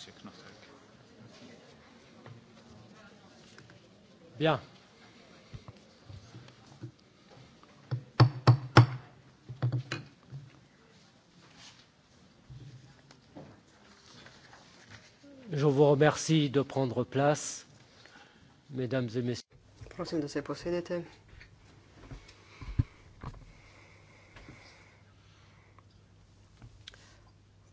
Monsieur Knofek. Bien. Ja. Je vous remercie de prendre place, mesdames et messieurs. Prosím, da se posedete.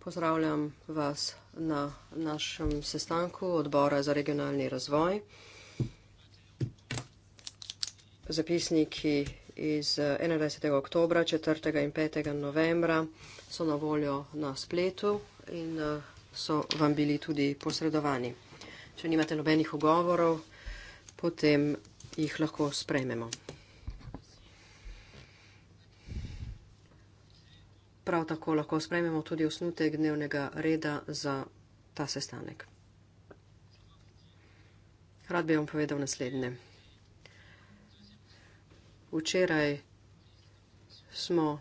pozdravljam vas na našem sestanku odbora za regionalni razvoj. Zapisniki iz 21. Eh, oktobra, 4. in 5. novembra so na voljo na spletu in eh, so vam bili tudi posredovani. Če nimate nobenih ugovorov, potem jih lahko sprejmemo. tako lahko sprejmemo tudi osnutek dnevnega reda za ta sestanek. Rad bi vam povedal naslednje. Včeraj smo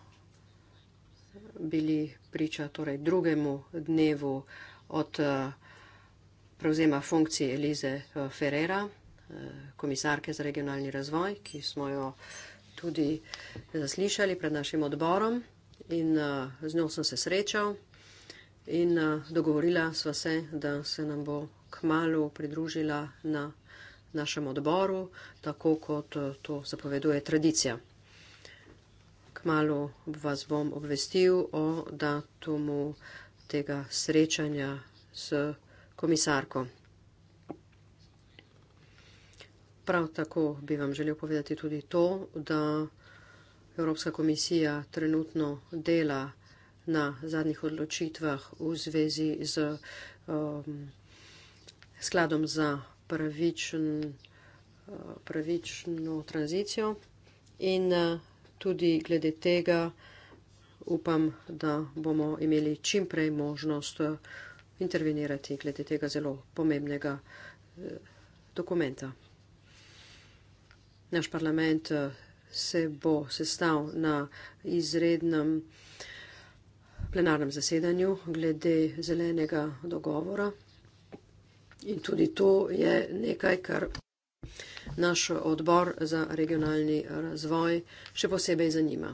bili priča torej drugemu dnevu od eh, prevzema funkcije Elize eh, Ferrera, eh, komisarke za regionalni razvoj, ki smo jo tudi zaslišali pred našim odborom in uh, z njo sem se srečal in uh, dogovorila sva se, da se nam bo k malu pridružila na našem odboru, tako kot uh, to zapoveduje tradicija. K malu vas bom obvestil o datumu tega srečanja s komisarko. Prav tako bi vam želel povedati tudi to, da Evropska komisija trenutno dela na zadnjih odločitvah v zvezi z um, skladom za pravičen, uh, pravično tranzicijo in uh, tudi glede tega upam, da bomo imeli čim prej možnost uh, intervenirati glede tega zelo pomembnega dokumenta. Naš parlament se bo sestav na izrednem plenarnem zasedanju glede zelenega dogovora. In tudi to je nekaj, kar naš odbor za regionalni razvoj še posebej zanima.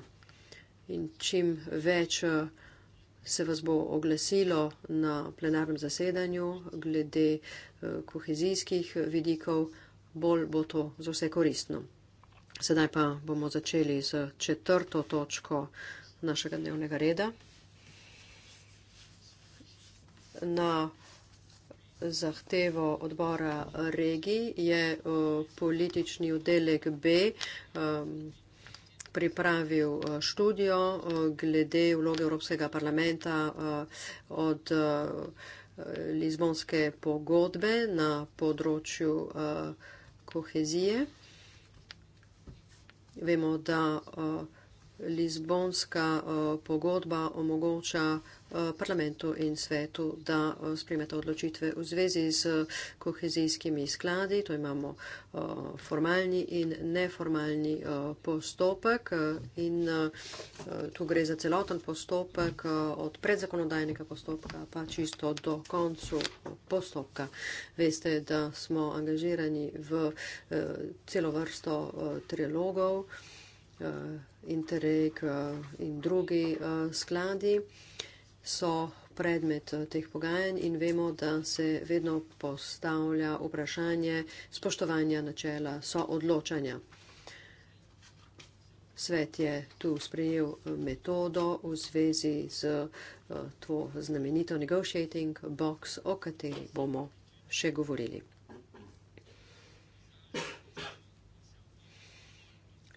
In čim več eh, se vas bo oglasilo na plenarnem zasedanju glede eh, kohezijskih vidikov, bolj bo to za vse koristno. Sedaj pa bomo začeli z četrto točko našega dnevnega reda. Na zahtevo odbora regij je uh, politični oddelek B um, pripravil uh, študijo uh, glede vloge Evropskega parlamenta uh, od uh, Lizbonske pogodbe na področju uh, kohezije vemo, da uh, Lizbonska uh, pogodba omogoča Eh, parlamentu in svetu, da eh, sprejmeta odločitve v zvezi z eh, kohezijskimi skladi. To imamo formalni in neformalni postopek in tu gre za celoten postopek od predzakonodajnega postopka pa čisto do koncu postopka. Veste, da smo angažirani v celo vrsto trilogov. Interreg in drugi skladi so predmet eh, teh pogajanj in vemo, da se vedno postavlja vprašanje spoštovanja načela soodločanja. Svet je tu sprejel eh, metodo v zvezi z eh, to znamenito negotiating box, o kateri bomo še govorili.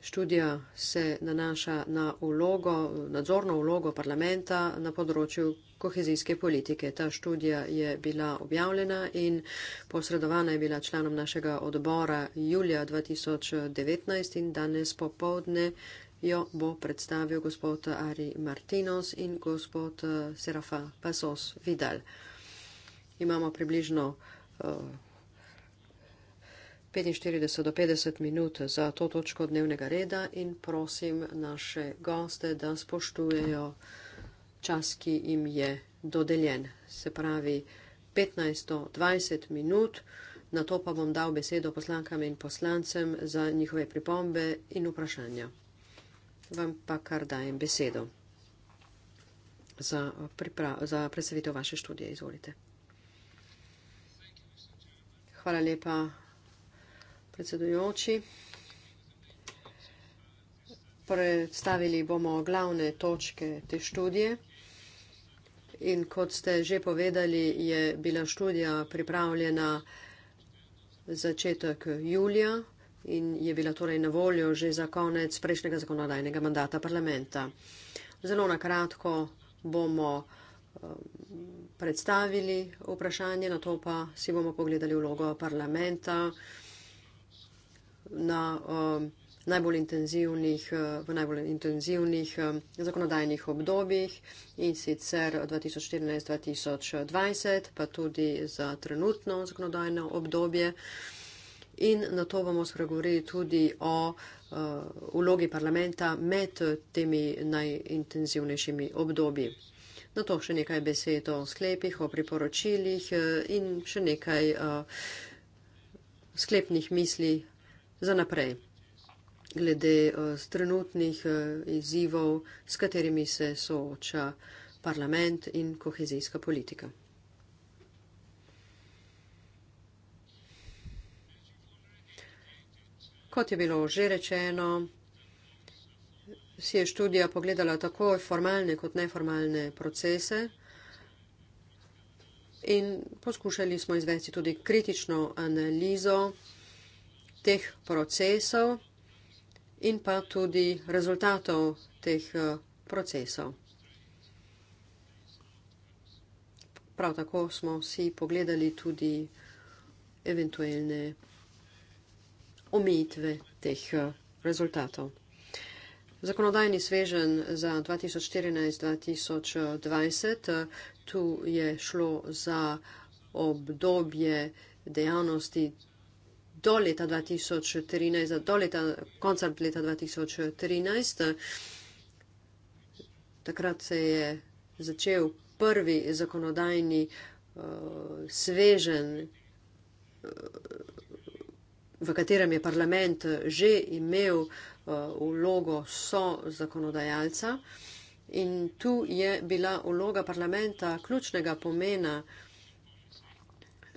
Študija se nanaša na vlogo, nadzorno vlogo parlamenta na področju kohezijske politike. Ta študija je bila objavljena in posredovana je bila članom našega odbora julija 2019 in danes popovdne jo bo predstavil gospod Ari Martinos in gospod eh, Serafa Pasos Vidal. Imamo približno. Uh, 45 do 50 minut za to točko dnevnega reda in prosim naše goste, da spoštujejo čas, ki jim je dodeljen. Se pravi 15 do 20 minut, na to pa bom dal besedo poslankam in poslancem za njihove pripombe in vprašanja. Vam pa kar dajem besedo za, za predstavitev vaše študije. Izvolite. Hvala lepa predsedujoči. Predstavili bomo glavne točke te študije. In kot ste že povedali, je bila študija pripravljena začetek julija in je bila torej na voljo že za konec prejšnjega zakonodajnega mandata parlamenta. Zelo na kratko bomo eh, predstavili vprašanje, na to pa si bomo pogledali vlogo parlamenta na, uh, najbolj uh, v najbolj intenzivnih uh, zakonodajnih obdobjih in sicer 2014-2020, pa tudi za trenutno zakonodajno obdobje. In na to bomo spregovorili tudi o uh, vlogi parlamenta med temi najintenzivnejšimi obdobji. Na to še nekaj besed o sklepih, o priporočilih uh, in še nekaj uh, sklepnih misli za naprej, glede uh, trenutnih uh, izzivov, s katerimi se sooča parlament in kohezijska politika. Kot je bilo že rečeno, si je študija pogledala tako formalne kot neformalne procese in poskušali smo izvesti tudi kritično analizo teh procesov in pa tudi rezultatov teh eh, procesov. Prav tako smo si pogledali tudi eventualne omejitve teh eh, rezultatov. Zakonodajni svežen za 2014-2020, eh, tu je šlo za obdobje dejavnosti do leta 2013, do leta, konca leta 2013. Takrat se je začel prvi zakonodajni uh, eh, svežen, uh, eh, v katerem je parlament že imel eh, vlogo uh, so zakonodajalca. In tu je bila vloga parlamenta ključnega pomena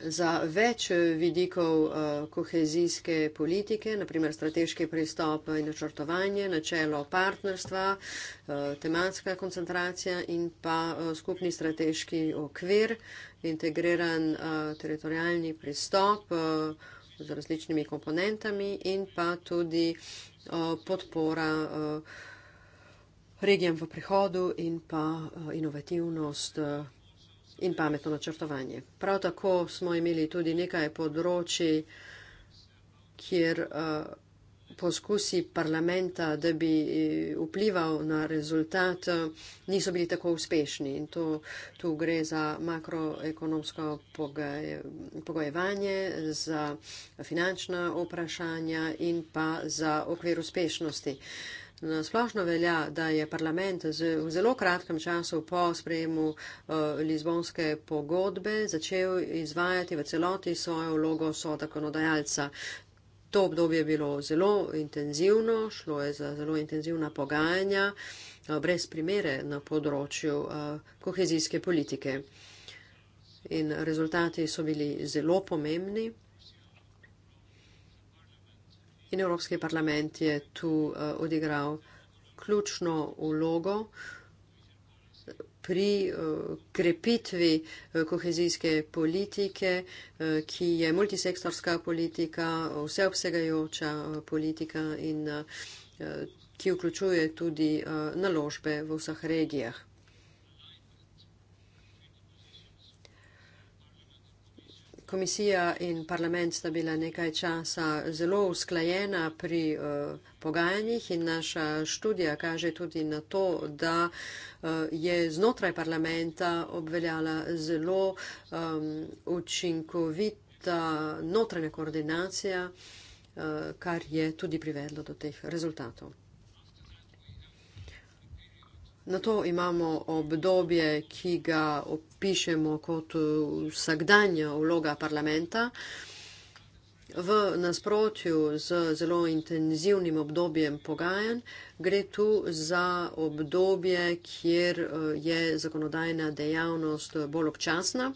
za več vidikov eh, kohezijske politike, naprimer strateški pristop in načrtovanje, načelo partnerstva, eh, tematska koncentracija in pa eh, skupni strateški okvir, integriran teritorijalni pristop z različnimi komponentami in pa tudi podpora regijam v prihodu in pa inovativnost in pametno načrtovanje. Prav tako smo imeli tudi nekaj področji, kjer eh, poskusi parlamenta, da bi eh, vplival na rezultat, eh, niso bili tako uspešni. In to, tu gre za makroekonomsko pogaje, pogojevanje, za finančna vprašanja in pa za okvir uspešnosti. Uh, Nasplošno velja, da je parlament v zelo kratkem času po sprejemu eh, Lizbonske pogodbe začel izvajati v celoti svojo vlogo sodakonodajalca. To obdobje je bilo zelo intenzivno, šlo je za zelo intenzivna pogajanja, eh, brez primere na področju eh, kohezijske politike. In rezultati so bili zelo pomembni in Evropski parlament je tu uh, odigral ključno vlogo pri uh, krepitvi uh, kohezijske politike, uh, ki je multisektorska politika, vseobsegajoča uh, politika in uh, ki vključuje tudi uh, naložbe v vseh regijah. komisija in parlament sta bila nekaj časa zelo usklajena pri uh, pogajanjih in naša študija kaže tudi na to, da uh, je znotraj parlamenta obveljala zelo um, učinkovita notranja koordinacija, uh, kar je tudi privedlo do teh rezultatov. Na to imamo obdobje, ki ga opisujemo pišemo kot eh, vsakdanja vloga parlamenta. V nasprotju z zelo intenzivnim obdobjem pogajanj gre tu za obdobje, kjer eh, je zakonodajna dejavnost eh, bolj občasna.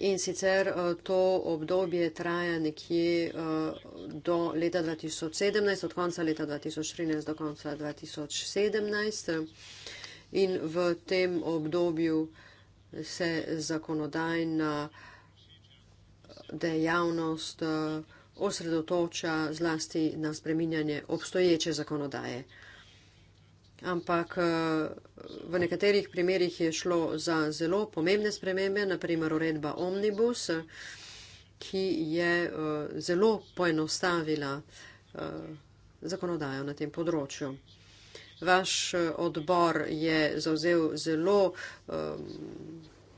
In sicer to obdobje traja nekje do leta 2017, od konca leta 2013 do konca 2017 in v tem obdobju se zakonodajna dejavnost eh, osredotoča zlasti na spreminjanje obstoječe zakonodaje. Ampak eh, v nekaterih primerjih je šlo za zelo pomembne spremembe, naprimer uredba Omnibus, ki je eh, zelo poenostavila zakonodajo na tem področju. Vaš eh, odbor je zauzel zelo ehm,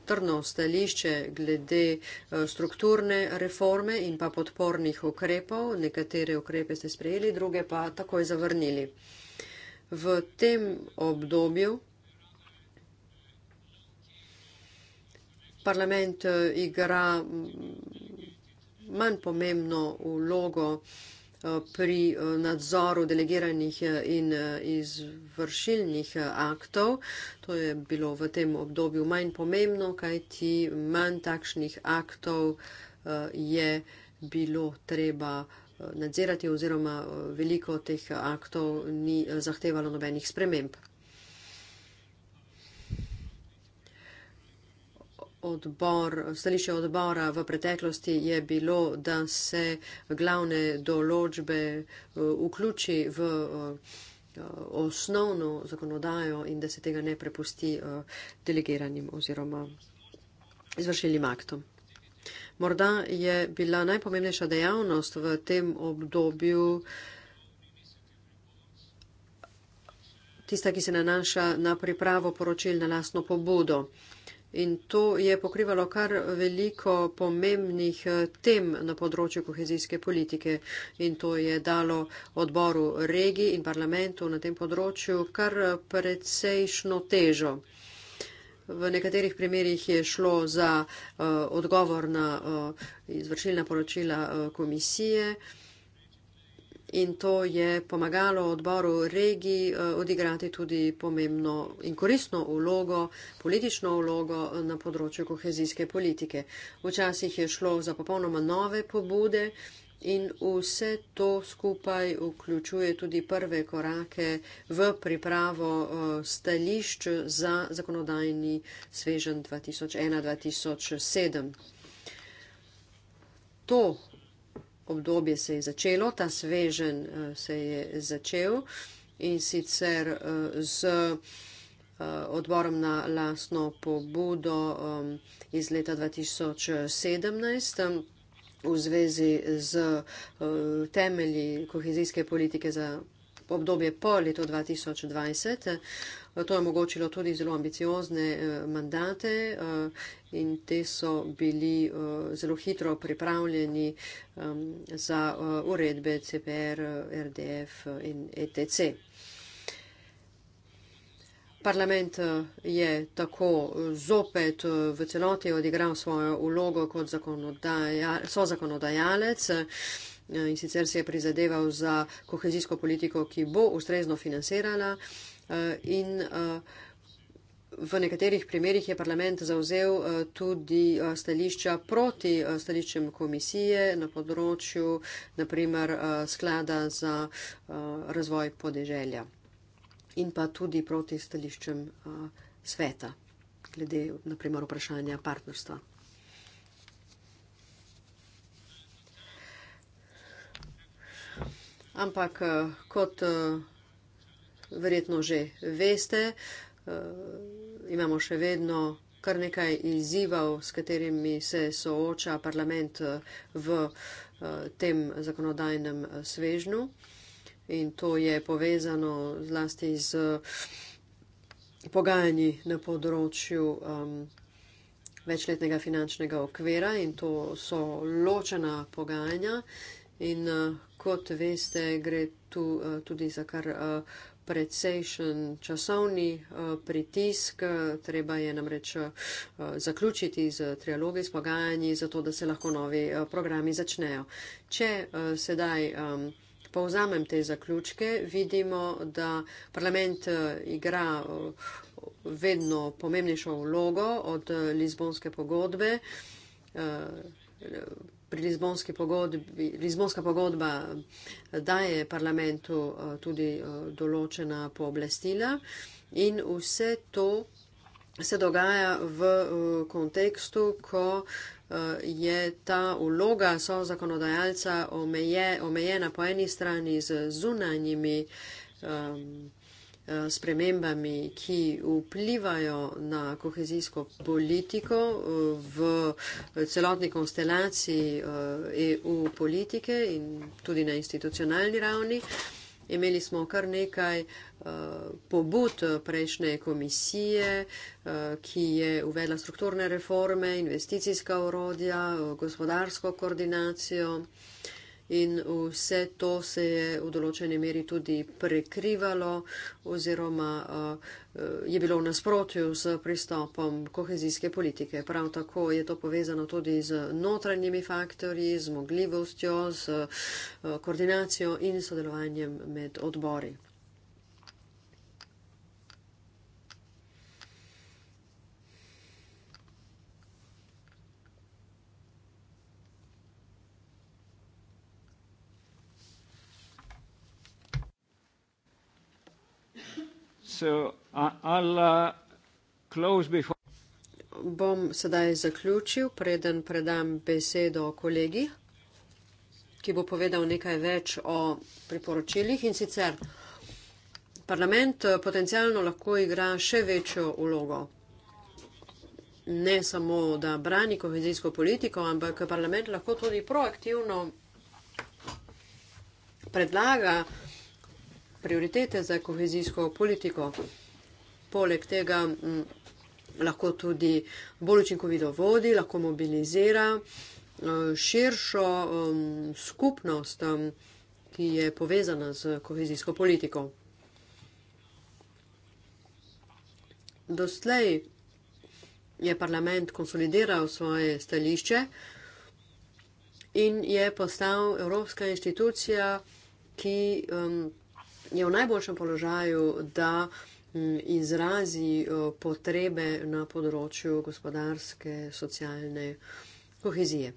trdno stališče glede eh, strukturne reforme in pa podpornih ukrepov. Nekatere ukrepe ste sprejeli, druge pa takoj zavrnili. V tem obdobju parlament eh, igra mm, manj pomembno vlogo Eh, pri eh, nadzoru delegiranih eh, in izvršilnih aktov. To je bilo v tem obdobju manj pomembno, kajti manj takšnih aktov je bilo treba nadzirati oziroma veliko teh aktov ni zahtevalo nobenih sprememb. Odbor, stališče odbora v preteklosti je bilo, da se glavne določbe eh, vključi v eh, osnovno zakonodajo in da se tega ne prepusti eh, delegiranim oziroma izvršilnim aktom. Morda je bila najpomembnejša dejavnost v tem obdobju tista, ki se nanaša na pripravo poročil na lastno pobudo. In to je pokrivalo kar veliko pomembnih eh, tem na področju kohezijske politike. In to je dalo odboru regij in parlamentu na tem področju kar precejšno težo. V nekaterih primerjih je šlo za uh, odgovor na uh, izvršilna poročila uh, komisije. Uh, in to je pomagalo odboru regij eh, odigrati tudi pomembno in koristno vlogo, politično vlogo eh, na področju kohezijske politike. Včasih je šlo za popolnoma nove pobude in vse to skupaj vključuje tudi prve korake v pripravo eh, stališč za zakonodajni svežen 2001-2007. To, obdobje se je začelo, ta svežen eh, se je začel in sicer eh, z eh, odborom na lasno pobudo iz leta 2017 v zvezi z temelji kohezijske politike za obdobje po letu 2020. To je omogočilo tudi zelo ambiciozne eh, mandate eh, in te so bili eh, zelo hitro pripravljeni ehm, za uredbe CPR, RDF in ETC. Parlament je tako zopet v celoti odigral svojo ulogo kot zakonodaja, so zakonodajalec in sicer si je prizadeval za kohezijsko politiko, ki bo ustrezno financirala uh, Eh, in eh, v nekaterih primerjih je parlament zauzel eh, tudi stališča proti stališčem komisije na področju, naprimer, sklada za razvoj podeželja in pa tudi proti stališčem sveta, glede, naprimer, vprašanja partnerstva. Ampak kot verjetno že veste, eh, imamo še vedno kar nekaj izzivov, s katerimi se sooča parlament eh, v eh, tem zakonodajnem svežnu. In to je povezano zlasti z pogajanji na področju um, večletnega finančnega okvira in to so ločena pogajanja. In uh, kot veste, gre tu uh, tudi za kar uh, precejšen časovni eh, pritisk. Treba je namreč eh, zaključiti z trialogi, s pogajanji, zato da se lahko novi eh, programi začnejo. Če sedaj povzamem te zaključke, vidimo, da parlament igra vedno pomembnejšo vlogo od Lizbonske pogodbe pri Lizbonski pogodbi, Lizbonska pogodba eh, daje parlamentu eh, tudi eh, določena pooblastila in vse to se dogaja v kontekstu, ko je ta vloga so zakonodajalca omeje, omejena po eni strani z zunanjimi um, spremembami, ki vplivajo na kohezijsko politiko eh, v celotni konstelaciji EU eh, e politike in tudi na institucionalni ravni. Imeli smo kar nekaj eh, pobud prejšnje komisije, ki je uvedla strukturne reforme, investicijska urodja, gospodarsko koordinacijo in vse to se je v določeni meri tudi prekrivalo oziroma eh, je bilo v nasprotju s pristopom kohezijske politike. Prav tako je to povezano tudi z notranjimi faktorji, z mogljivostjo, eh, z koordinacijo in sodelovanjem med odbori. Uh, Bom sedaj zaključil, preden predam besedo kolegi, ki bo povedal nekaj več o priporočilih in sicer parlament eh, potencialno lahko igra še večjo ulogo. Ne samo, da brani kohezijsko politiko, ampak parlament lahko tudi proaktivno predlaga prioritete za kohezijsko politiko. Poleg tega m, mm, lahko tudi bolj učinkovito vodi, lahko mobilizira eh, širšo m, mm, skupnost, m, mm, ki je povezana z kohezijsko politiko. Doslej je parlament konsolidiral svoje stališče in je postal Evropska inštitucija, ki um, je v najboljšem položaju, da mm, izrazi eh, potrebe na področju gospodarske, socialne kohezije.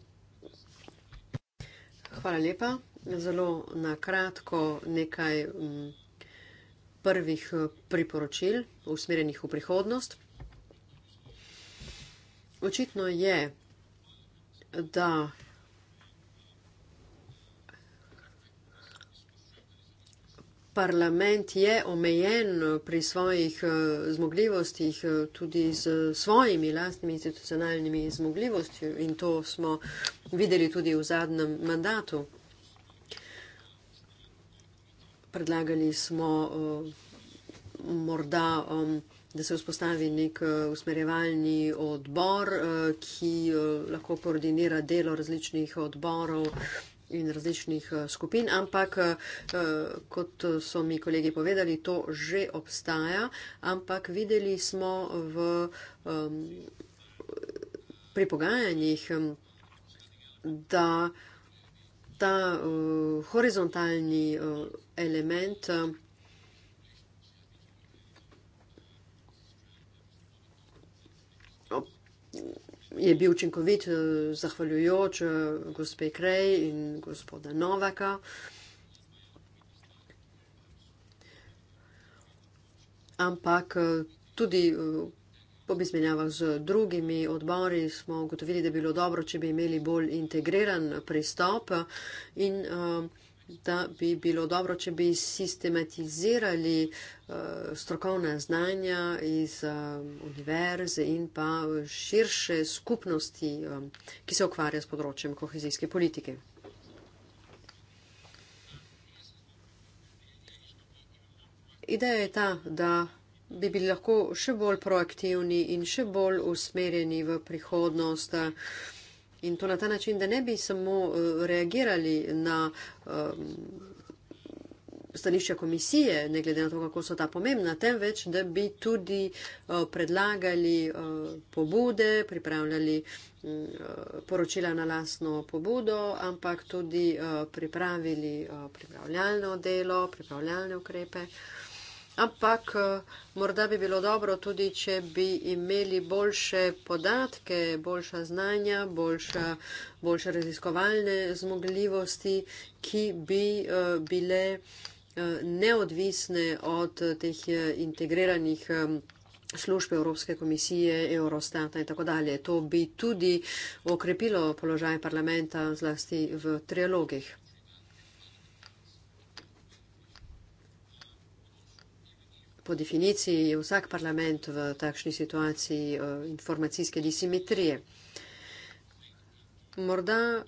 Hvala lepa. Zelo na kratko nekaj mm, prvih eh, priporočil usmerjenih v prihodnost. Očitno je, da parlament je omejen pri svojih eh, zmogljivostih, eh, tudi z svojimi lastnimi institucionalnimi zmogljivostmi in to smo videli tudi v zadnjem mandatu. Predlagali smo eh, morda, da se vzpostavi nek usmerjevalni odbor, ki lahko koordinira delo različnih odborov in različnih eh, skupin, ampak eh, kot eh, so mi kolegi povedali, to že obstaja, ampak videli smo v, pri pogajanjih, da ta horizontalni element Thank you je bil učinkovit, eh, zahvaljujoč eh, gospe Krej in gospoda Novaka. Ampak eh, tudi po izmenjavah z drugimi odbori smo ugotovili, da bi bilo dobro, če bi imeli bolj integriran pristop in uh, da bi bilo dobro, če bi sistematizirali uh, strokovna znanja iz uh, univerze in pa širše skupnosti, um, ki se ukvarja s področjem kohezijske politike. Ideja je ta, da bi bili lahko še bolj proaktivni in še bolj usmerjeni v prihodnost. Uh, in to na ta način, da ne bi samo eh, reagirali na stališča komisije, ne glede na to, kako so ta pomembna, temveč, da bi tudi eh, predlagali eh, pobude, pripravljali poročila na lasno pobudo, ampak tudi pripravili pripravljalno delo, pripravljalne ukrepe ampak eh, morda bi bilo dobro tudi, če bi imeli boljše podatke, boljša znanja, boljša, boljše raziskovalne zmogljivosti, ki bi eh, bile eh, neodvisne od teh integriranih službe Evropske komisije, Eurostata in tako dalje. To bi tudi okrepilo položaj parlamenta zlasti v trialogih. po definiciji je vsak parlament v takšni situaciji eh, informacijske disimetrije. Morda eh,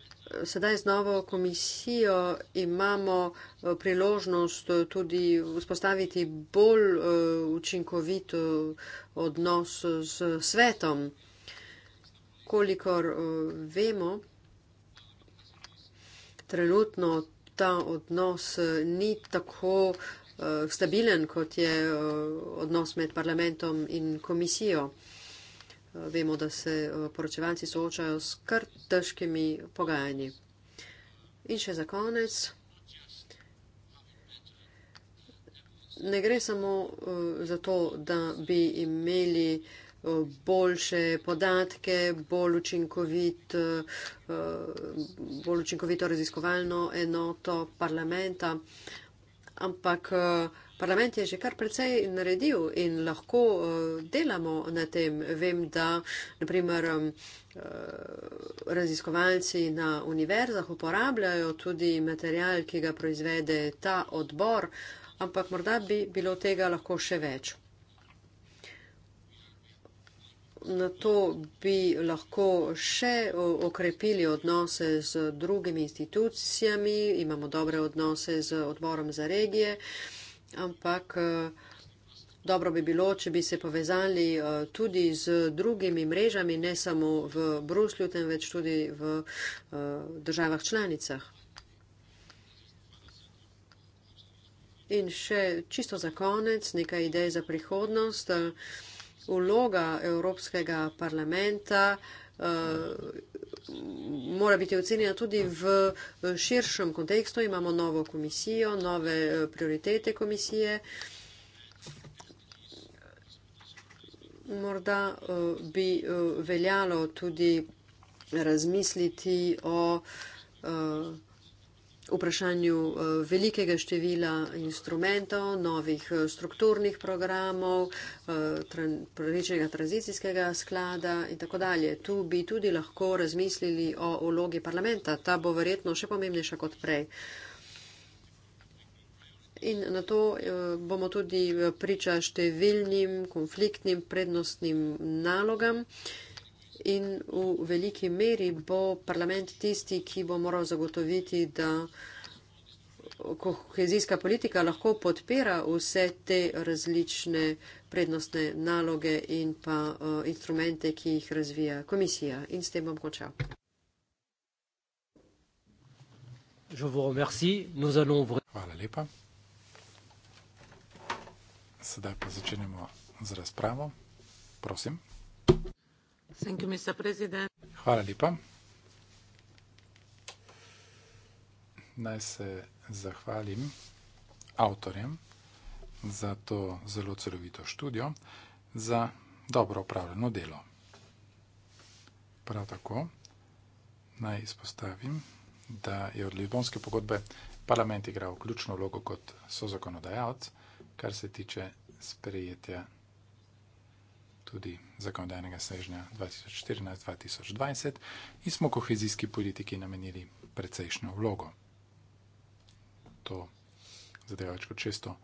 sedaj z novo komisijo imamo eh, priložnost tudi vzpostaviti bolj učinkovit odnos s svetom. Kolikor vemo, trenutno ta odnos ni tako uh, uh, stabilen, kot je uh, odnos med parlamentom in komisijo. Uh, vemo, da se uh, poročevalci soočajo s kar težkimi pogajanji. In še za konec. Ne gre samo uh, za to, da bi imeli boljše podatke, bolj, učinkovit, bolj učinkovito raziskovalno enoto parlamenta ampak eh, parlament je že kar precej naredil in lahko eh, delamo na tem. Vem, da naprimer eh, raziskovalci na univerzah uporabljajo tudi material, ki ga proizvede ta odbor, ampak morda bi bilo tega lahko še več na to bi lahko še okrepili odnose z drugimi institucijami, imamo dobre odnose z odborom za regije, ampak e, dobro bi bilo, če bi se povezali e, tudi z drugimi mrežami, ne samo v Bruslju, temveč tudi v e, državah članicah. In še čisto za konec, nekaj idej za prihodnost. Uh, vloga Evropskega parlamenta uh, mora biti ocenjena tudi v eh, širšem kontekstu. Imamo novo komisijo, nove eh, prioritete komisije. Morda uh, bi uh, veljalo tudi razmisliti o uh, vprašanju eh, velikega števila instrumentov, novih eh, strukturnih programov, eh, prvičnega tranzicijskega sklada in tako dalje. Tu bi tudi lahko razmislili o vlogi parlamenta. Ta bo verjetno še pomembnejša kot prej. In na to bomo tudi priča številnim konfliktnim prednostnim nalogam. In v veliki meri bo parlament tisti, ki bo moral zagotoviti, da kohezijska politika lahko podpira vse te različne prednostne naloge in pa eh, instrumente, ki jih razvija komisija. In s tem bom končal. Hvala lepa. Sedaj pa začenjamo z razpravo. Prosim. Hvala lepa. Naj se zahvalim avtorjem za to zelo celovito študijo, za dobro upravljeno delo. Prav tako naj izpostavim, da je od Lizbonske pogodbe parlament igral ključno vlogo kot sozakonodajalec, kar se tiče sprejetja tudi zakonodajnega sežnja 2014-2020 in smo kohezijski politiki namenili precejšnjo vlogo. To zadeva več kot 600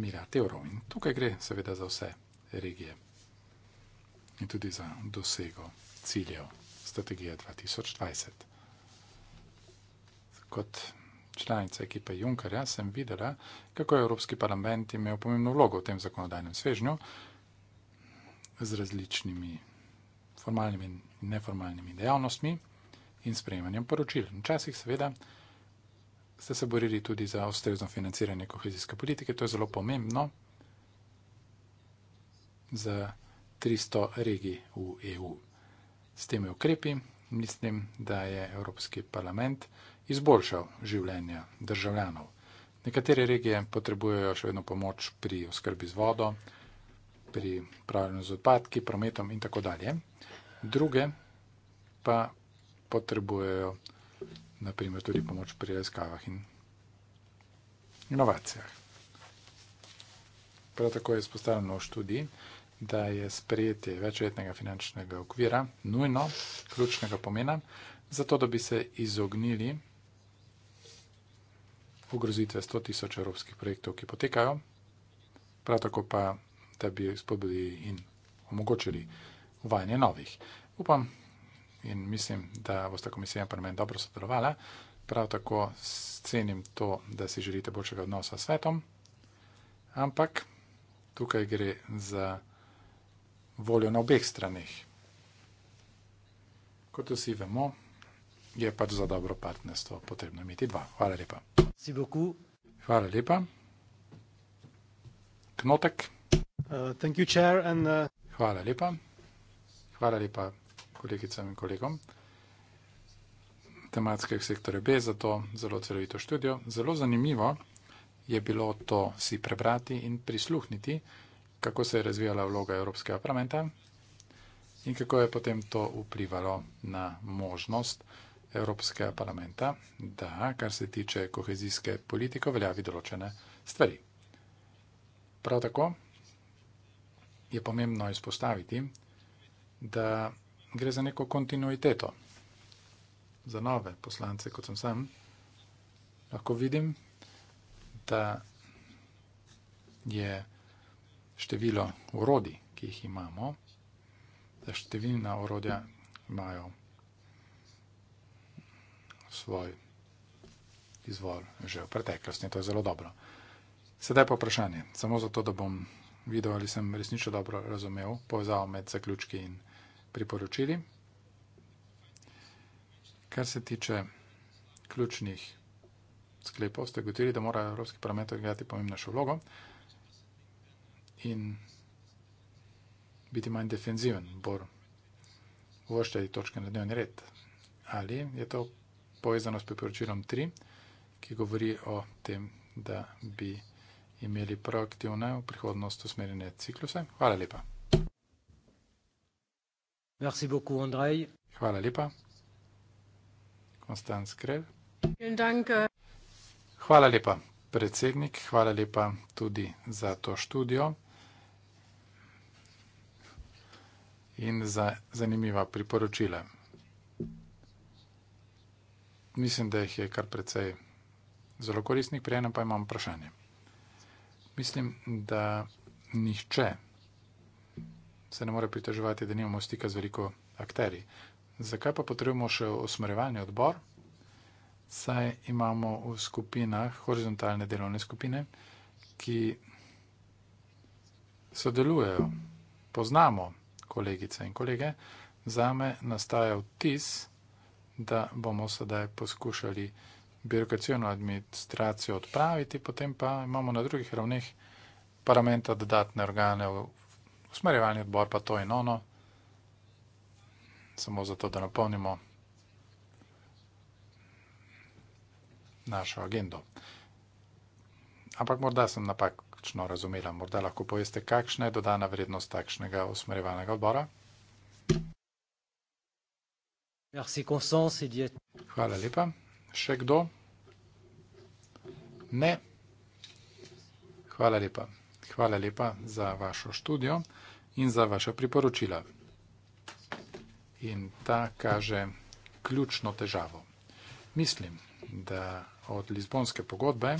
milijard evrov in tukaj gre seveda za vse regije in tudi za dosego ciljev strategije 2020. Kot članica ekipe Junkarja sem videla, kako je Evropski parlament imel pomembno vlogo v tem zakonodajnem svežnju, z različnimi formalnimi in neformalnimi dejavnostmi in sprejemanjem poročil. Včasih seveda ste se borili tudi za ustrezno financiranje kohezijske politike, to je zelo pomembno za 300 regij v EU. S temi ukrepi mislim, da je Evropski parlament izboljšal življenja državljanov. Nekatere regije potrebujejo še vedno pomoč pri oskrbi z vodo, pri upravljanju z odpadki, prometom in tako dalje. Druge pa potrebujejo naprimer tudi pomoč pri raziskavah in inovacijah. Prav tako je izpostavljeno v študiji, da je sprejetje večletnega finančnega okvira nujno ključnega pomena, zato da bi se izognili ogrozitve 100 tisoč evropskih projektov, ki potekajo, prav tako pa da bi spodbudili in omogočili uvajanje novih. Upam in mislim, da boste komisija in parlament dobro sodelovala. Prav tako cenim to, da si želite boljšega odnosa s svetom, ampak tukaj gre za voljo na obeh stranih. Kot vsi vemo, je pač za dobro partnerstvo potrebno imeti dva. Hvala lepa. Hvala lepa. Knotek. Uh, uh, Hvala lepa. Hvala lepa kolegicam in kolegom tematskega sektorja B za to zelo celovito študijo. Zelo zanimivo je bilo to si prebrati in prisluhniti, kako se je razvijala vloga Evropskega parlamenta in kako je potem to vplivalo na možnost Evropskega parlamenta, da, kar se tiče kohezijske politike, veljavi določene stvari. Prav tako je pomembno izpostaviti, da gre za neko kontinuiteto. Za nove poslance, kot sem sam, lahko vidim, da je število urodi, ki jih imamo, da številna urodja imajo svoj izvor že v preteklosti. To je zelo dobro. Sedaj pa vprašanje. Samo zato, da bom videl, ali sem resnično dobro razumel povezavo med zaključki in priporočili. Kar se tiče ključnih sklepov, ste gotili, da mora Evropski parlament odigrati pomembnejšo vlogo in biti manj defenziven, bolj uvrščati točke na dnevni red. Ali je to povezano s priporočilom 3, ki govori o tem, da bi imeli proaktivne v prihodnost usmerjene cikluse. Hvala lepa. Merci beaucoup, Andrej. Hvala lepa. Konstanc Krev. Äh. Hvala lepa, predsednik. Hvala lepa tudi za to študijo in za zanimiva priporočila. Mislim, da jih je kar precej zelo koristnih, prej pa imam vprašanje. Mislim, da nihče se ne more pritoževati, da nimamo stika z veliko akterji. Zakaj pa potrebujemo še osmerevanje odbor? Saj imamo v skupinah horizontalne delovne skupine, ki sodelujejo. Poznamo kolegice in kolege, zame nastaja vtis, da bomo sedaj poskušali birokracijo administracijo odpraviti, potem pa imamo na drugih ravneh parlamenta dodatne organe, usmerjevalni odbor pa to in ono, samo zato, da napolnimo našo agendo. Ampak morda sem napačno razumela, morda lahko poveste, kakšna je dodana vrednost takšnega usmerjevalnega odbora. Merci, Constance. Et... Voilà, les pas. Še kdo? Ne. Hvala lepa. Hvala lepa za vašo študijo in za vaše priporočila. In ta kaže ključno težavo. Mislim, da od Lizbonske pogodbe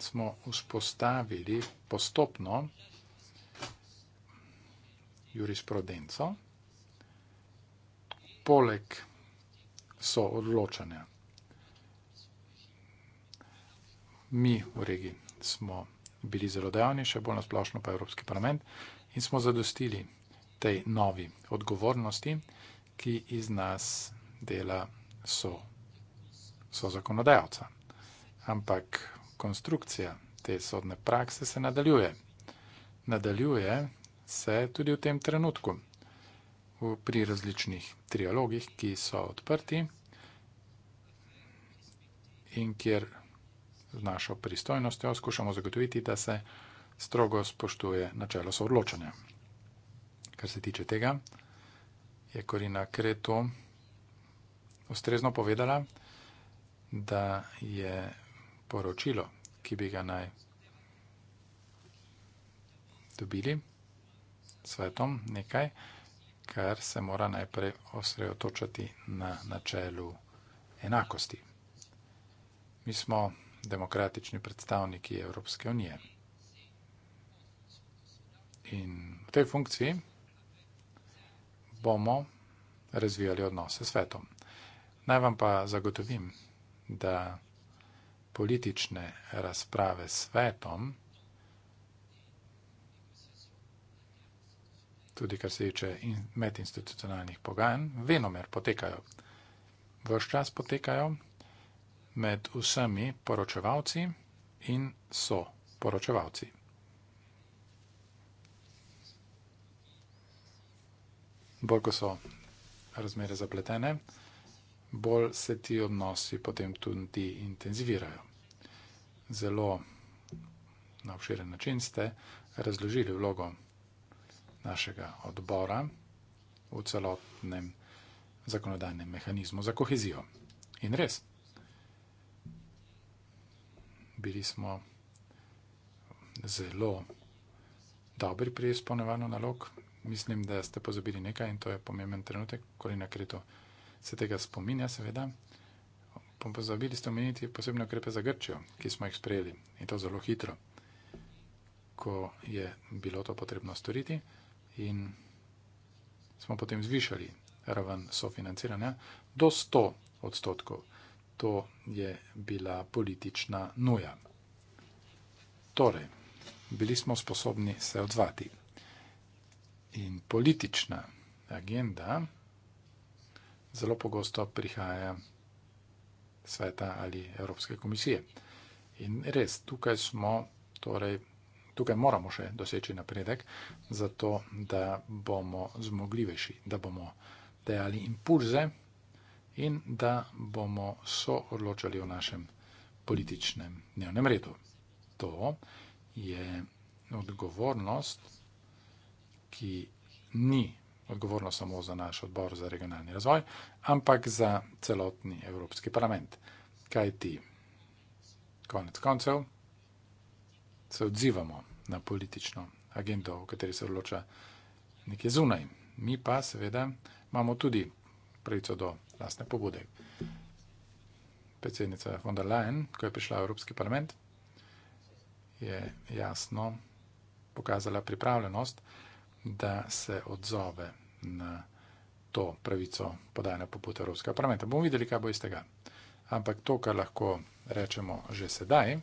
smo vzpostavili postopno jurisprudenco, poleg soodločanja. Mi v regiji smo bili zelo dejavni, še bolj nasplošno pa Evropski parlament in smo zadostili tej novi odgovornosti, ki iz nas dela so, so zakonodajalca. Ampak konstrukcija te sodne prakse se nadaljuje. Nadaljuje se tudi v tem trenutku pri različnih trialogih, ki so odprti in kjer z našo pristojnostjo skušamo zagotoviti, da se strogo spoštuje načelo soodločanja. Kar se tiče tega, je Korina Kreto ustrezno povedala, da je poročilo, ki bi ga naj dobili svetom nekaj, ker se mora najprej osredotočati na načelu enakosti. Mi smo demokratični predstavniki Evropske unije. In v tej funkciji bomo razvijali odnose s svetom. Naj vam pa zagotovim, da politične razprave s svetom tudi kar se tiče in medinstitucionalnih pogajanj, venomer potekajo. Ves čas potekajo med vsemi poročevalci in so poročevalci. Bolj ko so razmere zapletene, bolj se ti odnosi potem tudi intenzivirajo. Zelo na obširen način ste razložili vlogo našega odbora v celotnem zakonodajnem mehanizmu za kohezijo. In res, bili smo zelo dobri pri izpolnjevanju nalog. Mislim, da ste pozabili nekaj in to je pomemben trenutek, koli na kreto se tega spominja, seveda. Pozabili ste omeniti posebne ukrepe za Grčijo, ki smo jih sprejeli in to zelo hitro, ko je bilo to potrebno storiti in smo potem zvišali raven sofinanciranja do 100 odstotkov. To je bila politična nuja. Torej, bili smo sposobni se odzvati. In politična agenda zelo pogosto prihaja sveta ali Evropske komisije. In res, tukaj smo torej tukaj moramo še doseči napredek, zato da bomo zmogljivejši, da bomo dejali impulze in da bomo so odločali o našem političnem dnevnem redu. To je odgovornost, ki ni odgovornost samo za naš odbor za regionalni razvoj, ampak za celotni Evropski parlament. Kaj ti? Konec koncev se odzivamo na politično agendo, v kateri se odloča nekje zunaj. Mi pa seveda imamo tudi pravico do lastne pobude. Predsednica von der Leyen, ko je prišla v Evropski parlament, je jasno pokazala pripravljenost, da se odzove na to pravico podajanja pobude Evropskega parlamenta. Bomo videli, kaj bo iz tega. Ampak to, kar lahko rečemo že sedaj,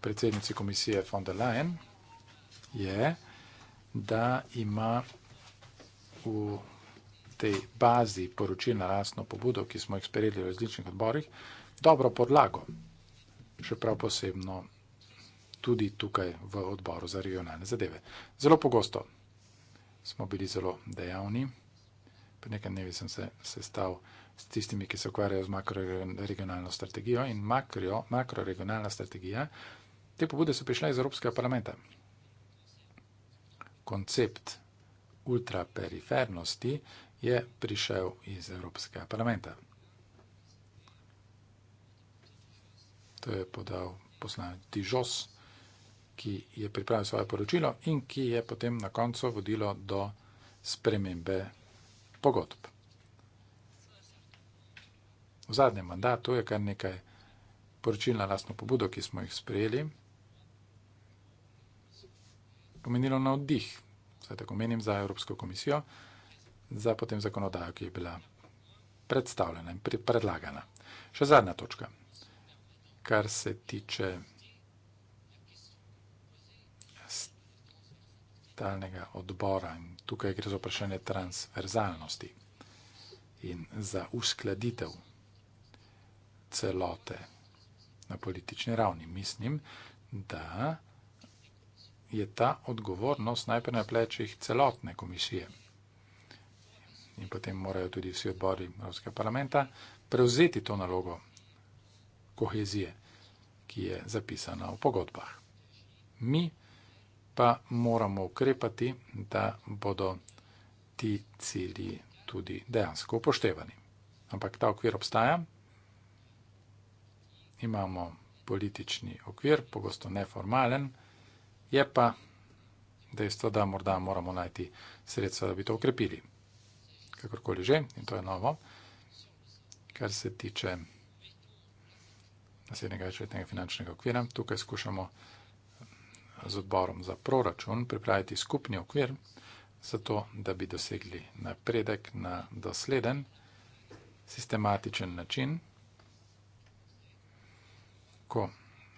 predsednici komisije von der Leyen, je, da ima v tej bazi poročil na rasno pobudo, ki smo jih sprejeli v različnih odborih, dobro podlago, še prav posebno tudi tukaj v odboru za regionalne zadeve. Zelo pogosto smo bili zelo dejavni, pri nekaj dnevi sem se sestal s tistimi, ki se ukvarjajo z makroregionalno strategijo in makroregionalna makro strategija Te pobude so prišle iz Evropskega parlamenta. Koncept ultrapernosti je prišel iz Evropskega parlamenta. To je podal poslanec Tižos, ki je pripravil svoje poročilo in ki je potem na koncu vodilo do spremembe pogodb. V zadnjem mandatu je kar nekaj poročil na lastno pobudo, ki smo jih sprejeli pomenilo na oddih, vsaj tako menim, za Evropsko komisijo, za potem zakonodajo, ki je bila predstavljena in predlagana. Še zadnja točka, kar se tiče stalnega odbora in tukaj gre za vprašanje transverzalnosti in za uskladitev celote na politični ravni. Mislim, da je ta odgovornost najprej na plečih celotne komisije. In potem morajo tudi vsi odbori Evropskega parlamenta prevzeti to nalogo kohezije, ki je zapisana v pogodbah. Mi pa moramo ukrepati, da bodo ti cilji tudi dejansko upoštevani. Ampak ta okvir obstaja. Imamo politični okvir, pogosto neformalen. Je pa dejstvo, da morda moramo najti sredstva, da bi to ukrepili. Kakorkoli že, in to je novo, kar se tiče naslednjega večletnega finančnega okvira. Tukaj skušamo z odborom za proračun pripraviti skupni okvir, zato da bi dosegli napredek na dosleden, sistematičen način, ko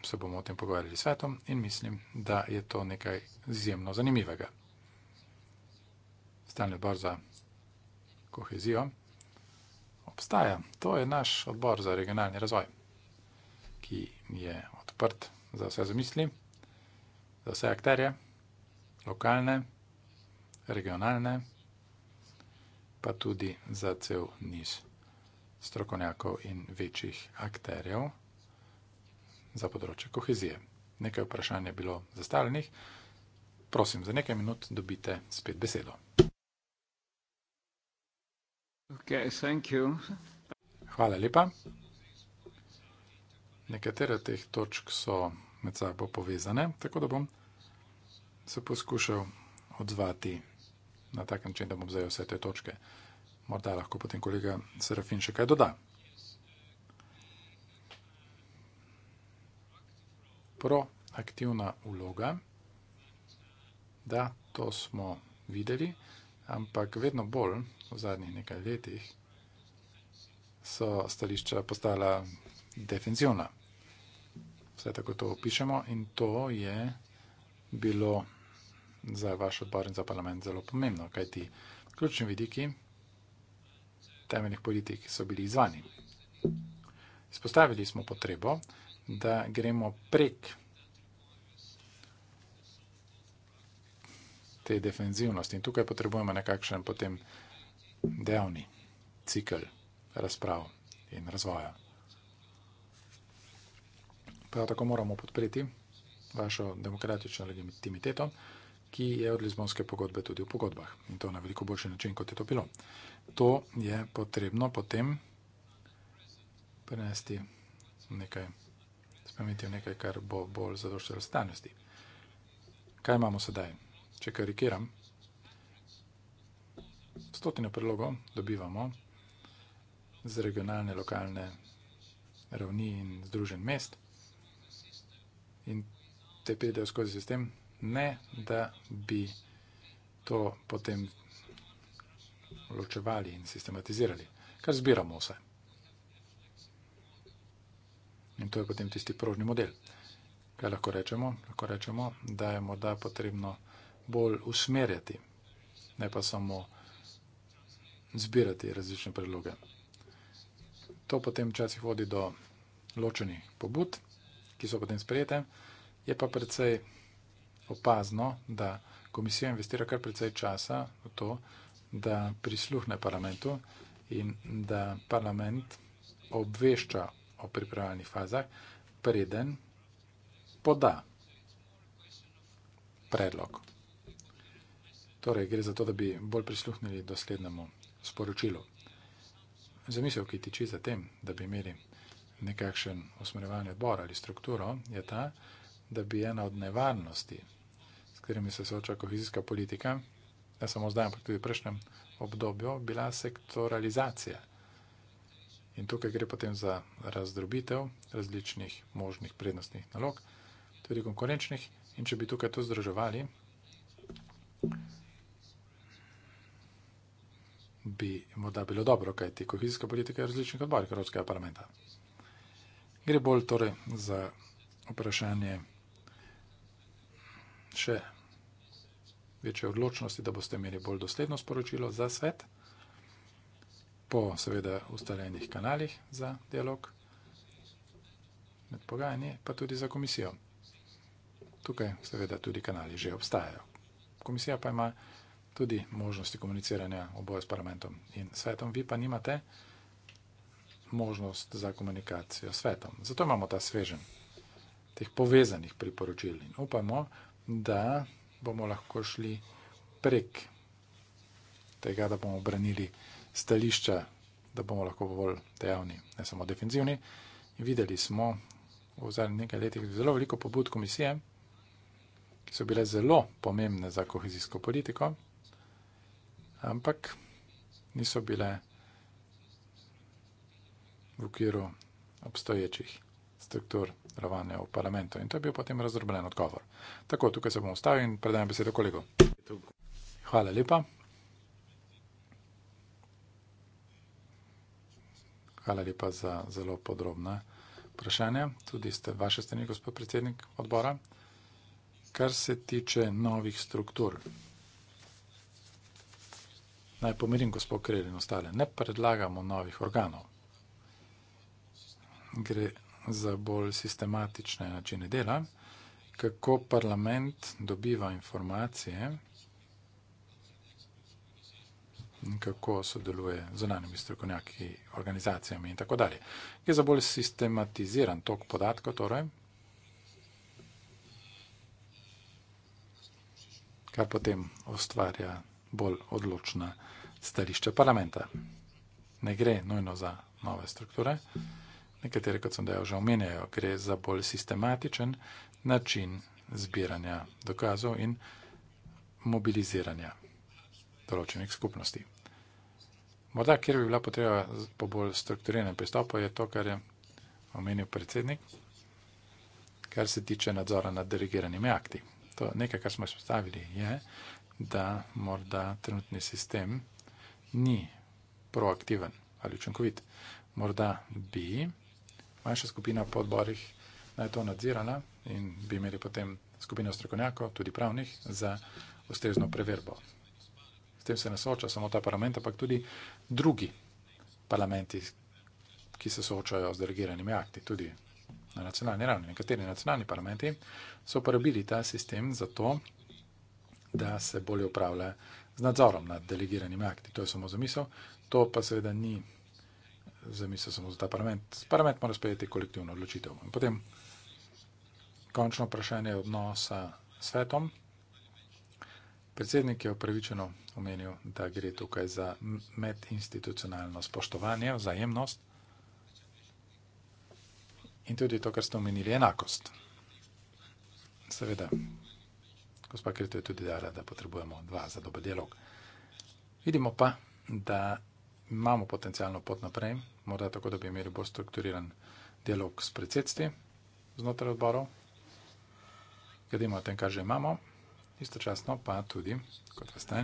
se bomo o tem pogovarjali s svetom in mislim, da je to nekaj izjemno zanimivega. Stalni odbor za kohezijo obstaja. To je naš odbor za regionalni razvoj, ki je odprt za vse zamisli, za vse akterje, lokalne, regionalne, pa tudi za cel niz strokovnjakov in večjih akterjev za področje kohezije. Nekaj vprašanj je bilo zastavljenih, prosim, za nekaj minut dobite spet besedo. Okay, Hvala lepa. Nekatere od teh točk so med sabo povezane, tako da bom se poskušal odzvati na tak način, da bom zajel vse te točke. Morda lahko potem kolega Serafin še kaj doda. proaktivna vloga. Da, to smo videli, ampak vedno bolj v zadnjih nekaj letih so stališča postala defensivna. Vse tako to opišemo in to je bilo za vaš odbor in za parlament zelo pomembno, kaj ti ključni vidiki temeljnih politik so bili izvani. Izpostavili smo potrebo, da da gremo prek te defenzivnosti. In tukaj potrebujemo nekakšen potem delni cikl razprav in razvoja. Prav tako moramo podpreti vašo demokratično legitimiteto, ki je od Lizbonske pogodbe tudi v pogodbah. In to na veliko boljši način, kot je to bilo. To je potrebno potem prenesti nekaj nameniti v nekaj, kar bo bolj zadoščalo stanosti. Kaj imamo sedaj? Če karikiram, stotine predlogov dobivamo z regionalne, lokalne ravni in združen mest in te pridejo skozi sistem, ne da bi to potem ločevali in sistematizirali, kar zbiramo vse. In to je potem tisti prožni model. Kaj lahko rečemo? Lahko rečemo, da je morda potrebno bolj usmerjati, ne pa samo zbirati različne predloge. To potem včasih vodi do ločenih pobud, ki so potem sprejete. Je pa predvsej opazno, da komisija investira kar predvsej časa v to, da prisluhne parlamentu in da parlament obvešča o pripravljalnih fazah, preden poda predlog. Torej, gre za to, da bi bolj prisluhnili doslednemu sporočilu. Zamisel, ki tiči za tem, da bi imeli nekakšen usmerjevalni odbor ali strukturo, je ta, da bi ena od nevarnosti, s katerimi se sooča kohezijska politika, ne samo zdaj, ampak tudi v prejšnjem obdobju, bila sektoralizacija. In tukaj gre potem za razdrobitev različnih možnih prednostnih nalog, tudi konkurenčnih. In če bi tukaj to združevali, bi morda bilo dobro, kaj ti kohezijska politika je različnih odborov Evropskega parlamenta. Gre bolj torej za vprašanje še večje odločnosti, da boste imeli bolj dosledno sporočilo za svet po seveda ustaljenih kanalih za dialog med pogajanji, pa tudi za komisijo. Tukaj seveda tudi kanali že obstajajo. Komisija pa ima tudi možnosti komuniciranja oboje s parlamentom in svetom, vi pa nimate možnost za komunikacijo s svetom. Zato imamo ta svežen teh povezanih priporočil in upamo, da bomo lahko šli prek tega, da bomo obranili vsega, stališča, da bomo lahko bolj dejavni, ne samo defenzivni. In videli smo v zadnjih nekaj letih zelo veliko pobud komisije, ki so bile zelo pomembne za kohezijsko politiko, ampak niso bile v okviru obstoječih struktur ravanja v parlamentu. In to je bil potem razdrobljen odgovor. Tako, tukaj se bom ustavil in predajam besedo kolegu. Hvala lepa. Hvala lepa za zelo podrobna vprašanja. Tudi ste vaše strani, gospod predsednik odbora. Kar se tiče novih struktur, naj pomirim gospod Krelj in ostale, ne predlagamo novih organov. Gre za bolj sistematične načine dela, kako parlament dobiva informacije, kako sodeluje z zunanimi strokovnjaki, organizacijami in tako dalje. Gre za bolj sistematiziran tok podatkov, torej, kar potem ustvarja bolj odločna stališča parlamenta. Ne gre nujno za nove strukture, nekatere, kot sem dejal, že omenjajo, gre za bolj sistematičen način zbiranja dokazov in mobiliziranja določenih skupnosti. Morda, kjer bi bila potreba po bolj strukturiranem pristopu, je to, kar je omenil predsednik, kar se tiče nadzora nad dirigiranimi akti. To nekaj, kar smo izpostavili, je, da morda trenutni sistem ni proaktiven ali učinkovit. Morda bi manjša skupina po odborih naj to nadzirala in bi imeli potem skupino strokovnjakov, tudi pravnih, za ustrezno preverbo s tem se ne sooča samo ta parlament, ampak tudi drugi parlamenti, ki se soočajo z delegiranimi akti, tudi na nacionalni ravni. Nekateri nacionalni parlamenti so uporabili ta sistem zato, da se bolje upravlja z nadzorom nad delegiranimi akti. To je samo zamisel, to pa seveda ni zamisel samo za ta parlament. Parlament mora sprejeti kolektivno odločitev. In potem končno vprašanje odnosa s svetom. Predsednik je upravičeno omenil, da gre tukaj za medinstitucionalno spoštovanje, vzajemnost in tudi to, kar ste omenili, enakost. Seveda, gospa Krito je tudi dala, da potrebujemo dva za dober dialog. Vidimo pa, da imamo potencijalno pot naprej, morda tako, da bi imeli bolj strukturiran dialog s predsedstvi znotraj odborov. Gledimo o tem, kar že imamo istočasno pa tudi, kot veste,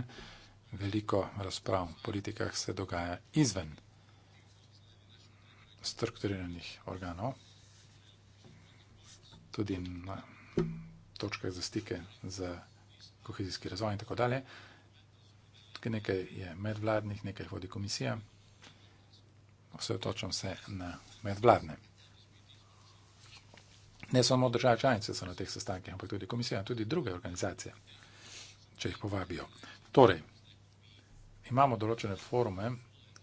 veliko razprav v politikah se dogaja izven strukturiranih organov, tudi na točkah za stike z kohezijski razvoj in tako dalje. Tukaj nekaj je medvladnih, nekaj vodi komisija. Vse točam se na medvladne ne samo države članice so na teh sestankih, ampak tudi komisija, tudi druge organizacije, če jih povabijo. Torej, imamo določene forume,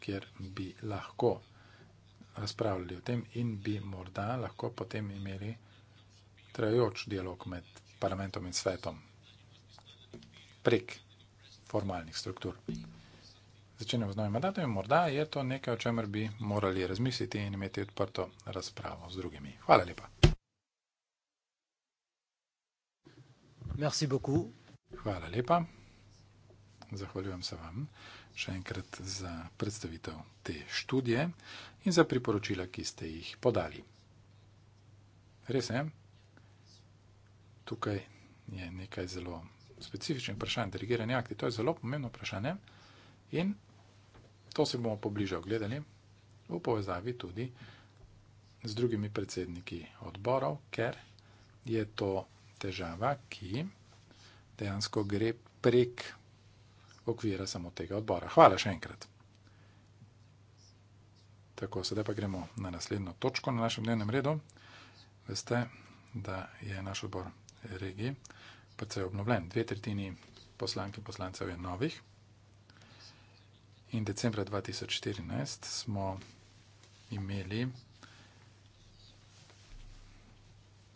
kjer bi lahko razpravljali o tem in bi morda lahko potem imeli trajajoč dialog med parlamentom in svetom prek formalnih struktur. Začenjamo z novim mandatom in morda je to nekaj, o čemer bi morali razmisliti in imeti odprto razpravo z drugimi. Hvala lepa. Merci beaucoup. Hvala lepa. Zahvaljujem se vam še enkrat za predstavitev te študije in za priporočila, ki ste jih podali. Res je, tukaj je nekaj zelo specifičnih vprašanj, dirigirani akti, to je zelo pomembno vprašanje in to si bomo pobliže ogledali v povezavi tudi z drugimi predsedniki odborov, ker je to težava, ki dejansko gre prek okvira samo tega odbora. Hvala še enkrat. Tako, sedaj pa gremo na naslednjo točko na našem dnevnem redu. Veste, da je naš odbor regiji precej obnovljen. Dve tretjini poslanki poslancev je novih. In decembra 2014 smo imeli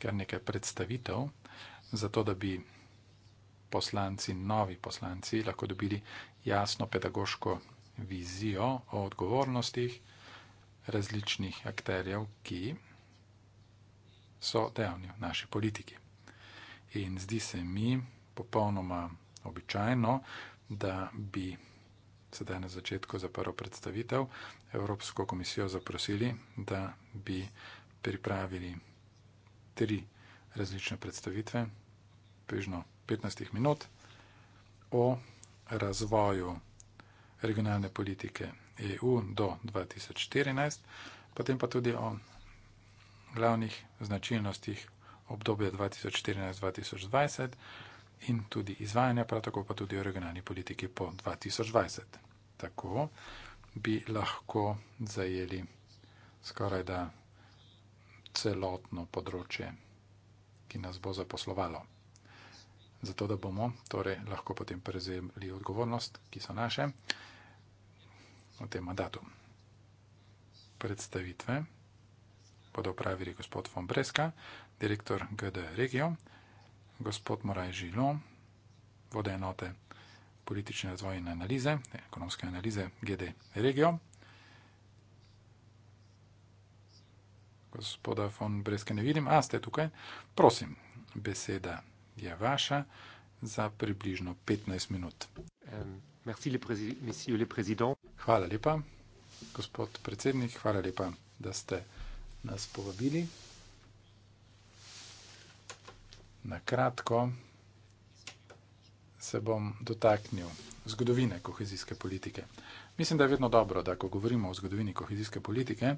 kar nekaj predstavitev, zato da bi poslanci, novi poslanci, lahko dobili jasno pedagoško vizijo o odgovornostih različnih akterjev, ki so dejavni v naši politiki. In zdi se mi popolnoma običajno, da bi sedaj na začetku za prvo predstavitev Evropsko komisijo zaprosili, da bi pripravili tri različne predstavitve, približno 15 minut, o razvoju regionalne politike EU do 2014, potem pa tudi o glavnih značilnostih obdobja 2014-2020 in tudi izvajanja, prav tako pa tudi o regionalni politiki po 2020. Tako bi lahko zajeli skoraj da celotno področje, ki nas bo zaposlovalo. Zato, da bomo torej, lahko potem prevzeli odgovornost, ki so naše v tem mandatu. Predstavitve bodo upravili gospod von Breska, direktor GD Regio, gospod Moraj Žilo, vode enote politične razvojne analize, ekonomske analize GD Regio. gospoda von Breske ne vidim, a ste tukaj. Prosim, beseda je vaša za približno 15 minut. Hvala lepa, gospod predsednik, hvala lepa, da ste nas povabili. Na kratko se bom dotaknil zgodovine kohezijske politike. Mislim, da je vedno dobro, da ko govorimo o zgodovini kohezijske politike,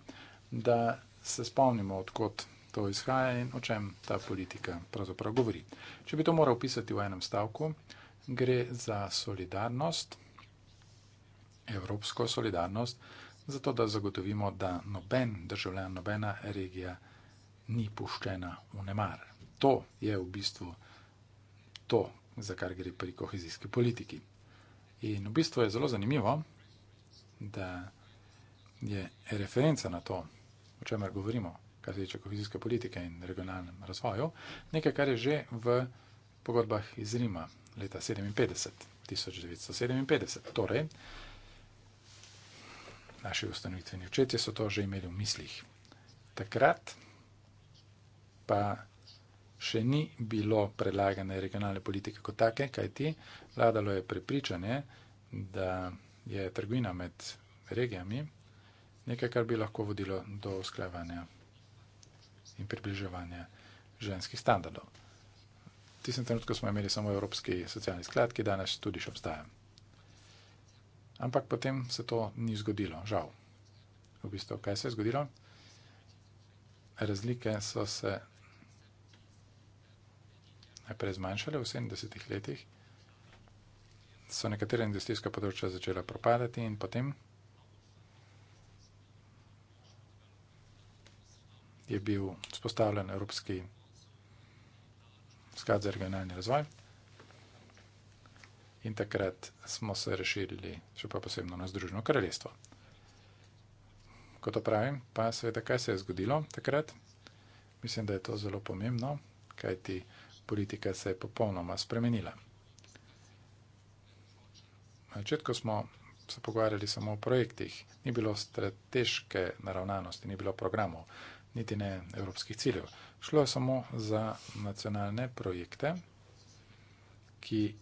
da se spomnimo, odkot to izhaja in o čem ta politika pravzaprav govori. Če bi to moral pisati v enem stavku, gre za solidarnost, evropsko solidarnost, zato da zagotovimo, da noben državljan, nobena regija ni puščena v nemar. To je v bistvu to, za kar gre pri kohezijski politiki. In v bistvu je zelo zanimivo, da je referenca na to, o čemer govorimo, kar se tiče kohezijske politike in regionalnem razvoju, nekaj, kar je že v pogodbah iz Rima leta 57, 1957. Torej, naši ustanovitveni očetje so to že imeli v mislih. Takrat pa še ni bilo predlagane regionalne politike kot take, kajti vladalo je prepričanje, da je trgovina med regijami nekaj, kar bi lahko vodilo do usklajevanja in približevanja ženskih standardov. Tistem trenutku smo imeli samo Evropski socialni sklad, ki danes tudi še obstaja. Ampak potem se to ni zgodilo, žal. V bistvu, kaj se je zgodilo? Razlike so se najprej zmanjšale v 70-ih letih, so nekatera industrijska področja začela propadati in potem je bil spostavljen Evropski sklad za regionalni razvoj. In takrat smo se rešili še pa posebno na Združeno kraljestvo. Ko to pravim, pa seveda, kaj se je zgodilo takrat? Mislim, da je to zelo pomembno, kajti politika se je popolnoma spremenila. Na začetku smo se pogovarjali samo o projektih, ni bilo strateške naravnanosti, ni bilo programov niti ne evropskih ciljev. Šlo je samo za nacionalne projekte, ki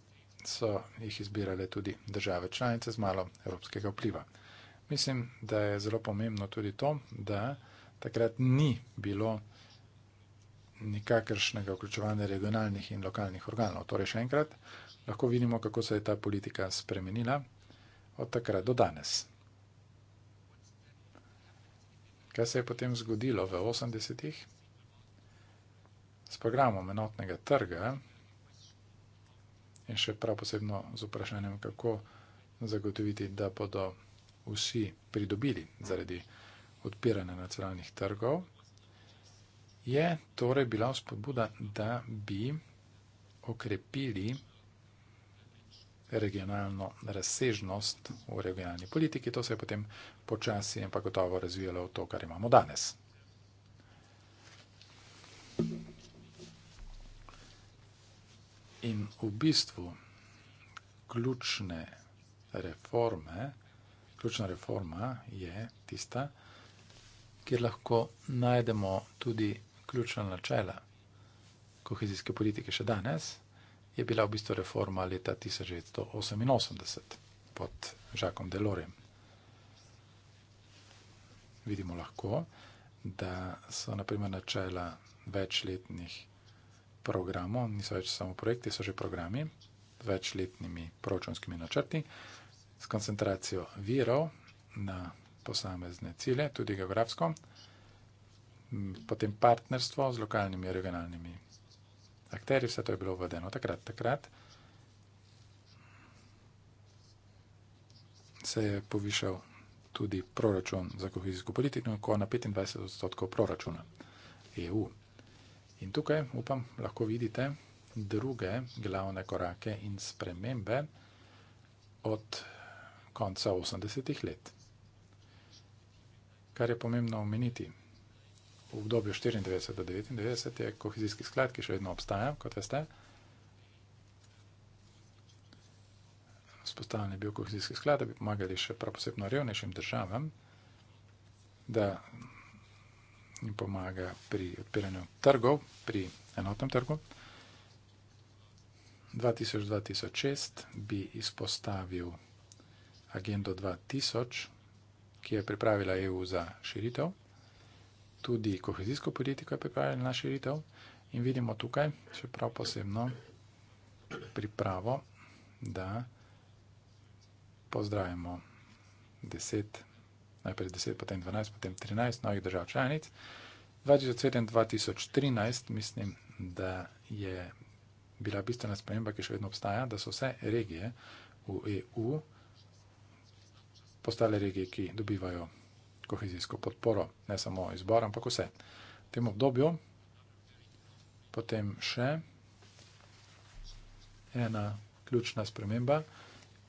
so jih izbirale tudi države članice z malo evropskega vpliva. Mislim, da je zelo pomembno tudi to, da takrat ni bilo nikakršnega vključevanja regionalnih in lokalnih organov. Torej, še enkrat, lahko vidimo, kako se je ta politika spremenila od takrat do danes. Kaj se je potem zgodilo v 80-ih? S programom enotnega trga in še prav posebno z vprašanjem, kako zagotoviti, da bodo vsi pridobili zaradi odpiranja nacionalnih trgov, je torej bila spodbuda, da bi okrepili regionalno razsežnost v regionalni politiki. To se je potem počasi in pa gotovo razvijalo v to, kar imamo danes. In v bistvu ključne reforme, ključna reforma je tista, kjer lahko najdemo tudi ključna načela kohezijske politike še danes, je bila v bistvu reforma leta 1988 pod Žakom Delorem. Vidimo lahko, da so naprimer načela večletnih programov, niso več samo projekti, so že programi z večletnimi proračunskimi načrti, s koncentracijo virov na posamezne cilje, tudi geografsko, potem partnerstvo z lokalnimi regionalnimi akterji, vse to je bilo uvedeno takrat. Takrat se je povišal tudi proračun za kohezijsko politiko na 25 odstotkov proračuna EU. In tukaj, upam, lahko vidite druge glavne korake in spremembe od konca 80-ih let. Kar je pomembno omeniti, v obdobju 94 do 99 je kohezijski sklad, ki še vedno obstaja, kot veste. Spostavljen je bil kohezijski sklad, da bi pomagali še prav posebno revnejšim državam, da jim pomaga pri odpiranju trgov, pri enotnem trgu. 2000-2006 bi izpostavil agendo 2000, ki je pripravila EU za širitev tudi kohezijsko politiko je pripravljena na širitev in vidimo tukaj še prav posebno pripravo, da pozdravimo 10, najprej 10, potem 12, potem 13 novih držav članic. 2007-2013 mislim, da je bila bistvena sprememba, ki še vedno obstaja, da so vse regije v EU postale regije, ki dobivajo vse kohezijsko podporo, ne samo izbor, ampak vse. V tem obdobju potem še ena ključna sprememba.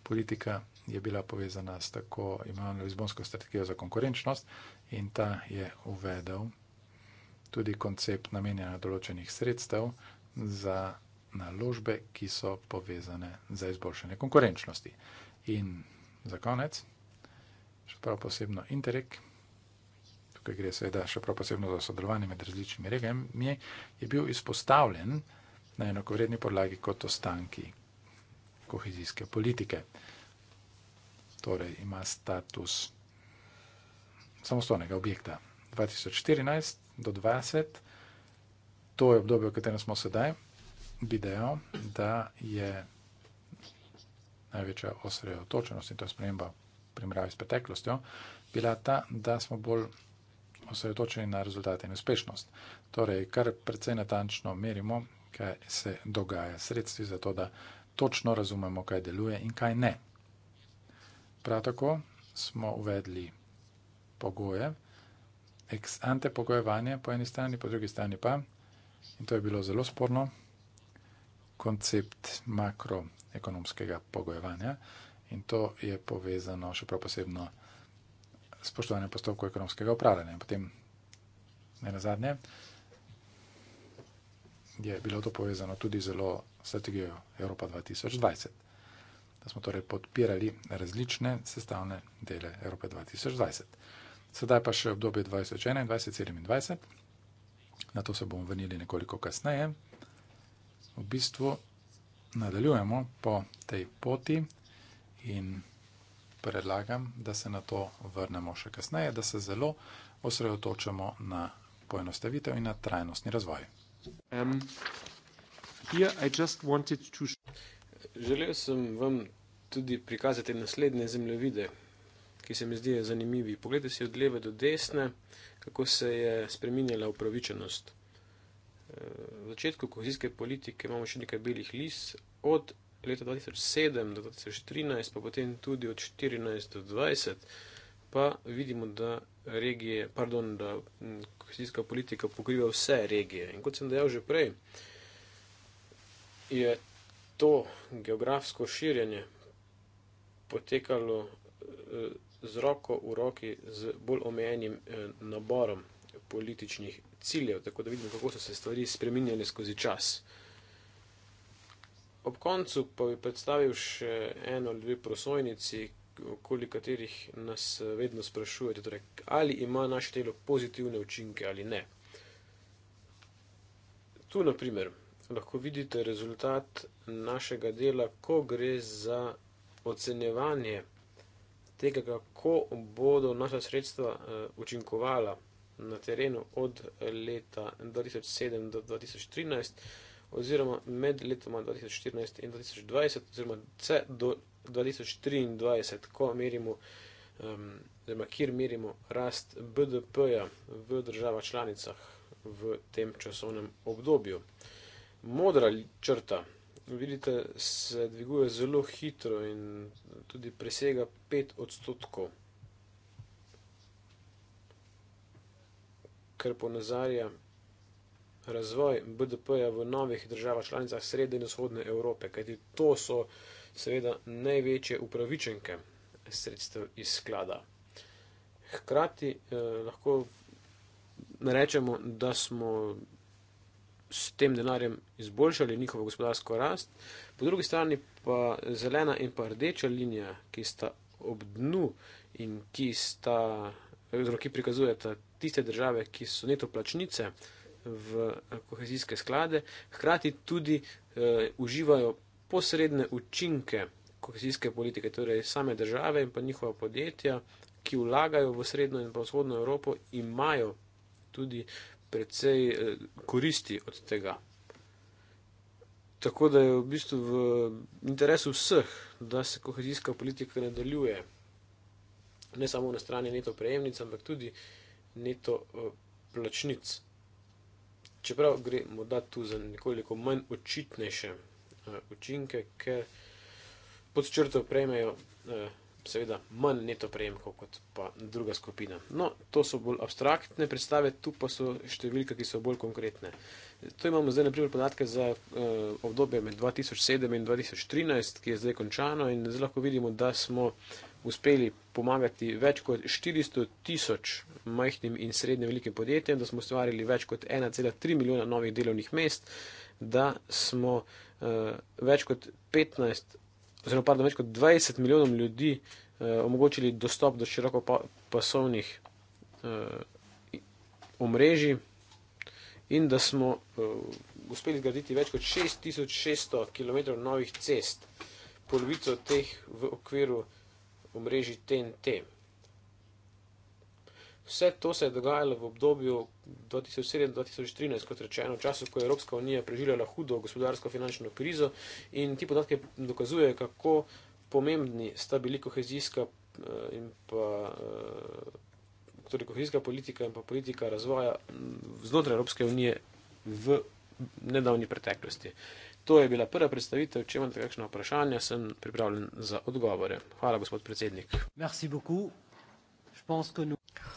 Politika je bila povezana s tako imenovano Lizbonsko strategijo za konkurenčnost in ta je uvedel tudi koncept namenjanja določenih sredstev za naložbe, ki so povezane za izboljšanje konkurenčnosti. In za konec, še prav posebno Interreg tukaj gre seveda še prav posebno za sodelovanje med različnimi regijami, je bil izpostavljen na enakovredni podlagi kot ostanki kohezijske politike. Torej ima status samostalnega objekta. 2014 do 2020, to je obdobje, v katerem smo sedaj, bi dejal, da je največja osredotočenost in to je sprememba v primerjavi s preteklostjo, bila ta, da smo bolj osredotočeni na rezultate in uspešnost. Torej, kar precej natančno merimo, kaj se dogaja s sredstvi, zato da točno razumemo, kaj deluje in kaj ne. Prav tako smo uvedli pogoje, ex ante pogojevanje po eni strani, po drugi strani pa, in to je bilo zelo sporno, koncept makroekonomskega pogojevanja. In to je povezano še prav posebno spoštovanjem postopkov ekonomskega upravljanja. Potem, ne na zadnje, je bilo to povezano tudi zelo strategijo Evropa 2020, da smo torej podpirali različne sestavne dele Evrope 2020. Sedaj pa še obdobje 2021-2027, na to se bomo vrnili nekoliko kasneje. V bistvu nadaljujemo po tej poti in predlagam, da se na to vrnemo še kasneje, da se zelo osredotočamo na poenostavitev in na trajnostni razvoj. Um, to... Želel sem vam tudi prikazati naslednje zemljevide, ki se mi zdijo zanimivi. Poglejte si od leve do desne, kako se je spreminjala upravičenost. Uh, v začetku kohezijske politike imamo še nekaj belih lis, od leta 2007 do 2013, pa potem tudi od 2014 do 2020, pa vidimo, da regije, pardon, da kohezijska politika pokriva vse regije. In kot sem dejal že prej, je to geografsko širjenje potekalo e, z roko v roki z bolj omejenim e, naborom političnih ciljev, tako da vidimo, kako so se stvari spreminjali skozi čas. Ob koncu pa bi predstavil še eno ali dve prosojnici, okoli katerih nas eh, vedno sprašujete, torej, ali ima naše telo pozitivne učinke ali ne. Tu, na primer, lahko vidite rezultat našega dela, ko gre za ocenjevanje tega, kako bodo naša sredstva eh, učinkovala na terenu od leta 2007 do 2013 oziroma med letoma 2014 in 2020, oziroma vse do 2024, ko merimo, um, oziroma kjer merimo rast BDP-ja v državah članicah v tem časovnem obdobju. Modra črta, vidite, se dviguje zelo hitro in tudi presega 5 odstotkov. Ker ponazarja razvoj BDP-ja v novih državah članicah srednje in vzhodne Evrope, kajti to so seveda največje upravičenke sredstev iz sklada. Hkrati eh, lahko rečemo, da smo s tem denarjem izboljšali njihovo gospodarsko rast, po drugi strani pa zelena in pa rdeča linija, ki sta ob dnu in ki sta, oziroma ki prikazujeta tiste države, ki so neto plačnice, eh, v eh, kohezijske sklade, hkrati tudi eh, uživajo posredne učinke kohezijske politike, torej same države in pa njihova podjetja, ki vlagajo v srednjo in pa vzhodno Evropo, imajo tudi precej eh, koristi od tega. Tako da je v bistvu v interesu vseh, da se kohezijska politika nadaljuje, ne samo na strani neto prejemnic, ampak tudi neto eh, plačnic čeprav gre morda tu za nekoliko manj očitnejše uh, učinke, ker pod črto prejmejo uh, seveda manj neto prejemkov kot pa druga skupina. No, to so bolj abstraktne predstave, tu pa so številke, ki so bolj konkretne. To imamo zdaj naprimer podatke za uh, obdobje med 2007 in 2013, ki je zdaj končano in zdaj lahko vidimo, da smo uspeli pomagati več kot 400 tisoč majhnim in srednje velikim podjetjem, da smo ustvarili več kot 1,3 milijona novih delovnih mest, da smo uh, več kot 15, oziroma pardon, več kot 20 milijonom ljudi uh, omogočili dostop do široko pasovnih uh, eh, omrežji in da smo uh, uspeli zgraditi več kot 6600 km novih cest, polovico teh v okviru omrežji TNT. Vse to se je dogajalo v obdobju 2007-2013, kot rečeno, v času, ko je Evropska unija preživljala hudo gospodarsko-finančno krizo in ti podatke dokazujejo, kako pomembni sta bili kohezijska eh, in pa. Eh, torej, kohezijska politika in pa politika razvoja znotraj Evropske unije v nedavni preteklosti. To je bila prva predstavitev. Če imate kakšno vprašanje, sem pripravljen za odgovore. Hvala, gospod predsednik.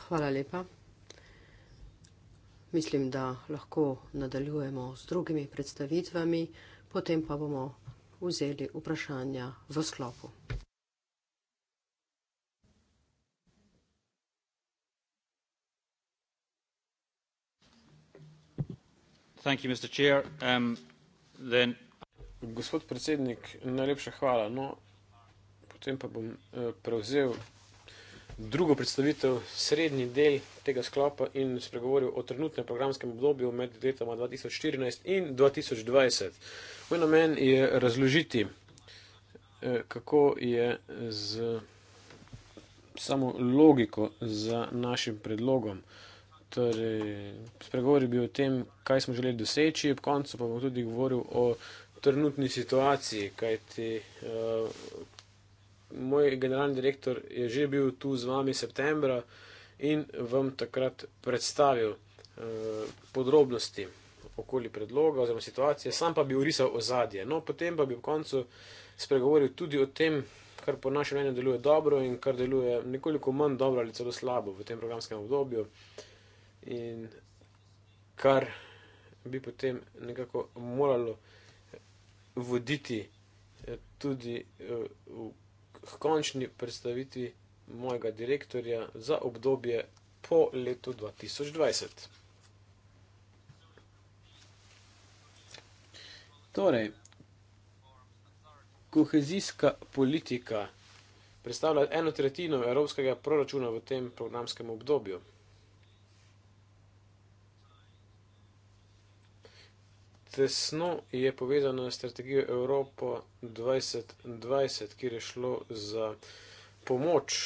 Hvala lepa. Mislim, da lahko nadaljujemo s drugimi predstavitvami, potem pa bomo vzeli vprašanja v sklopu. Thank you, Mr. Chair. Um, Then. Gospod predsednik, najlepša hvala. No, potem pa bom eh, prevzel drugo predstavitev, srednji del tega sklopa in spregovoril o trenutnem programskem obdobju med letoma 2014 in 2020. Moj namen je razložiti, eh, kako je z samo logiko za našim predlogom. Torej, spregovoril bi o tem, kaj smo želeli doseči, ob koncu pa bom tudi govoril o trenutni situaciji, kajti uh, moj generalni direktor je že bil tu z vami septembra in vam takrat predstavil uh, podrobnosti okoli predloga oziroma situacije, sam pa bi urisal ozadje. No, potem pa bi ob koncu spregovoril tudi o tem, kar po našem mnenju deluje dobro in kar deluje nekoliko manj dobro ali celo slabo v tem programskem obdobju. Uh, in kar bi potem nekako moralo voditi eh, tudi eh, v končni predstavitvi mojega direktorja za obdobje po letu 2020. Torej, kohezijska politika predstavlja eno tretjino evropskega proračuna v tem programskem obdobju. tesno je povezana strategija Evropa 2020, kjer je šlo za pomoč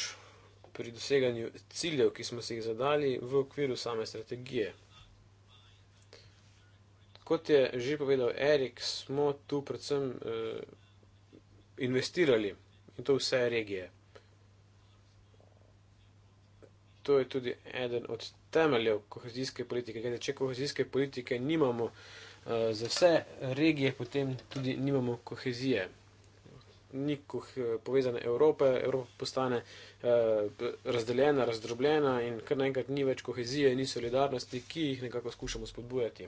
pri doseganju ciljev, ki smo se jih zadali v okviru same strategije. Kot je že povedal Erik, smo tu predvsem eh, investirali in to vse regije. To je tudi eden od temeljev kohezijske politike. Kajde, če kohezijske politike nimamo, eh, Eh, za vse regije, potem tudi nimamo kohezije. Ni povezane Evrope, Evropa postane eh, razdeljena, razdrobljena in kar naenkrat ni več kohezije, ni solidarnosti, ki jih nekako skušamo spodbujati.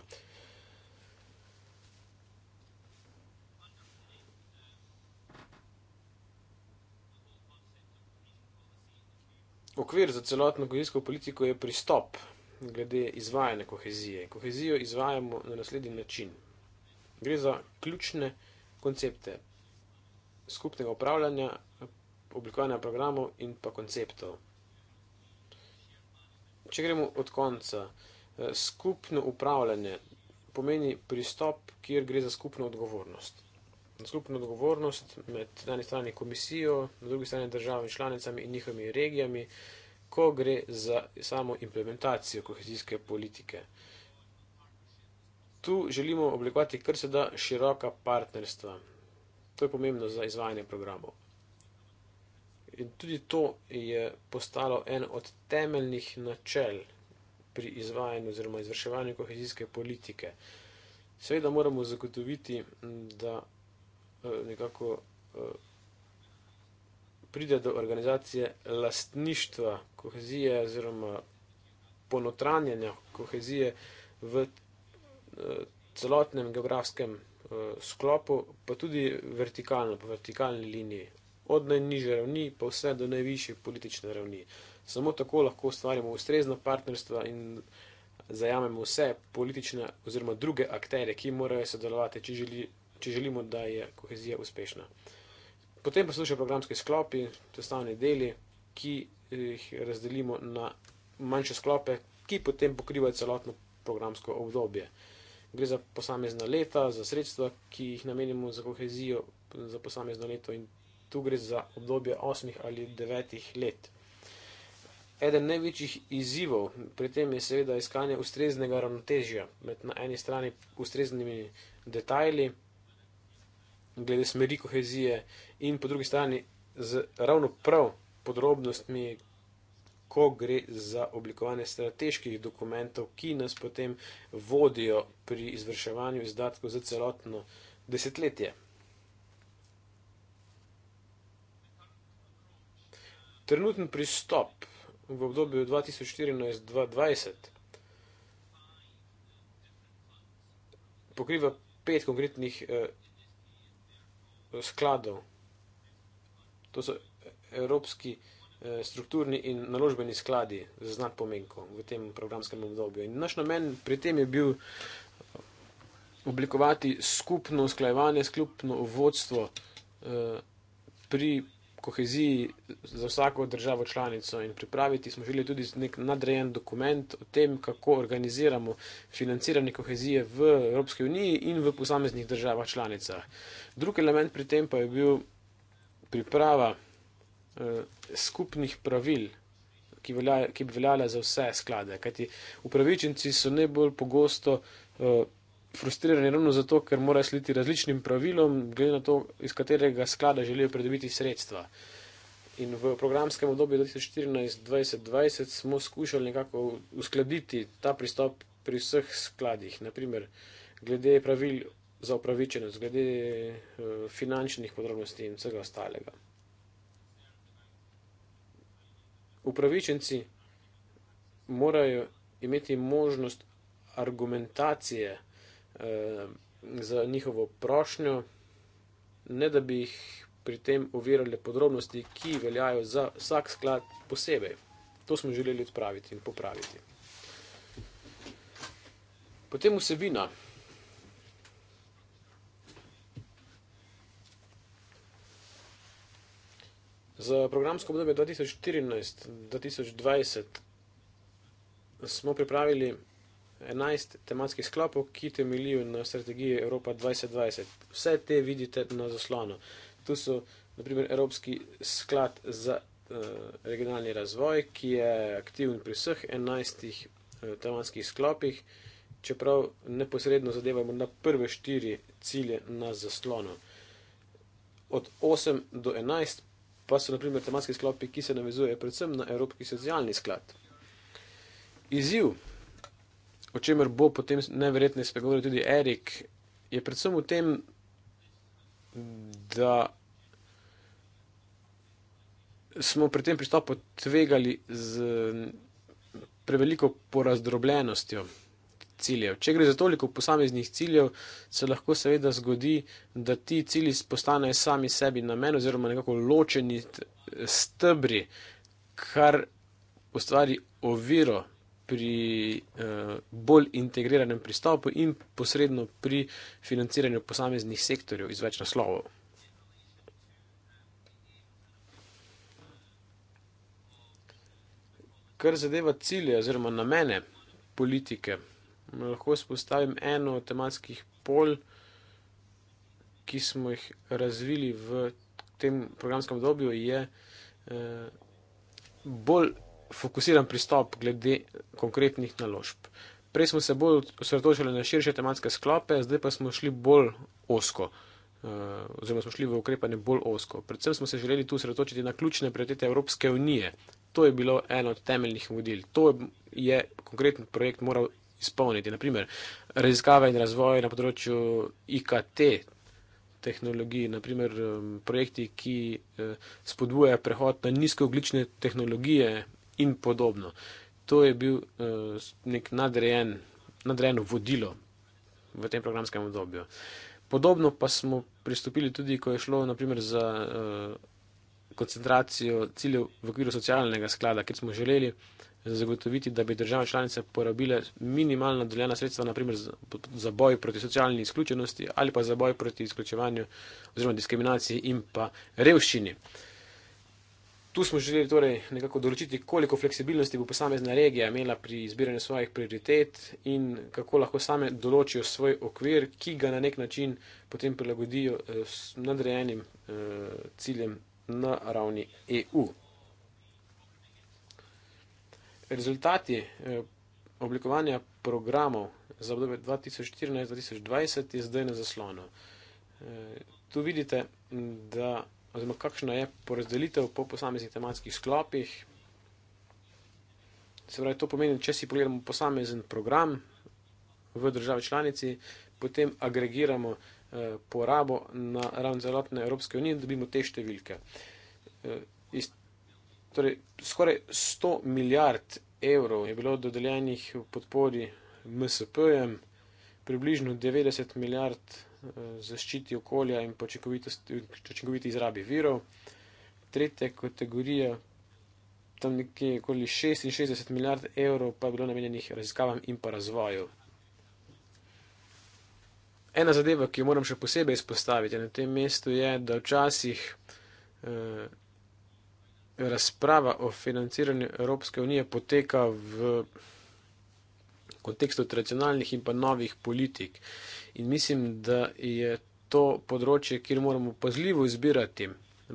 Okvir za celotno kohezijsko politiko je pristop glede izvajanja kohezije. Kohezijo izvajamo na naslednji način. Gre za ključne koncepte skupnega upravljanja, oblikovanja programov in pa konceptov. Če gremo od konca, eh, skupno upravljanje pomeni pristop, kjer gre za skupno odgovornost. Skupno odgovornost med na eni strani komisijo, na drugi strani državami članicami in njihovimi regijami, ko gre za samo implementacijo kohezijske politike. Tu želimo oblikovati kar se da široka partnerstva. To je pomembno za izvajanje programov. In tudi to je postalo en od temeljnih načel pri izvajanju oziroma izvrševanju kohezijske politike. Seveda moramo zagotoviti, da eh, nekako eh, pride do organizacije lastništva kohezije oziroma ponotranjanja kohezije v eh, celotnem geografskem eh, sklopu, pa tudi vertikalno, po vertikalni liniji, od najnižje ravni pa vse do najvišje politične ravni. Samo tako lahko ustvarjamo ustrezno partnerstvo in zajamemo vse politične oziroma druge akterje, ki morajo sodelovati, če, želi, če želimo, da je kohezija uspešna. Potem poslušajo programski sklopi, sestavni deli, ki jih razdelimo na manjše sklope, ki potem pokrivajo celotno programsko obdobje. Gre za posamezna leta, za sredstva, ki jih namenimo za kohezijo za posamezno leto in tu gre za obdobje osmih ali devetih let. Eden največjih izzivov pri tem je seveda iskanje ustreznega ravnotežja med na eni strani ustreznimi detajli, glede smeri kohezije in po drugi strani z ravno prav podrobnostmi, ko gre za oblikovanje strateških dokumentov, ki nas potem vodijo pri izvrševanju izdatkov za celotno desetletje. Trenutni pristop v obdobju 2014-2020 pokriva pet konkretnih eh, skladov. To so evropski eh, strukturni in naložbeni skladi z znak pomenko v tem programskem obdobju. In naš namen pri tem je bil oblikovati skupno sklajevanje, skupno vodstvo eh, pri koheziji za vsako državo članico in pripraviti smo želeli tudi nek nadrejen dokument o tem, kako organiziramo financiranje kohezije v Evropski uniji in v posameznih državah članicah. Drugi element pri tem pa je bil priprava eh, skupnih pravil, ki, velja, ki bi veljala za vse sklade, kajti upravičenci so najbolj pogosto eh, frustrirani ravno zato, ker morajo slediti različnim pravilom, glede na to, iz katerega sklada želijo pridobiti sredstva. In v programskem obdobju 2014-2020 smo skušali nekako uskladiti ta pristop pri vseh skladih, naprimer glede pravil za upravičenost, glede eh, finančnih podrobnosti in vsega ostalega. Upravičenci morajo imeti možnost argumentacije eh, za njihovo prošnjo, ne da bi jih pri tem uvirali podrobnosti, ki veljajo za vsak sklad posebej. To smo želeli odpraviti in popraviti. Potem vsebina. Za programsko obdobje 2014-2020 smo pripravili 11 tematskih sklopov, ki temeljijo na strategiji Evropa 2020. Vse te vidite na zaslonu. Tu so naprimer Evropski sklad za uh, regionalni razvoj, ki je aktiven pri vseh 11 uh, eh, tematskih sklopih, čeprav neposredno zadevamo na prve štiri cilje na zaslonu. Od 8 do 11 pa so naprimer tematski sklopi, ki se navezujejo predvsem na Evropski socialni sklad. Izjiv o čemer bo potem najverjetneje spregovoril tudi Erik, je predvsem v tem, da smo pri tem pristopu tvegali z preveliko porazdrobljenostjo. Ciljev. Če gre za toliko posameznih ciljev, se lahko seveda zgodi, da ti cilji postanejo sami sebi namen oziroma nekako ločeni stebri, kar ustvari oviro pri uh, bolj integriranem pristopu in posredno pri financiranju posameznih sektorjev iz več naslovov. Kar zadeva cilje oziroma namene politike, lahko spostavim eno od tematskih pol, ki smo jih razvili v tem programskem obdobju, je eh, bolj fokusiran pristop glede konkretnih naložb. Prej smo se bolj osredotočili na širše tematske sklope, zdaj pa smo šli bolj osko, eh, oziroma smo šli v ukrepanje bolj osko. Predvsem smo se želeli tu osredotočiti na ključne prioritete Evropske unije. To je bilo eno od temeljnih vodil. To je konkreten projekt moral izpolniti. Naprimer, raziskave in razvoj na področju IKT tehnologij, naprimer projekti, ki eh, spodbujajo prehod na nizkooglične tehnologije in podobno. To je bil eh, nek nadrejen, nadrejeno vodilo v tem programskem obdobju. Podobno pa smo pristopili tudi, ko je šlo naprimer, za eh, koncentracijo ciljev v okviru socialnega sklada, ker smo želeli zagotoviti, da bi države članice porabile minimalno deljena sredstva, naprimer za boj proti socialni izključenosti ali pa za boj proti izključevanju oziroma diskriminaciji in pa revščini. Uh, Tu smo želeli torej nekako določiti, koliko fleksibilnosti bo posamezna regija imela pri izbiranju svojih prioritet in kako lahko same določijo svoj okvir, ki ga na nek način potem prilagodijo eh, s nadrejenim eh, ciljem na ravni EU. Rezultati eh, oblikovanja programov za obdobje 2014-2020 je zdaj na zaslonu. Tu vidite, da oziroma kakšna je porazdelitev po posameznih tematskih sklopih. Se pravi, to pomeni, če si pogledamo posamezen program v državi članici, potem agregiramo eh, porabo na ravni celotne Evropske unije in dobimo te številke. Eh, iz, torej, skoraj 100 milijard evrov je bilo dodeljenih v podpori MSP-jem, približno 90 milijard evrov zaščiti okolja in učinkoviti izrabi virov. Tretja kategorija, tam nekje okoli 66 milijard evrov, pa je bilo namenjenih raziskavam in pa razvoju. Ena zadeva, ki jo moram še posebej izpostaviti na tem mestu, je, da včasih eh, razprava o financiranju Evropske unije poteka v kontekstu tradicionalnih in pa novih politik. In mislim, da je to področje, kjer moramo pazljivo izbirati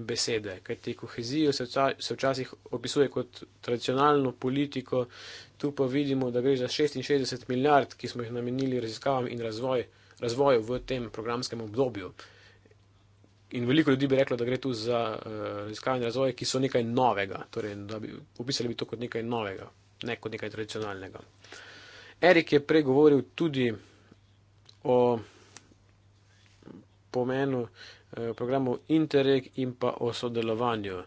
besede, kajti kohezijo se, se včasih opisuje kot tradicionalno politiko, tu pa vidimo, da gre za 66 milijard, ki smo jih namenili raziskavam in razvoj, razvoju v tem programskem obdobju. In veliko ljudi bi reklo, da gre tu za eh, raziskave in razvoj, ki so nekaj novega, torej da bi opisali bi to kot nekaj novega, ne kot nekaj tradicionalnega. Erik je pregovoril tudi o pomenu eh, programov Interreg in pa o sodelovanju.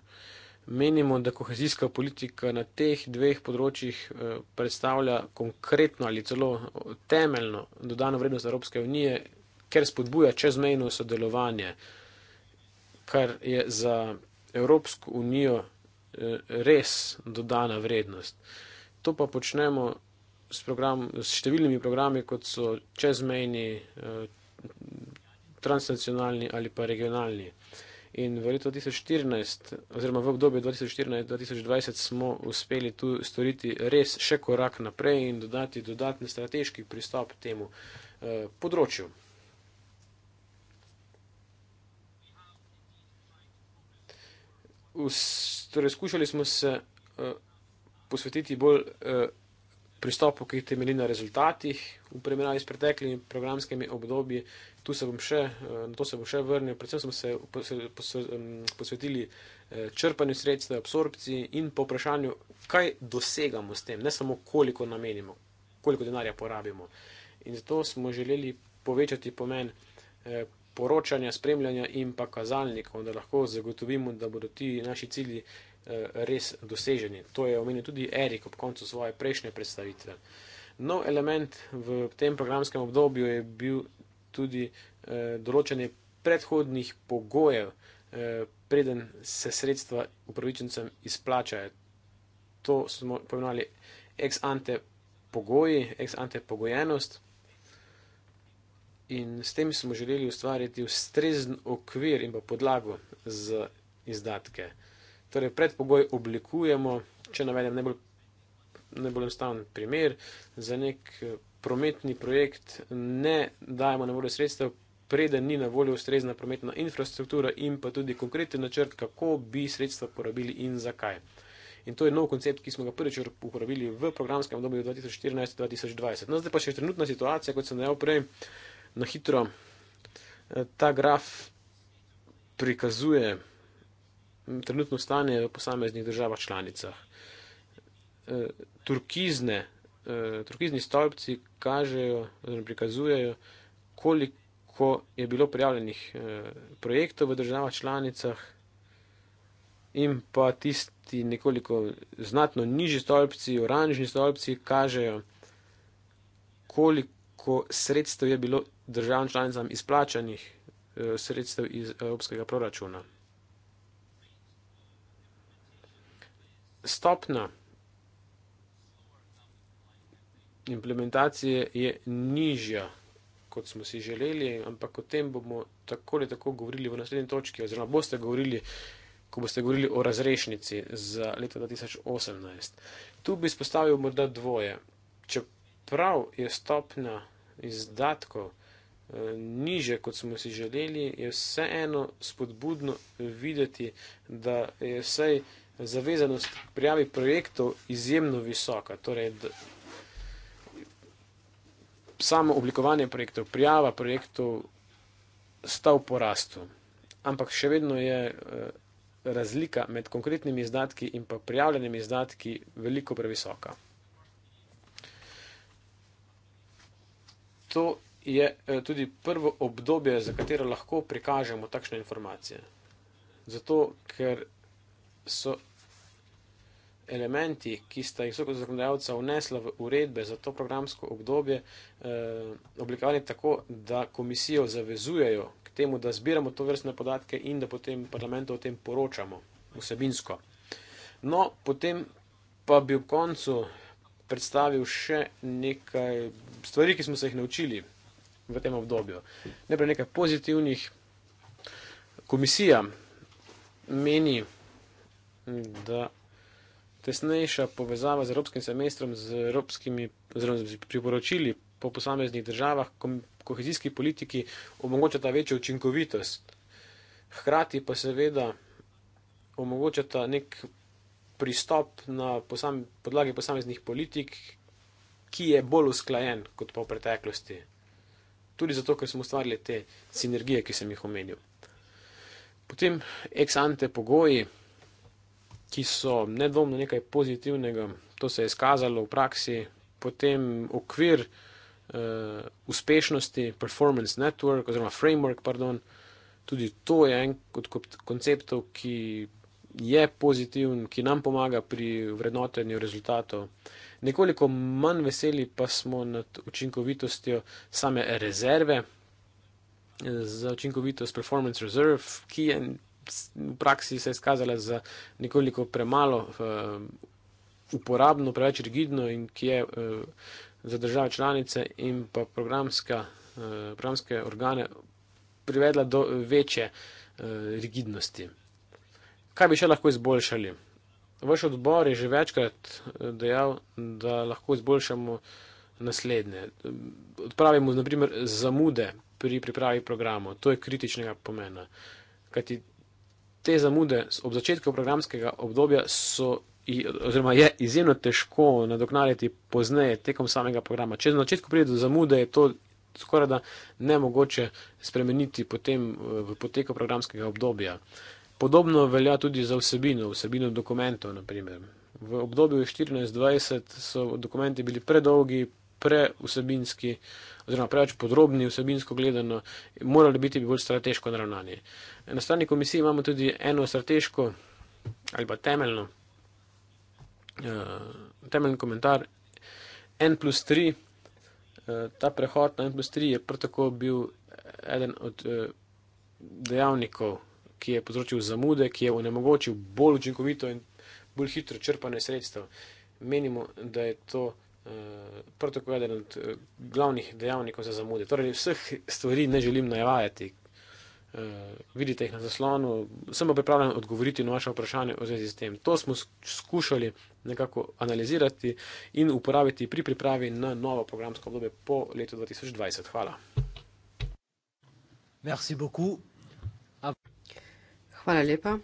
Menimo, da kohezijska politika na teh dveh področjih eh, predstavlja konkretno ali celo temeljno dodano vrednost Evropske unije, ker spodbuja čezmejno sodelovanje, kar je za Evropsko unijo eh, res dodana vrednost. To pa počnemo s, program, s številnimi programi, kot so čezmejni, eh, transnacionalni ali pa regionalni. In v letu 2014, oziroma v obdobju 2014-2020 smo uspeli tu storiti res še korak naprej in dodati dodatni strateški pristop temu eh, področju. Us, torej, skušali smo se eh, posvetiti bolj eh, pristopu, ki temelji na rezultatih v primerjavi s preteklimi programskimi obdobji. Tu se bom še, eh, na to se bom še vrnil, predvsem smo se posvetili eh, črpanju sredstev, absorpciji in poprašanju, kaj dosegamo s tem, ne samo koliko namenimo, koliko denarja porabimo. In zato smo želeli povečati pomen eh, poročanja, spremljanja in pa kazalnikov, da lahko zagotovimo, da bodo ti naši cilji Eh, res doseženi. To je omenil tudi Erik ob koncu svoje prejšnje predstavitve. Nov element v tem programskem obdobju je bil tudi eh, določanje predhodnih pogojev, eh, preden se sredstva upravičencem izplačajo. To smo pojmenovali ex ante pogoji, ex ante pogojenost. In s tem smo želeli ustvariti ustrezen okvir in pa podlago za izdatke. Torej, predpogoj oblikujemo, če navedem najbolj, najbolj enostaven primer, za nek eh, prometni projekt ne dajemo na voljo sredstev, preden ni na voljo ustrezna prometna infrastruktura in pa tudi konkreten načrt, kako bi sredstva porabili in zakaj. In to je nov koncept, ki smo ga prvič uporabili v programskem obdobju 2014-2020. No, zdaj pa še trenutna situacija, kot sem dejal prej, na hitro eh, ta graf prikazuje trenutno stanje v posameznih državah članicah. E, turkizne, e, turkizni stolpci kažejo, oziroma prikazujejo, koliko je bilo prijavljenih e, projektov v državah članicah in pa tisti nekoliko znatno nižji stolpci, oranžni stolpci, kažejo, koliko sredstev je bilo državam članicam izplačanih sredstev iz evropskega proračuna. stopna implementacije je nižja, kot smo si želeli, ampak o tem bomo tako ali tako govorili v naslednji točki, oziroma boste govorili, ko boste govorili o razrešnici za leto 2018. Tu bi spostavil morda dvoje. Čeprav je stopna izdatkov eh, niže, kot smo si želeli, je vseeno spodbudno videti, da je vsej zavezanost k prijavi projektov izjemno visoka. Torej, samo oblikovanje projektov, prijava projektov sta v porastu. Ampak še vedno je eh, razlika med konkretnimi izdatki in pa prijavljenimi izdatki veliko previsoka. To je eh, tudi prvo obdobje, za katero lahko prikažemo takšne informacije. Zato, ker so elementi, ki sta jih zoko zakonodajalca vnesla v uredbe za to programsko obdobje, eh, oblikovani tako, da komisijo zavezujejo k temu, da zbiramo to vrstne podatke in da potem parlamentu o tem poročamo vsebinsko. No, potem pa bi ob koncu predstavil še nekaj stvari, ki smo se jih naučili v tem obdobju. Najprej nekaj pozitivnih. Komisija meni, da tesnejša povezava z evropskim semestrom, z evropskimi priporočili po posameznih državah, kohezijski politiki omogočata večjo učinkovitost. Hkrati pa seveda omogočata nek pristop na posam, podlagi posameznih politik, ki je bolj usklajen kot pa v preteklosti. Tudi zato, ker smo ustvarili te sinergije, ki sem jih omenil. Potem ex ante pogoji ki so nedvomno nekaj pozitivnega, to se je izkazalo v praksi, potem okvir uh, uspešnosti, performance network oziroma framework, pardon, tudi to je en od konceptov, ki je pozitiven, ki nam pomaga pri vrednotenju rezultatov. Nekoliko manj veseli pa smo nad učinkovitostjo same rezerve eh, za učinkovitost performance reserve, ki je v praksi se je izkazala za nekoliko premalo eh, uporabno, preveč rigidno in ki je eh, za države članice in pa eh, programske organe privedla do večje rigidnosti. Kaj bi še lahko izboljšali? Vaš odbor je že večkrat dejal, da lahko izboljšamo naslednje. Odpravimo, naprimer, zamude pri pripravi programov. To je kritičnega pomena. Kajti te zamude ob začetku programskega obdobja so, oziroma je izjemno težko nadoknaditi pozneje tekom samega programa. Če na začetku pride do zamude, je to skoraj da nemogoče spremeniti potem eh, v poteku programskega obdobja. Podobno velja tudi za vsebino, vsebino dokumentov, naprimer. V obdobju 14-20 so dokumenti bili predolgi, preusebinski, oziroma preveč podrobni, vsebinsko gledano, morali biti bolj strateško naravnani. Na strani komisije imamo tudi eno strateško ali pa temeljno, uh, temeljni komentar. N plus 3, eh, ta prehod na N plus 3 je prtako bil eden od eh, dejavnikov, ki je povzročil zamude, ki je onemogočil bolj učinkovito in bolj hitro črpanje sredstev. Menimo, da je to Eh, prav tako eden od eh, glavnih dejavnikov za zamude. Torej, vseh stvari ne želim najvajati. Uh, vidite jih na zaslonu, sem pa pripravljen odgovoriti na vaše vprašanje v zvezi s tem. To smo skušali nekako analizirati in uporabiti pri pripravi na novo programsko obdobje po letu 2020. Hvala. Merci beaucoup. A... Hvala lepa.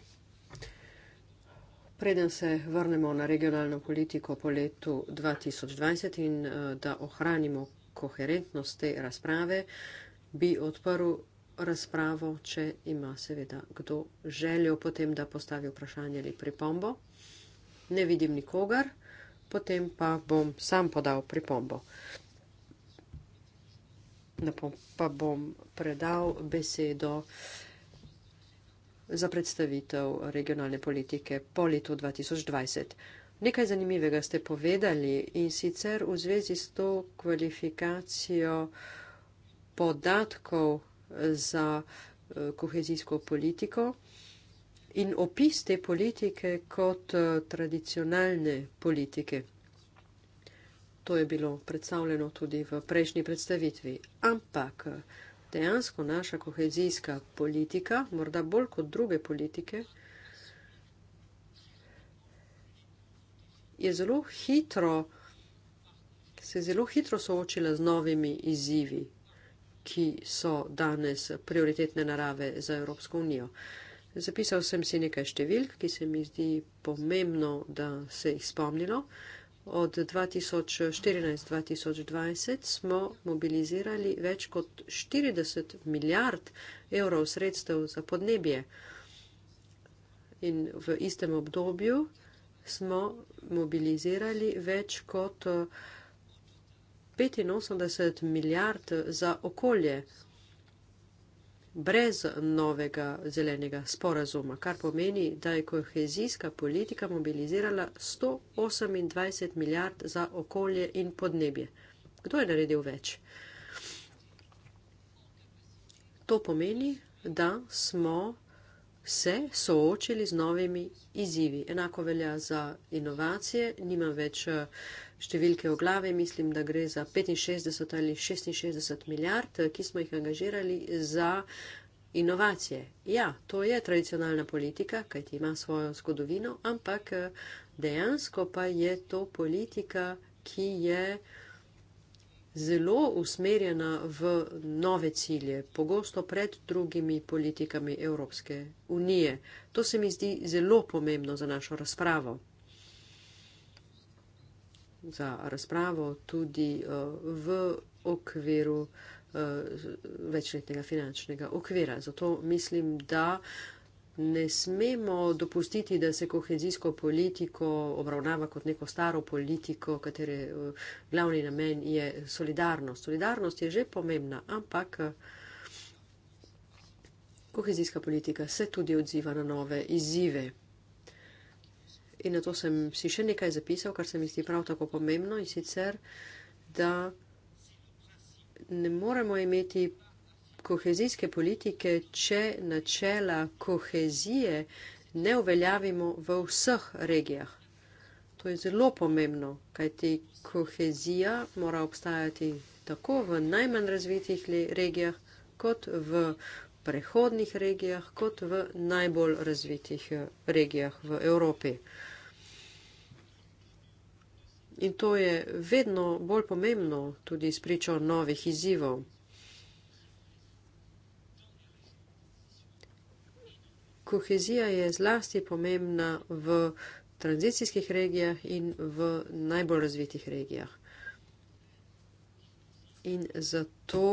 Preden se vrnemo na regionalno politiko po letu 2020 in eh, da ohranimo koherentnost te razprave, bi odprl razpravo, če ima seveda kdo željo potem, da postavi vprašanje ali pripombo. Ne vidim nikogar, potem pa bom sam podal pripombo. Pa bom predal besedo uh, za predstavitev regionalne politike po letu 2020. Nekaj zanimivega ste povedali in sicer v zvezi s to kvalifikacijo podatkov za eh, kohezijsko politiko in opis te politike kot eh, tradicionalne politike. To je bilo predstavljeno tudi v prejšnji predstavitvi. Ampak eh, dejansko naša kohezijska politika, morda bolj kot druge politike, je zelo hitro, se je zelo hitro soočila z novimi izzivi, ki so danes prioritetne narave za Evropsko unijo. Zapisal sem si nekaj številk, ki se mi zdi pomembno, da se jih spomnilo. Od 2014-2020 smo mobilizirali več kot 40 milijard evrov sredstev za podnebje. In v istem obdobju smo mobilizirali več kot 85 milijard za okolje, brez novega zelenega sporazuma, kar pomeni, da je kohezijska politika mobilizirala 128 milijard za okolje in podnebje. Kdo je naredil več? To pomeni, da smo se soočili z novimi izzivi. Enako velja za inovacije, nima več. Uh, številke v glavi, mislim, da gre za 65 ali 66 milijard, eh, ki smo jih angažirali za inovacije. Ja, to je tradicionalna politika, kajti ima svojo zgodovino, ampak eh, dejansko pa je to politika, ki je zelo usmerjena v nove cilje, pogosto pred drugimi politikami Evropske unije. To se mi zdi zelo pomembno za našo razpravo za razpravo tudi uh, v okviru uh, večletnega finančnega okvira. Zato mislim, da ne smemo dopustiti, da se kohezijsko politiko obravnava kot neko staro politiko, katere uh, glavni namen je solidarnost. Solidarnost je že pomembna, ampak. Uh, Kohezijska politika se tudi odziva na nove izzive. In na to sem si še nekaj zapisal, kar se mi zdi prav tako pomembno in sicer, da ne moremo imeti kohezijske politike, če načela kohezije ne uveljavimo v vseh regijah. To je zelo pomembno, kajti kohezija mora obstajati tako v najmanj razvitih regijah, kot v prehodnih regijah, kot v najbolj razvitih eh, regijah v Evropi in to je vedno bolj pomembno tudi spričo novih izzivov. Kohezija je zlasti pomembna v tranzicijskih regijah in v najbolj razvitih regijah. In zato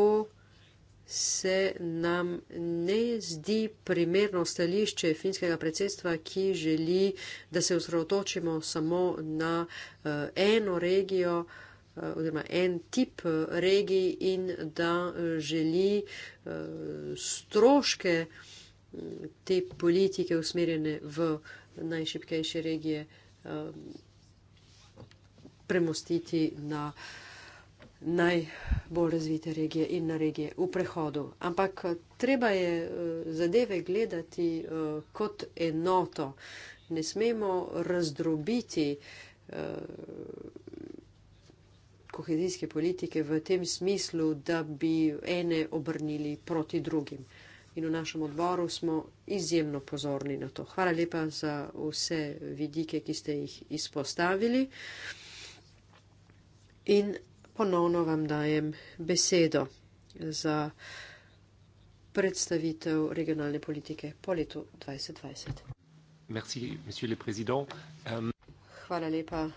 se nam ne zdi primerno stališče finskega predsedstva, ki želi, da se osredotočimo samo na eh, eno regijo eh, oziroma en tip eh, regij in da želi stroške mm, te politike usmerjene v najšipkejše regije premostiti na regijo najbolj razvite regije in na regije v prehodu. Ampak eh, treba je eh, zadeve gledati eh, kot enoto. Ne smemo razdrobiti kohezijske politike v tem smislu, da bi ene obrnili proti drugim. In v našem odboru smo izjemno pozorni na to. Hvala lepa za vse vidike, ki ste jih izpostavili. In ponovno vam dajem besedo za predstavitev regionalne politike po letu 2020. Merci, monsieur le président. Um... Hvala lepa,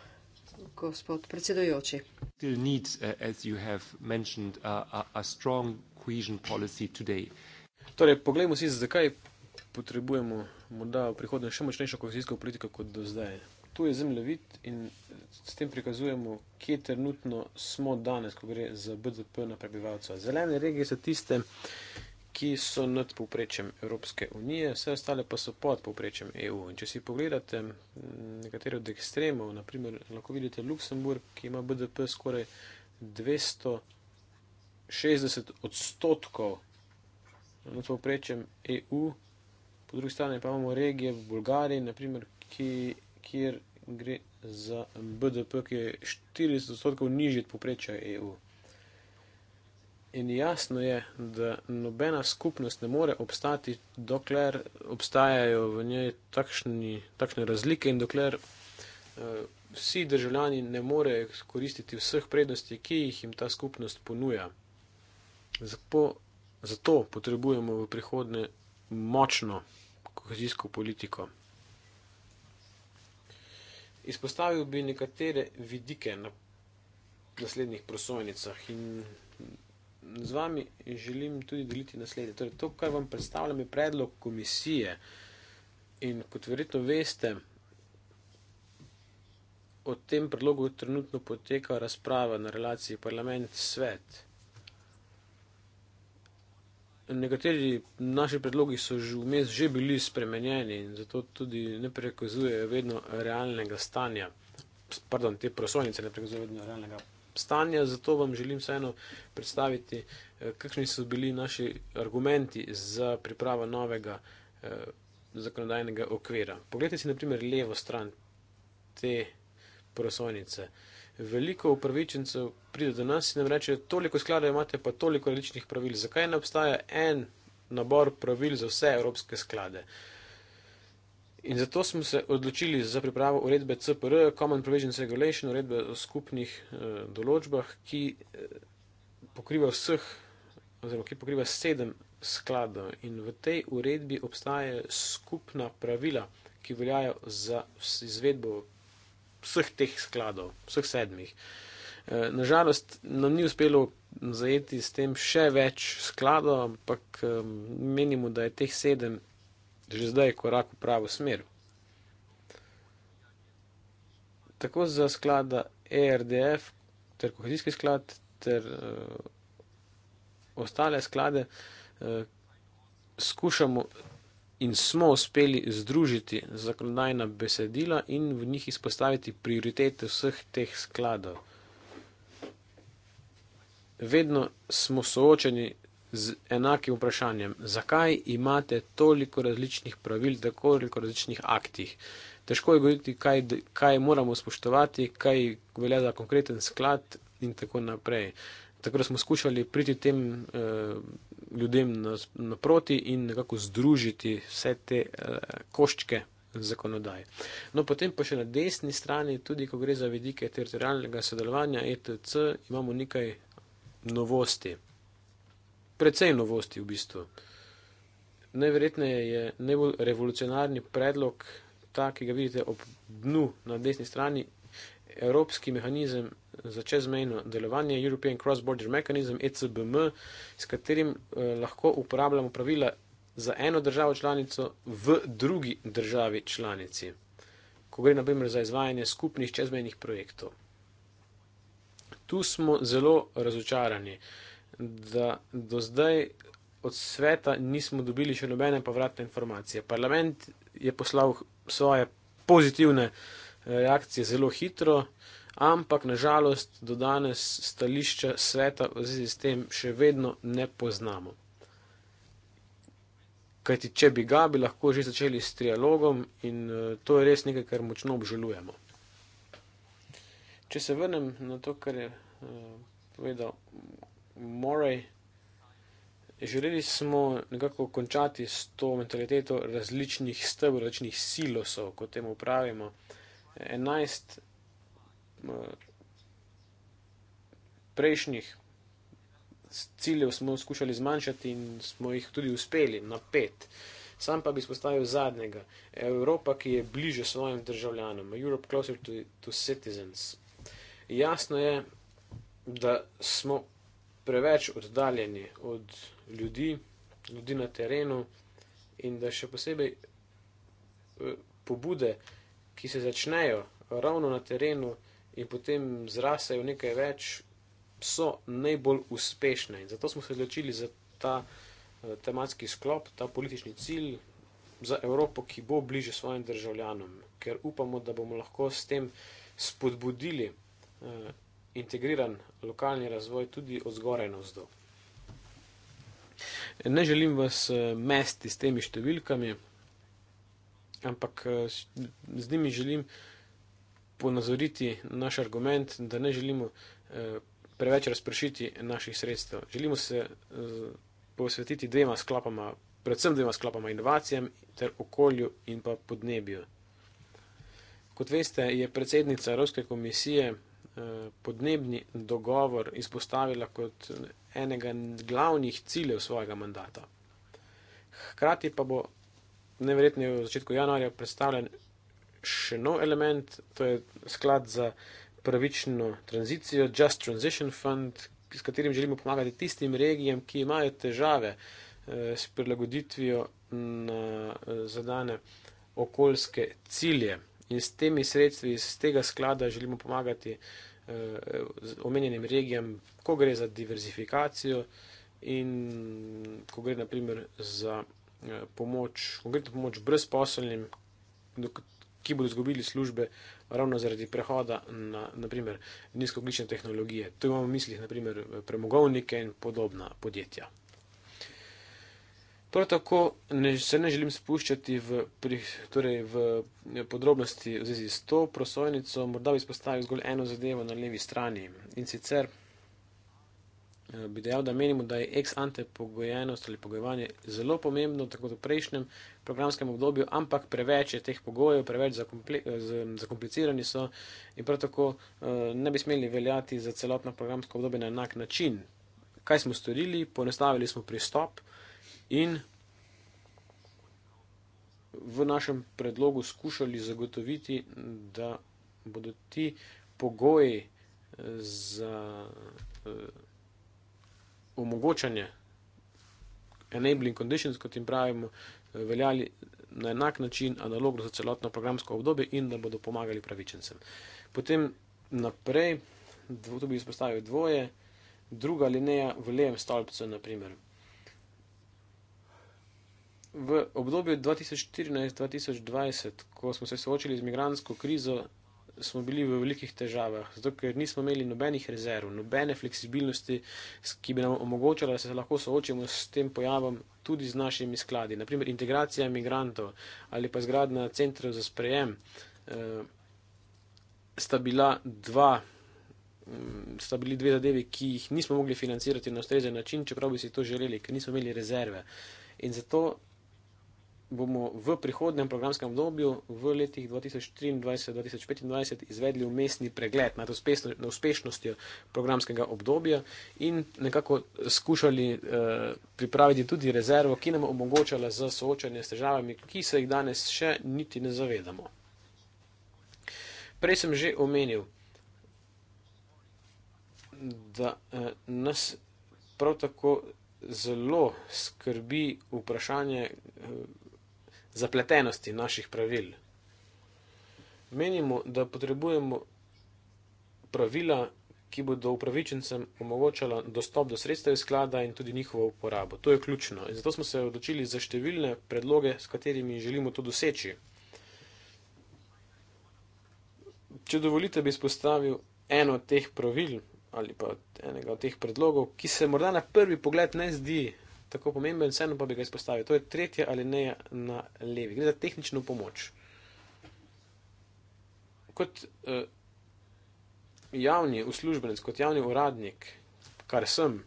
gospod predsedujoči. Still needs, uh, as you have mentioned, a, a, a strong cohesion policy today. Torej, poglejmo si, zakaj potrebujemo morda v prihodnje še močnejšo kohezijsko politiko kot do zdaj tu je zemljevid in eh, s tem prikazujemo, kje trenutno smo danes, ko gre za BDP na prebivalca. Zelene regije so tiste, ki so nad povprečjem Evropske unije, vse ostale pa so pod povprečjem EU. In če si pogledate nekatere od ekstremov, naprimer lahko vidite Luksemburg, ki ima BDP skoraj 260 odstotkov nad povprečjem EU, po drugi strani pa imamo regije v Bulgariji, naprimer, ki kjer gre za BDP, ki je 40 odstotkov nižji od poprečja EU. In jasno je, da nobena skupnost ne more obstati, dokler obstajajo v njej takšni, takšne razlike in dokler uh, vsi državljani ne morejo koristiti vseh prednosti, ki jih jim ta skupnost ponuja. Zato, zato potrebujemo v prihodnje močno kohezijsko politiko. Izpostavil bi nekatere vidike na naslednjih prosojnicah in z vami želim tudi deliti naslednje. Torej, to, kar vam predstavljam, je predlog komisije. In kot verjetno veste, o tem predlogu trenutno poteka razprava na relaciji parlament-svet nekateri naši predlogi so že vmes že bili spremenjeni in zato tudi ne prekazujejo vedno realnega stanja. Pardon, te prosojnice ne prekazujejo vedno realnega stanja, zato vam želim vseeno predstaviti, eh, kakšni so bili naši argumenti za pripravo novega eh, zakonodajnega okvira. Poglejte si naprimer levo stran te prosojnice. Eh, veliko upravičencev pride do nas in nam reče, toliko skladov imate, pa toliko različnih pravil. Zakaj ne obstaja en nabor pravil za vse evropske sklade? In zato smo se odločili za pripravo uredbe CPR, Common Provisions Regulation, uredbe o skupnih eh, določbah, ki eh, pokriva vseh, oziroma ki pokriva sedem skladov. In v tej uredbi obstaje skupna pravila, ki veljajo za izvedbo vseh teh skladov, vseh sedmih. Eh, Nažalost, nam ni uspelo zajeti s tem še več skladov, ampak menimo, da je teh sedem že zdaj korak v pravo smer. Tako za sklada ERDF, ter kohezijski sklad, ter uh, ostale sklade uh, skušamo in smo uspeli združiti zakonodajna besedila in v njih izpostaviti prioritete vseh teh skladov. Vedno smo soočeni z enakim vprašanjem, zakaj imate toliko različnih pravil, tako veliko različnih aktih. Težko je govoriti, kaj, kaj moramo spoštovati, kaj velja za konkreten sklad in tako naprej. Tako da smo skušali priti tem eh, ljudem naproti in nekako združiti vse te eh, koščke zakonodaje. No, potem pa še na desni strani, tudi ko gre za vidike teritorijalnega sodelovanja ETC, imamo nekaj novosti. Predvsej novosti v bistvu. Najverjetneje je najbolj revolucionarni predlog, ta, ki ga vidite ob dnu na desni strani, Evropski mehanizem za čezmejno delovanje, European Cross Border Mechanism, ECBM, s katerim eh, lahko uporabljamo pravila za eno državo članico v drugi državi članici, ko gre naprimer za izvajanje skupnih čezmejnih projektov. Tu smo zelo razočarani, da do zdaj od sveta nismo dobili še nobene povratne informacije. Parlament je poslal svoje pozitivne informacije reakcije zelo hitro, ampak nažalost do danes stališča sveta v zvezi s tem še vedno ne poznamo. Kajti, če bi ga, bi lahko že začeli s trialogom in eh, to je res nekaj, kar močno obžalujemo. Če se vrnem na to, kar je eh, povedal Moraj, želeli smo nekako končati s to mentaliteto različnih stebr, različnih silosov, kot temu pravimo. 11 eh, prejšnjih ciljev smo skušali zmanjšati in smo jih tudi uspeli na 5. Sam pa bi spostavil zadnjega. Evropa, ki je bliže svojim državljanom. Europe closer to, to citizens. Jasno je, da smo preveč oddaljeni od ljudi, ljudi na terenu in da še posebej eh, pobude ki se začnejo ravno na terenu in potem zrasejo nekaj več, so najbolj uspešne. In zato smo se odločili za ta eh, tematski sklop, ta politični cilj za Evropo, ki bo bliže svojim državljanom, ker upamo, da bomo lahko s tem spodbudili eh, integriran lokalni razvoj tudi od zgoraj na vzdolj. Ne želim vas eh, mesti s temi številkami, ampak eh, z njimi želim ponazoriti naš argument, da ne želimo eh, preveč razpršiti naših sredstev. Želimo se eh, posvetiti dvema sklopama, predvsem dvema sklopama inovacijam ter okolju in pa podnebju. Kot veste, je predsednica Evropske komisije podnebni dogovor izpostavila kot enega glavnih ciljev svojega mandata. Hkrati pa bo neverjetno v začetku januarja predstavljen še nov element, to je sklad za pravično tranzicijo, Just Transition Fund, s katerim želimo pomagati tistim regijam, ki imajo težave eh, s prilagoditvijo na eh, zadane okoljske cilje. In s temi sredstvi iz tega sklada želimo pomagati eh, omenjenim regijam, ko gre za diverzifikacijo in ko gre naprimer za Eh, pomoč, konkretno pomoč brezposelnim, ki bodo izgubili službe ravno zaradi prehoda na naprimer, nizkoglične tehnologije. To imamo v mislih, naprimer, eh, premogovnike in podobna podjetja. Prav tako ne, se ne želim spuščati v, pri, torej v eh, podrobnosti v zvezi s to prosojnico, morda bi spostavil zgolj eno zadevo na levi strani in sicer. Eh, bi dejal, da menimo, da je ex ante pogojenost ali pogojevanje zelo pomembno, tako v prejšnjem programskem obdobju, ampak preveč je teh pogojev, preveč eh, zakomplicirani so in prav tako eh, ne bi smeli veljati za celotno programsko obdobje na enak način. Kaj smo storili? Ponestavili smo pristop in v našem predlogu skušali zagotoviti, da bodo ti pogoji za omogočanje enabling conditions, kot jim pravimo, eh, veljali na enak način, analogno za celotno programsko obdobje in da bodo pomagali pravičencem. Potem naprej, to bi izpostavil dvoje, druga linija v levem stolpcu, naprimer. V obdobju 2014-2020, ko smo se soočili z migransko krizo, smo bili v velikih težavah, zato ker nismo imeli nobenih rezerv, nobene fleksibilnosti, ki bi nam omogočala, da se lahko soočimo s tem pojavom tudi z našimi skladi. Naprimer, integracija imigrantov ali pa zgradna centrov za sprejem eh, sta bila dva. Mm, sta bili dve zadevi, ki jih nismo mogli financirati na ustrezen način, čeprav bi si to želeli, ker nismo imeli rezerve. In zato bomo v prihodnem programskem obdobju, v letih 2023-2025, izvedli umestni pregled nad uspešno, uspešnostjo programskega obdobja in nekako skušali eh, pripraviti tudi rezervo, ki nam omogočala za soočanje s težavami, ki se jih danes še niti ne zavedamo. Prej sem že omenil, da eh, nas prav tako zelo skrbi vprašanje. Eh, zapletenosti naših pravil. Menimo, da potrebujemo pravila, ki bodo upravičencem omogočala dostop do sredstev iz sklada in tudi njihovo uporabo. To je ključno in zato smo se odločili za številne predloge, s katerimi želimo to doseči. Če dovolite, bi spostavil eno od teh pravil ali pa enega od teh predlogov, ki se morda na prvi pogled ne zdi tako pomemben, vseeno pa bi ga izpostavil. To je tretje ali ne na levi. Gre za tehnično pomoč. Kot eh, javni uslužbenec, kot javni uradnik, kar sem,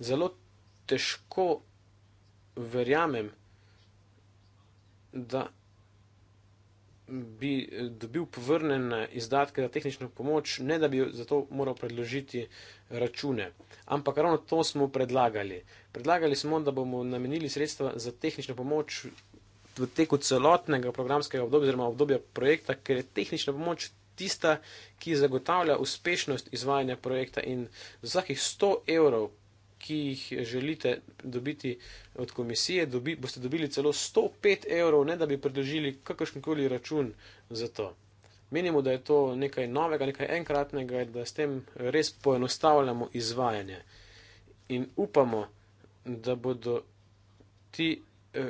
zelo težko verjamem, da bi eh, dobil povrnjene izdatke za tehnično pomoč, ne da bi za to moral predložiti račune. Ampak ravno to smo predlagali. Predlagali smo, da bomo namenili sredstva za tehnično pomoč v teku celotnega programskega obdobja oziroma obdobja projekta, ker je tehnična pomoč tista, ki zagotavlja uspešnost izvajanja projekta in za vsakih 100 evrov ki jih želite dobiti od komisije, dobi, boste dobili celo 105 evrov, ne da bi predložili kakršenkoli račun za to. Menimo, da je to nekaj novega, nekaj enkratnega in da s tem res poenostavljamo izvajanje. In upamo, da bodo ti eh,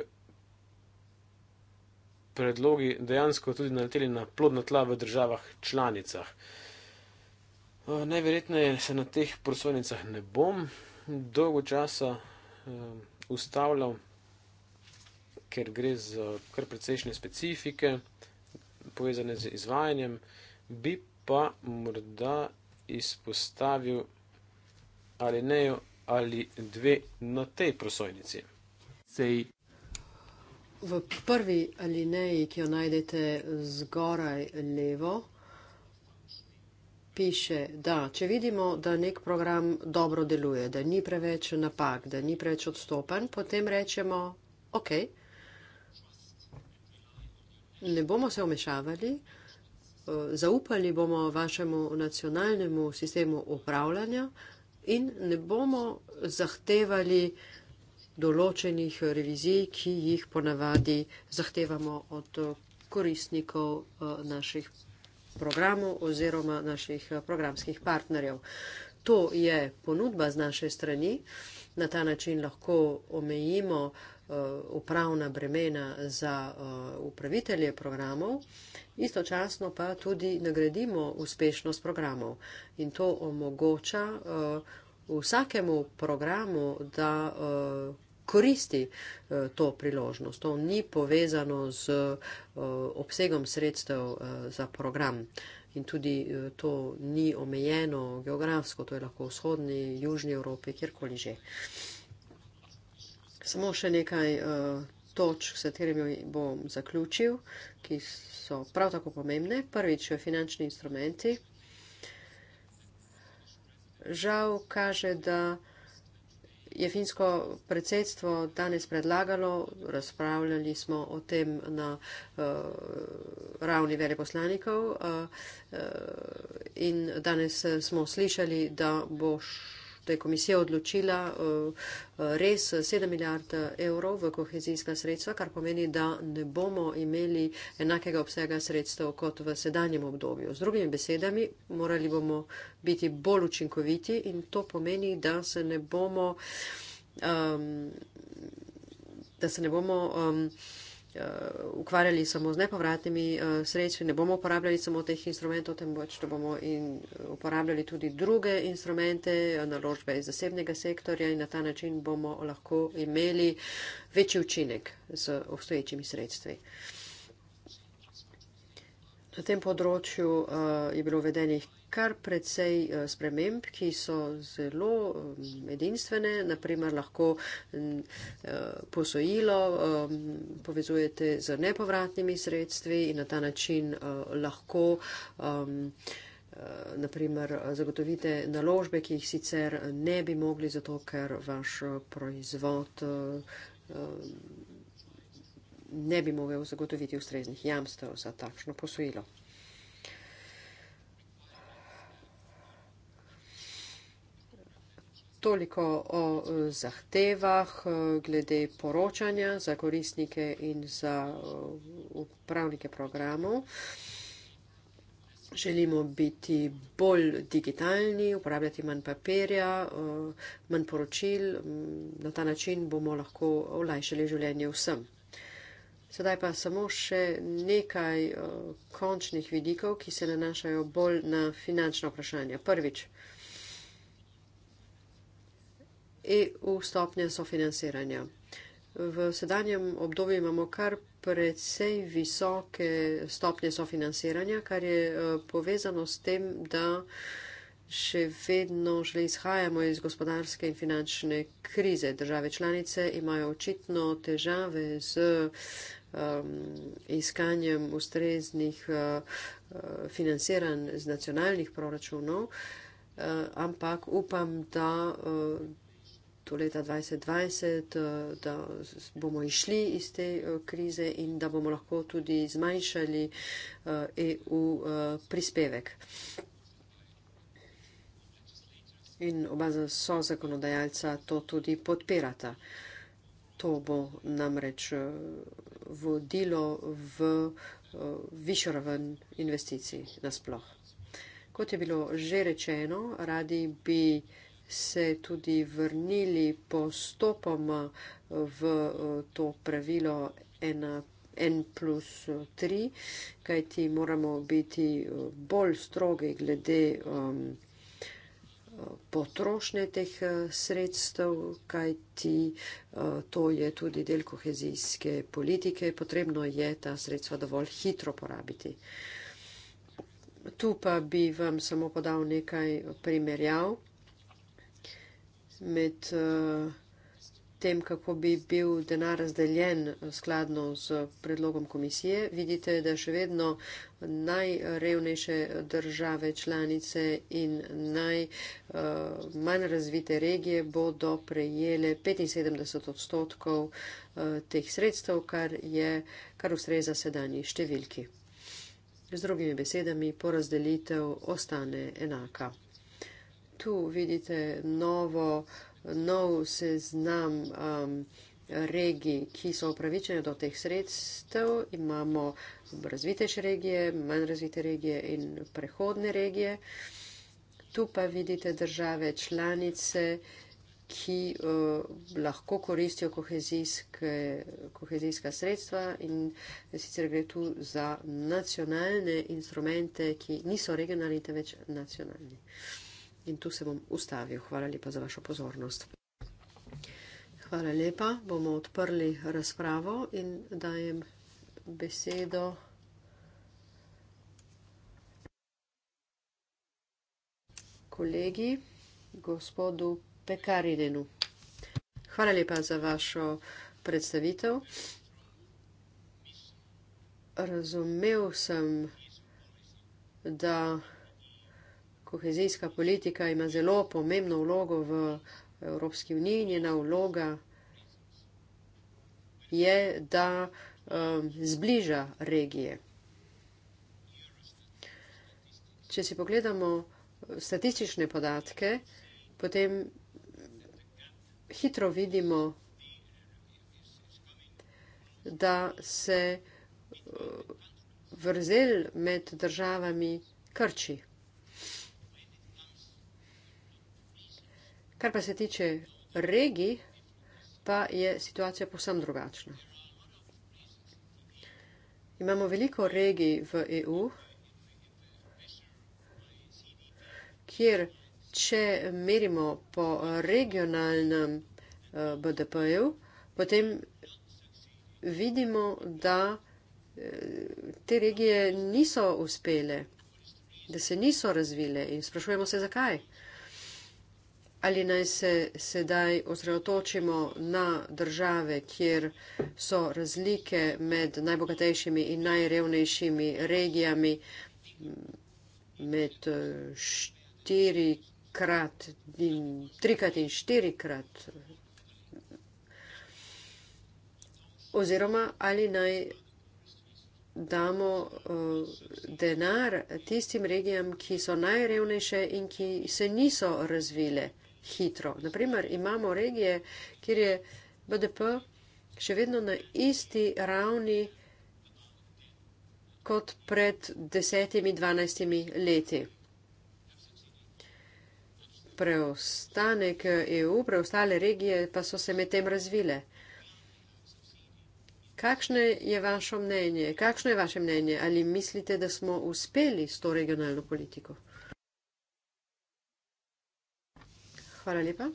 predlogi dejansko tudi naleteli na plodna tla v državah članicah. Eh, najverjetneje se na teh prosojnicah ne bom dolgo časa um, ustavljal, ker gre za kar precejšnje specifike, povezane z izvajanjem, bi pa morda izpostavil ali nejo ali dve na tej prosojnici. Sej. V prvi alineji, ki jo najdete zgoraj levo, piše, da če vidimo, da nek program dobro deluje, da ni preveč napak, da ni preveč odstopen, potem rečemo, ok, ne bomo se omešavali, eh, zaupali bomo vašemu nacionalnemu sistemu upravljanja in ne bomo zahtevali določenih revizij, ki jih ponavadi zahtevamo od koristnikov eh, naših programov oziroma naših eh, programskih partnerjev. To je ponudba z naše strani, na ta način lahko omejimo eh, upravna bremena za eh, upravitelje programov, istočasno pa tudi nagradimo uspešnost programov in to omogoča vsakemu programu, da koristi eh, to priložnost. To ni povezano z eh, obsegom sredstev eh, za program. In tudi to ni omejeno geografsko, to je lahko v vzhodni, južni Evropi, kjerkoli že. Samo še nekaj uh, točk, s katerimi bom zaključil, ki so prav tako pomembne. Prvič, finančni instrumenti. Žal kaže, da uh, je finsko predsedstvo danes predlagalo, razpravljali smo o tem na uh, ravni veleposlanikov uh, uh, in danes smo slišali, da boš da je komisija odločila eh, res 7 milijard evrov v kohezijska sredstva, kar pomeni, da ne bomo imeli enakega obsega sredstev kot v sedanjem obdobju. Z drugimi besedami, morali bomo biti bolj učinkoviti in to pomeni, da se ne bomo. Um, da se ne bomo um, Eh, ukvarjali samo z nepovratnimi eh, sredstvi, ne bomo uporabljali samo teh instrumentov, temveč da bomo in eh, uporabljali tudi druge instrumente, naložbe iz zasebnega sektorja in na ta način bomo lahko imeli večji učinek z obstoječimi sredstvi. Na tem področju uh, je bilo vedenih kar precej eh, sprememb, ki so zelo eh, edinstvene. Naprimer, lahko mm, eh, posojilo povezujete z nepovratnimi sredstvi in na ta način lahko naprimer zagotovite naložbe, ki jih sicer ne bi mogli, zato ker vaš proizvod ne bi mogel zagotoviti ustreznih jamstev za takšno posojilo. Toliko o e, zahtevah e, glede poročanja za koristnike in za e, upravnike programov. Želimo biti bolj digitalni, uporabljati manj papirja, manj poročil. Na ta način bomo lahko olajšali življenje vsem. Sedaj pa samo še nekaj končnih vidikov, ki se nanašajo bolj na finančno vprašanje. Prvič. EU stopnje sofinanciranja. V sedanjem obdobju imamo kar precej visoke stopnje sofinanciranja, kar je e, povezano s tem, da še vedno že izhajamo iz gospodarske in finančne krize. Države članice imajo očitno težave z um, iskanjem ustreznih uh, financiranj z nacionalnih proračunov, uh, ampak upam, da. Uh, do leta 2020, eh, da bomo išli iz te eh, krize in da bomo lahko tudi zmanjšali EU eh, e prispevek. In oba so zakonodajalca to tudi podpirata. To bo namreč vodilo v višjo raven investicij nasploh. Kot je bilo že rečeno, radi bi uh, se tudi vrnili postopoma v eh, to pravilo ena, en plus tri, kajti moramo biti eh, bolj strogi glede um, potrošnje teh sredstev, kajti to je tudi del kohezijske politike, potrebno je ta sredstva dovolj hitro porabiti. Tu pa bi vam samo podal nekaj primerjav med uh, tem, kako bi bil denar razdeljen eh, skladno z predlogom komisije. Vidite, da še vedno najrevnejše države članice in najmanj eh, uh, razvite regije bodo prejele 75 odstotkov uh, teh sredstev, kar, je, kar ustreza sedanji številki. Z drugimi besedami, porazdelitev ostane enaka tu vidite novo, nov seznam um, regij, ki so upravičene do teh sredstev. Imamo razvitejše regije, manj razvite regije in prehodne regije. Tu pa vidite države članice, ki uh, lahko koristijo kohezijska sredstva in sicer gre tu za nacionalne instrumente, ki niso regionalni, temveč nacionalni. Uh, In tu se bom ustavil. Hvala lepa za vašo pozornost. Hvala lepa. Bomo odprli razpravo in dajem besedo. Kolegi, gospodu Pekarinenu. Hvala lepa za vašo predstavitev. Razumel sem, da kohezijska politika ima zelo pomembno vlogo v Evropski uniji. Njena vloga je, da um, zbliža regije. Če si pogledamo uh, statistične podatke, potem hitro vidimo, da se uh, vrzel med državami krči. Kar pa se tiče regij, pa je situacija posebno drugačna. Imamo veliko regij v EU, kjer, če merimo po regionalnem eh, BDP-ju, potem vidimo, da eh, te regije niso uspele, da se niso razvile in sprašujemo se, zakaj ali naj se sedaj osredotočimo na države, kjer so razlike med najbogatejšimi in najrevnejšimi regijami med štirikrat in trikrat in štirikrat. Oziroma ali naj damo denar tistim regijam, ki so najrevnejše in ki se niso razvile hitro. Naprimer, imamo regije, kjer je BDP še vedno na isti ravni kot pred desetimi, dvanajstimi leti. Preostanek EU, preostale regije pa so se medtem razvile. Kakšno je vaše mnenje? Kakšno je vaše mnenje? Ali mislite, da smo uspeli s to regionalno politiko? Hvala lepa.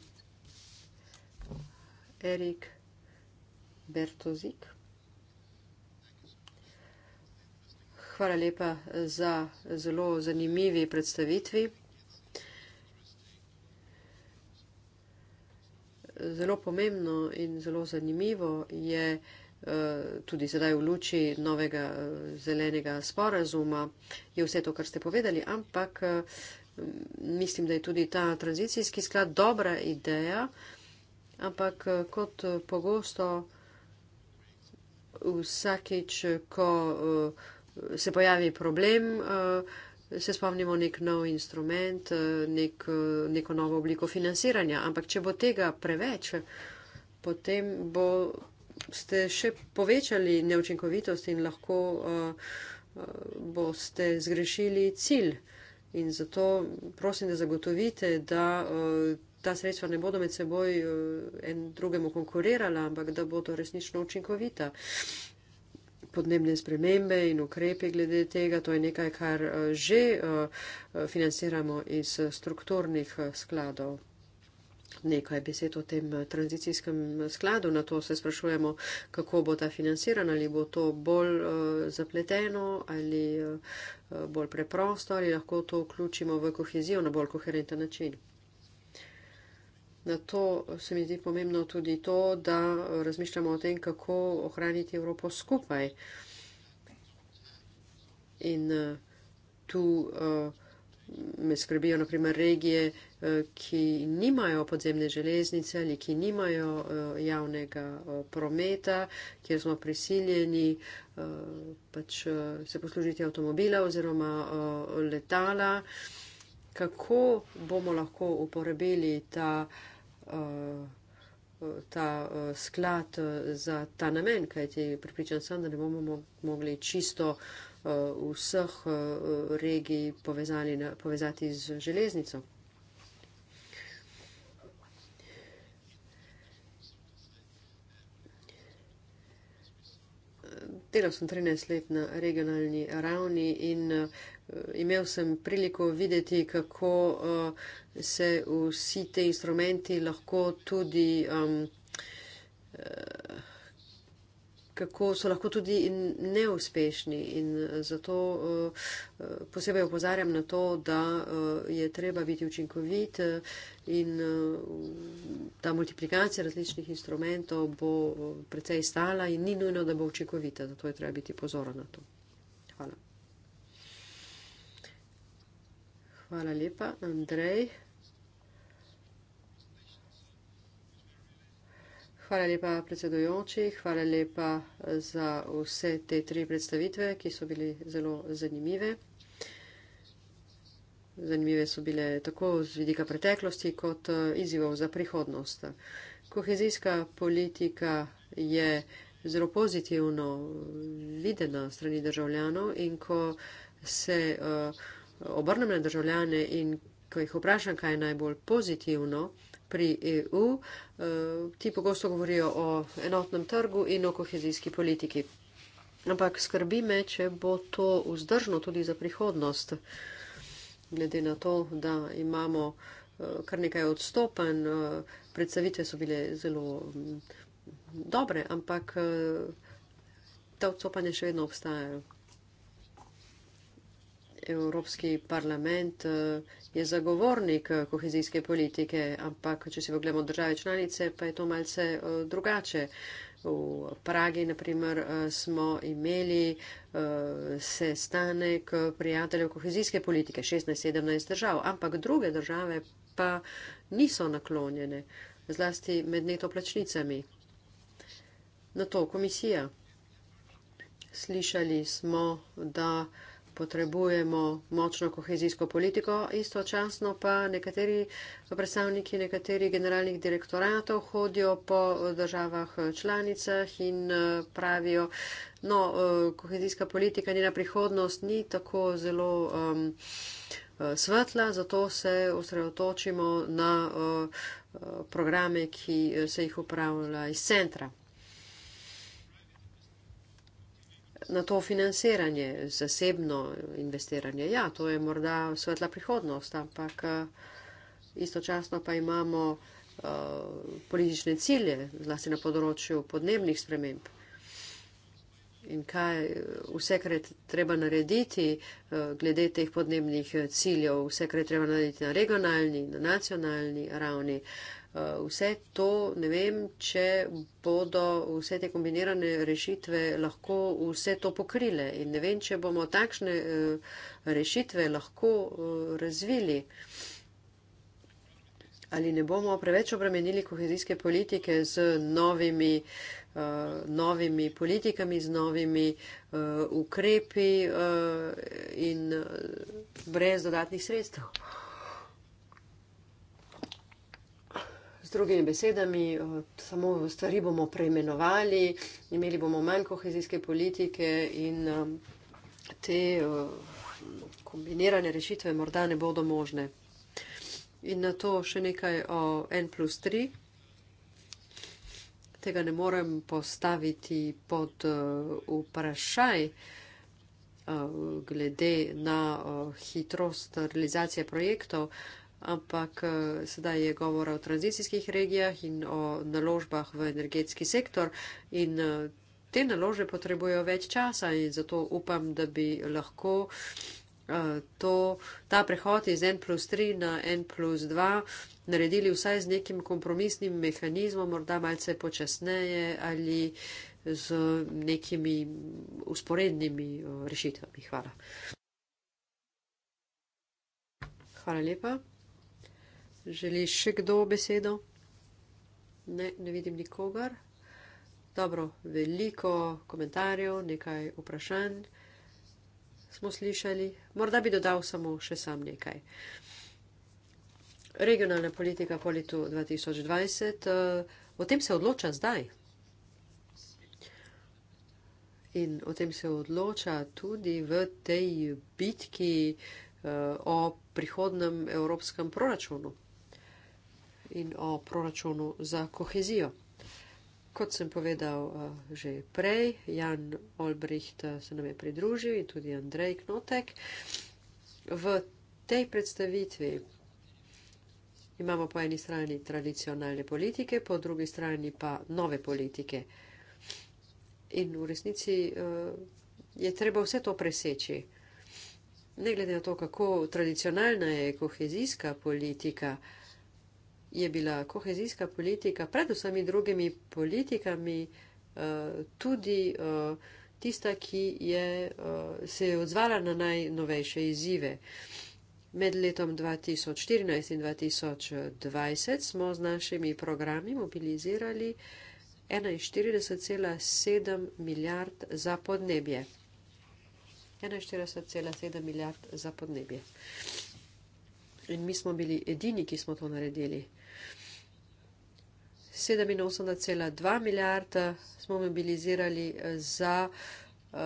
Erik Bertozik. Hvala lepa za zelo zanimivi predstavitvi. Zelo pomembno in zelo zanimivo je eh, tudi sedaj v luči novega eh, zelenega sporazuma, je vse to, kar ste povedali, ampak eh, mislim, da je tudi ta tranzicijski sklad dobra ideja, ampak eh, kot eh, pogosto vsakič, ko eh, se pojavi problem, se spomnimo nek nov instrument, nek, neko novo obliko financiranja. Ampak če bo tega preveč, potem bo ste še povečali neučinkovitost in lahko uh, boste zgrešili cilj. Uh, In zato prosim, da zagotovite, da eh, ta sredstva ne bodo med seboj eh, en drugemu konkurirala, ampak da bodo resnično učinkovita. Podnebne spremembe in ukrepe glede tega, to je nekaj, kar eh, že financiramo iz strukturnih skladov. Nekaj besed o tem eh, tranzicijskem eh, skladu, na to se sprašujemo, kako bo ta financiran, ali bo to bolj eh, zapleteno ali bolj preprosto, ali lahko to vključimo v kohezijo na bolj koherenten način. Na to se mi zdi pomembno tudi to, da razmišljamo o tem, kako ohraniti Evropo skupaj. In tu. Uh, me skrbijo naprimer regije, eh, ki nimajo podzemne železnice ali ki nimajo eh, javnega eh, prometa, kjer smo prisiljeni pač se poslužiti avtomobila oziroma letala. Kako bomo lahko uporabili ta, ta sklad za ta namen, kajti pripričan sem, da ne bomo mogli čisto Eh, vseh eh, regij na, povezati z železnico. Delal sem 13 let na regionalni ravni in eh, imel sem priliko videti, kako se vsi te instrumenti lahko tudi um, kako so lahko tudi neuspešni in eh, zato eh, eh, posebej opozarjam na to, da je treba biti učinkovit in ta multiplikacija različnih instrumentov bo precej stala in ni nujno, da bo učinkovita, zato je treba biti pozoren na to. Hvala. Hvala lepa, Andrej. Hvala lepa predsedujoči, hvala lepa za vse te tri predstavitve, ki so bili zelo zanimive. Zanimive so bile tako z vidika preteklosti kot izzivov za prihodnost. Kohezijska politika je zelo pozitivno videna strani državljanov in ko se uh, obrnem na državljane in ko jih vprašam, kaj je najbolj pozitivno, pri EU, eh, ti pogosto govorijo o enotnem trgu in o kohezijski politiki. Ampak skrbi me, če bo to vzdržno tudi za prihodnost, glede na to, da imamo eh, kar nekaj odstopen, eh, predstavitve so bile zelo mm, dobre, ampak ta odstopanja še vedno obstajajo. Evropski parlament eh, je zagovornik eh, kohezijske politike, ampak če si pogledamo države članice, pa je to malce eh, drugače. V Pragi, naprimer, smo imeli sestanek prijateljev kohezijske politike, 16-17 držav, ampak druge države pa niso naklonjene, zlasti med neto plačnicami. Na to komisija. Slišali smo, da potrebujemo močno kohezijsko politiko, istočasno pa nekateri predstavniki nekaterih generalnih direktoratov hodijo po državah članicah in eh, pravijo, no, eh, kohezijska politika, njena prihodnost ni tako zelo um, svetla, zato se osredotočimo na uh, programe, ki se jih upravlja iz centra. na to financiranje, zasebno investiranje. Ja, to je morda svetla prihodnost, ampak eh, istočasno pa imamo uh, politične cilje, zlasti na področju podnebnih sprememb. In kaj vse, kar je treba narediti eh, glede teh podnebnih ciljev, vse, kar je treba narediti na regionalni, na nacionalni ravni, uh, Eh, vse to ne vem, če bodo vse te kombinirane rešitve lahko vse to pokrile in ne vem, če bomo takšne eh, rešitve lahko eh, razvili. Ali ne bomo preveč obremenili kohezijske politike z novimi, uh, novimi politikami, z novimi uh, ukrepi uh, in brez dodatnih sredstev? Uh, drugimi besedami, samo stvari bomo preimenovali, imeli bomo manj kohezijske politike in um, te kombinirane rešitve morda ne bodo možne. In na to še nekaj o N plus 3. Tega ne morem postaviti pod vprašaj glede na hitrost realizacije projektov ampak eh, sedaj je govora o tranzicijskih regijah in o naložbah v energetski sektor in eh, te naložbe potrebujejo več časa in zato upam, da bi lahko eh, to, ta prehod iz N plus 3 na N plus 2 naredili vsaj z nekim kompromisnim mehanizmom, morda malce počasneje ali z nekimi usporednimi rešitvami. Hvala. Hvala lepa. Želi še kdo besedo? Ne, ne vidim nikogar. Dobro, veliko komentarjev, nekaj vprašanj smo slišali. Morda bi dodal samo še sam nekaj. Regionalna politika po letu 2020, eh, o tem se odloča zdaj. In o tem se odloča tudi v tej bitki eh, o prihodnem evropskem proračunu in o proračunu za kohezijo. Kot sem povedal eh, že prej, Jan Olbricht eh, se nam je pridružil in tudi Andrej Knotek. V tej predstavitvi imamo po eni strani tradicionalne politike, po drugi strani pa nove politike. In v resnici eh, je treba vse to preseči. Ne glede na to, kako tradicionalna je kohezijska politika, je bila kohezijska politika pred vsemi drugimi politikami eh, tudi eh, tista, ki je, eh, se je odzvala na najnovejše izzive. Med letom 2014 in 2020 smo z našimi programi mobilizirali 41,7 milijard za podnebje. 41,7 milijard za podnebje. In mi smo bili edini, ki smo to naredili. 87,2 milijarda smo mobilizirali eh, za uh,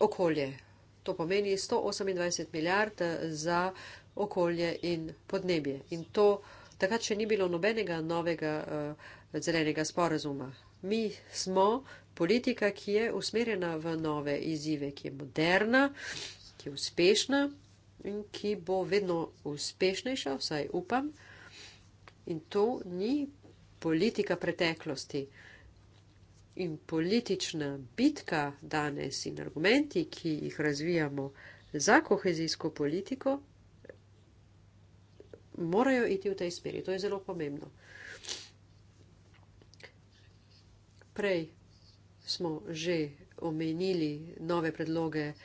okolje. To pomeni 128 milijard eh, za okolje in podnebje. In to takrat še ni bilo nobenega novega uh, zelenega sporazuma. Mi smo politika, ki je usmerjena v nove izzive, ki je moderna, ki je uspešna in ki bo vedno uspešnejša, vsaj upam. Uh, In to ni politika preteklosti. In politična bitka danes in argumenti, ki jih razvijamo za kohezijsko politiko, morajo iti v tej smeri. To je zelo pomembno. Prej smo že omenili nove predloge uh,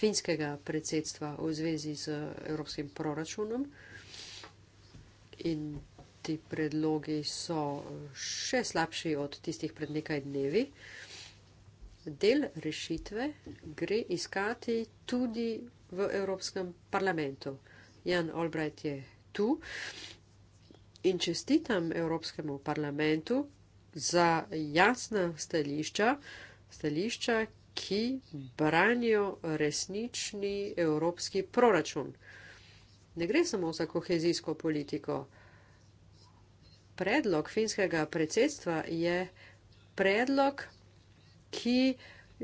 finskega predsedstva v zvezi z evropskim proračunom. Uh, in ti predlogi so še slabši od tistih pred nekaj dnevi. Del rešitve gre iskati tudi v Evropskem parlamentu. Jan Albright je tu in čestitam Evropskemu parlamentu za jasna stališča, stališča, ki branijo resnični evropski proračun ne gre samo za kohezijsko politiko. Predlog finskega predsedstva je predlog, ki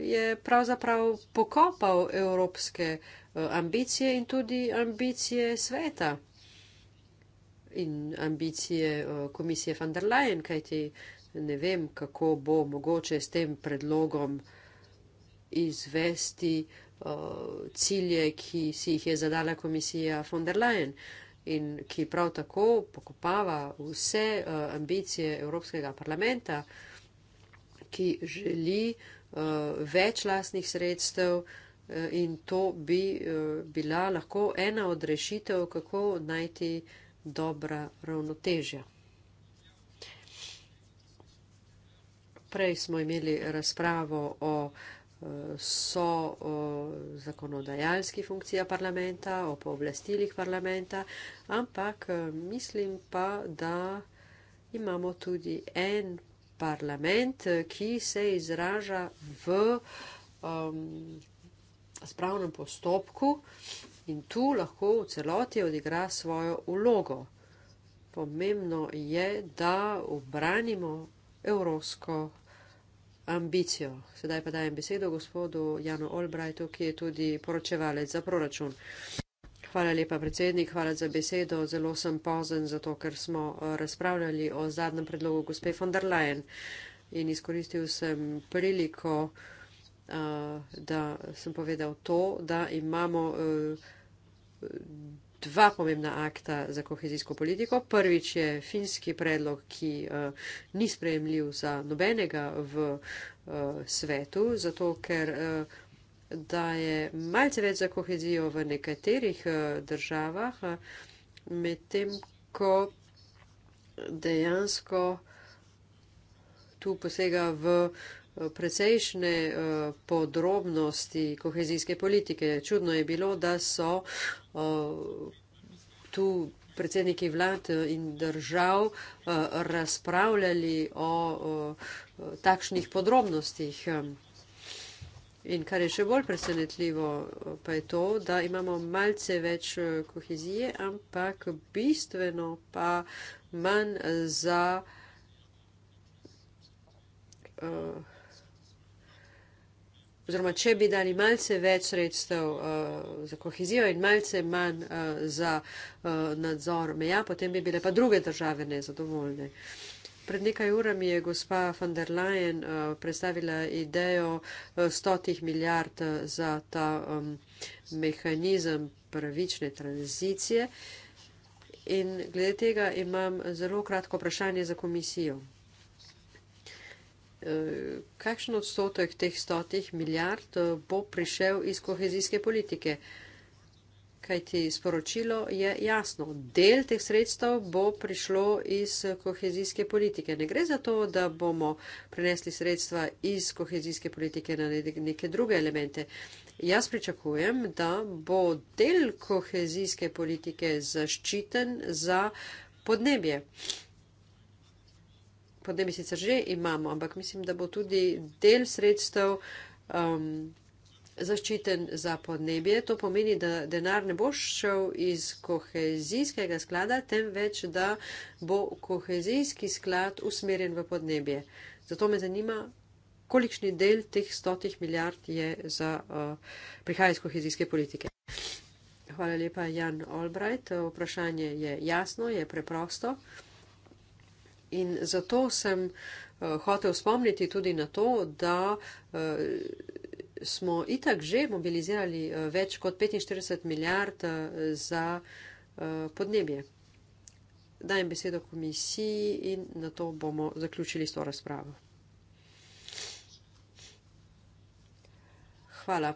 je pravzaprav pokopal evropske eh, ambicije in tudi ambicije sveta in ambicije eh, komisije van der Leyen, kajti ne vem, kako bo mogoče s tem predlogom izvesti uh, Eh, cilje, ki si jih je zadala komisija von der Leyen in ki prav tako pokopava vse eh, ambicije Evropskega parlamenta, ki želi eh, več lastnih sredstev in to bi bila lahko ena od rešitev, kako najti dobra ravnotežja. Prej smo imeli razpravo o uh, so zakonodajalski funkcija parlamenta, o pooblastilih parlamenta, ampak e, mislim pa, da imamo tudi en parlament, ki se izraža v um, spravnem postopku in tu lahko v celoti odigra svojo ulogo. Pomembno je, da obranimo evropsko ambicijo. Sedaj pa dajem besedo gospodu Janu Albrightu, ki je tudi poročevalec za proračun. Hvala lepa, predsednik, hvala za besedo. Zelo sem pozen, zato ker smo eh, razpravljali o zadnjem predlogu gospe von der Leyen in izkoristil sem priliko, eh, da sem povedal to, da imamo eh, dva pomembna akta za kohezijsko politiko. Prvič je finski predlog, ki uh, ni sprejemljiv za nobenega v uh, svetu, zato ker. Uh, eh, da je malce več za kohezijo v nekaterih državah, medtem ko dejansko tu posega v precejšnje podrobnosti kohezijske politike. Čudno je bilo, da so uh, tu predsedniki vlad e, in držav e, razpravljali o takšnih podrobnostih. In kar je še bolj presenetljivo, e, pa je to, da imamo malce več kohezije, ampak bistveno pa manj za. Uh, oziroma če bi dali malce več sredstev uh, za kohezijo in malce manj uh, za uh, nadzor meja, potem bi bile pa druge države nezadovoljne. Pred nekaj urami je gospa von der Leyen uh, predstavila idejo uh, stotih milijard za ta um, mehanizem pravične tranzicije. In glede tega imam zelo kratko vprašanje za komisijo. Eh, kakšen odstotek teh stotih milijard eh, bo prišel iz kohezijske politike. Kajti sporočilo je jasno, del teh sredstev bo prišlo iz kohezijske politike. Ne gre za to, da bomo prenesli sredstva iz kohezijske politike na neke druge elemente. Jaz pričakujem, da bo del kohezijske politike zaščiten za podnebje. Uh, podnebje sicer že imamo, ampak mislim, da bo tudi del sredstev um, zaščiten za podnebje. To pomeni, da denar ne bo šel iz kohezijskega sklada, temveč da bo kohezijski sklad usmerjen v podnebje. Zato me zanima, kolikšni del teh stotih milijard je za uh, prihaj iz kohezijske politike. Hvala lepa, Jan Albright. Vprašanje je jasno, je preprosto in zato sem uh, hotel spomniti tudi na to, da uh, smo itak že mobilizirali uh, več kot 45 milijard uh, za uh, podnebje. Dajem besedo komisiji in na to bomo zaključili s to razpravo. Hvala.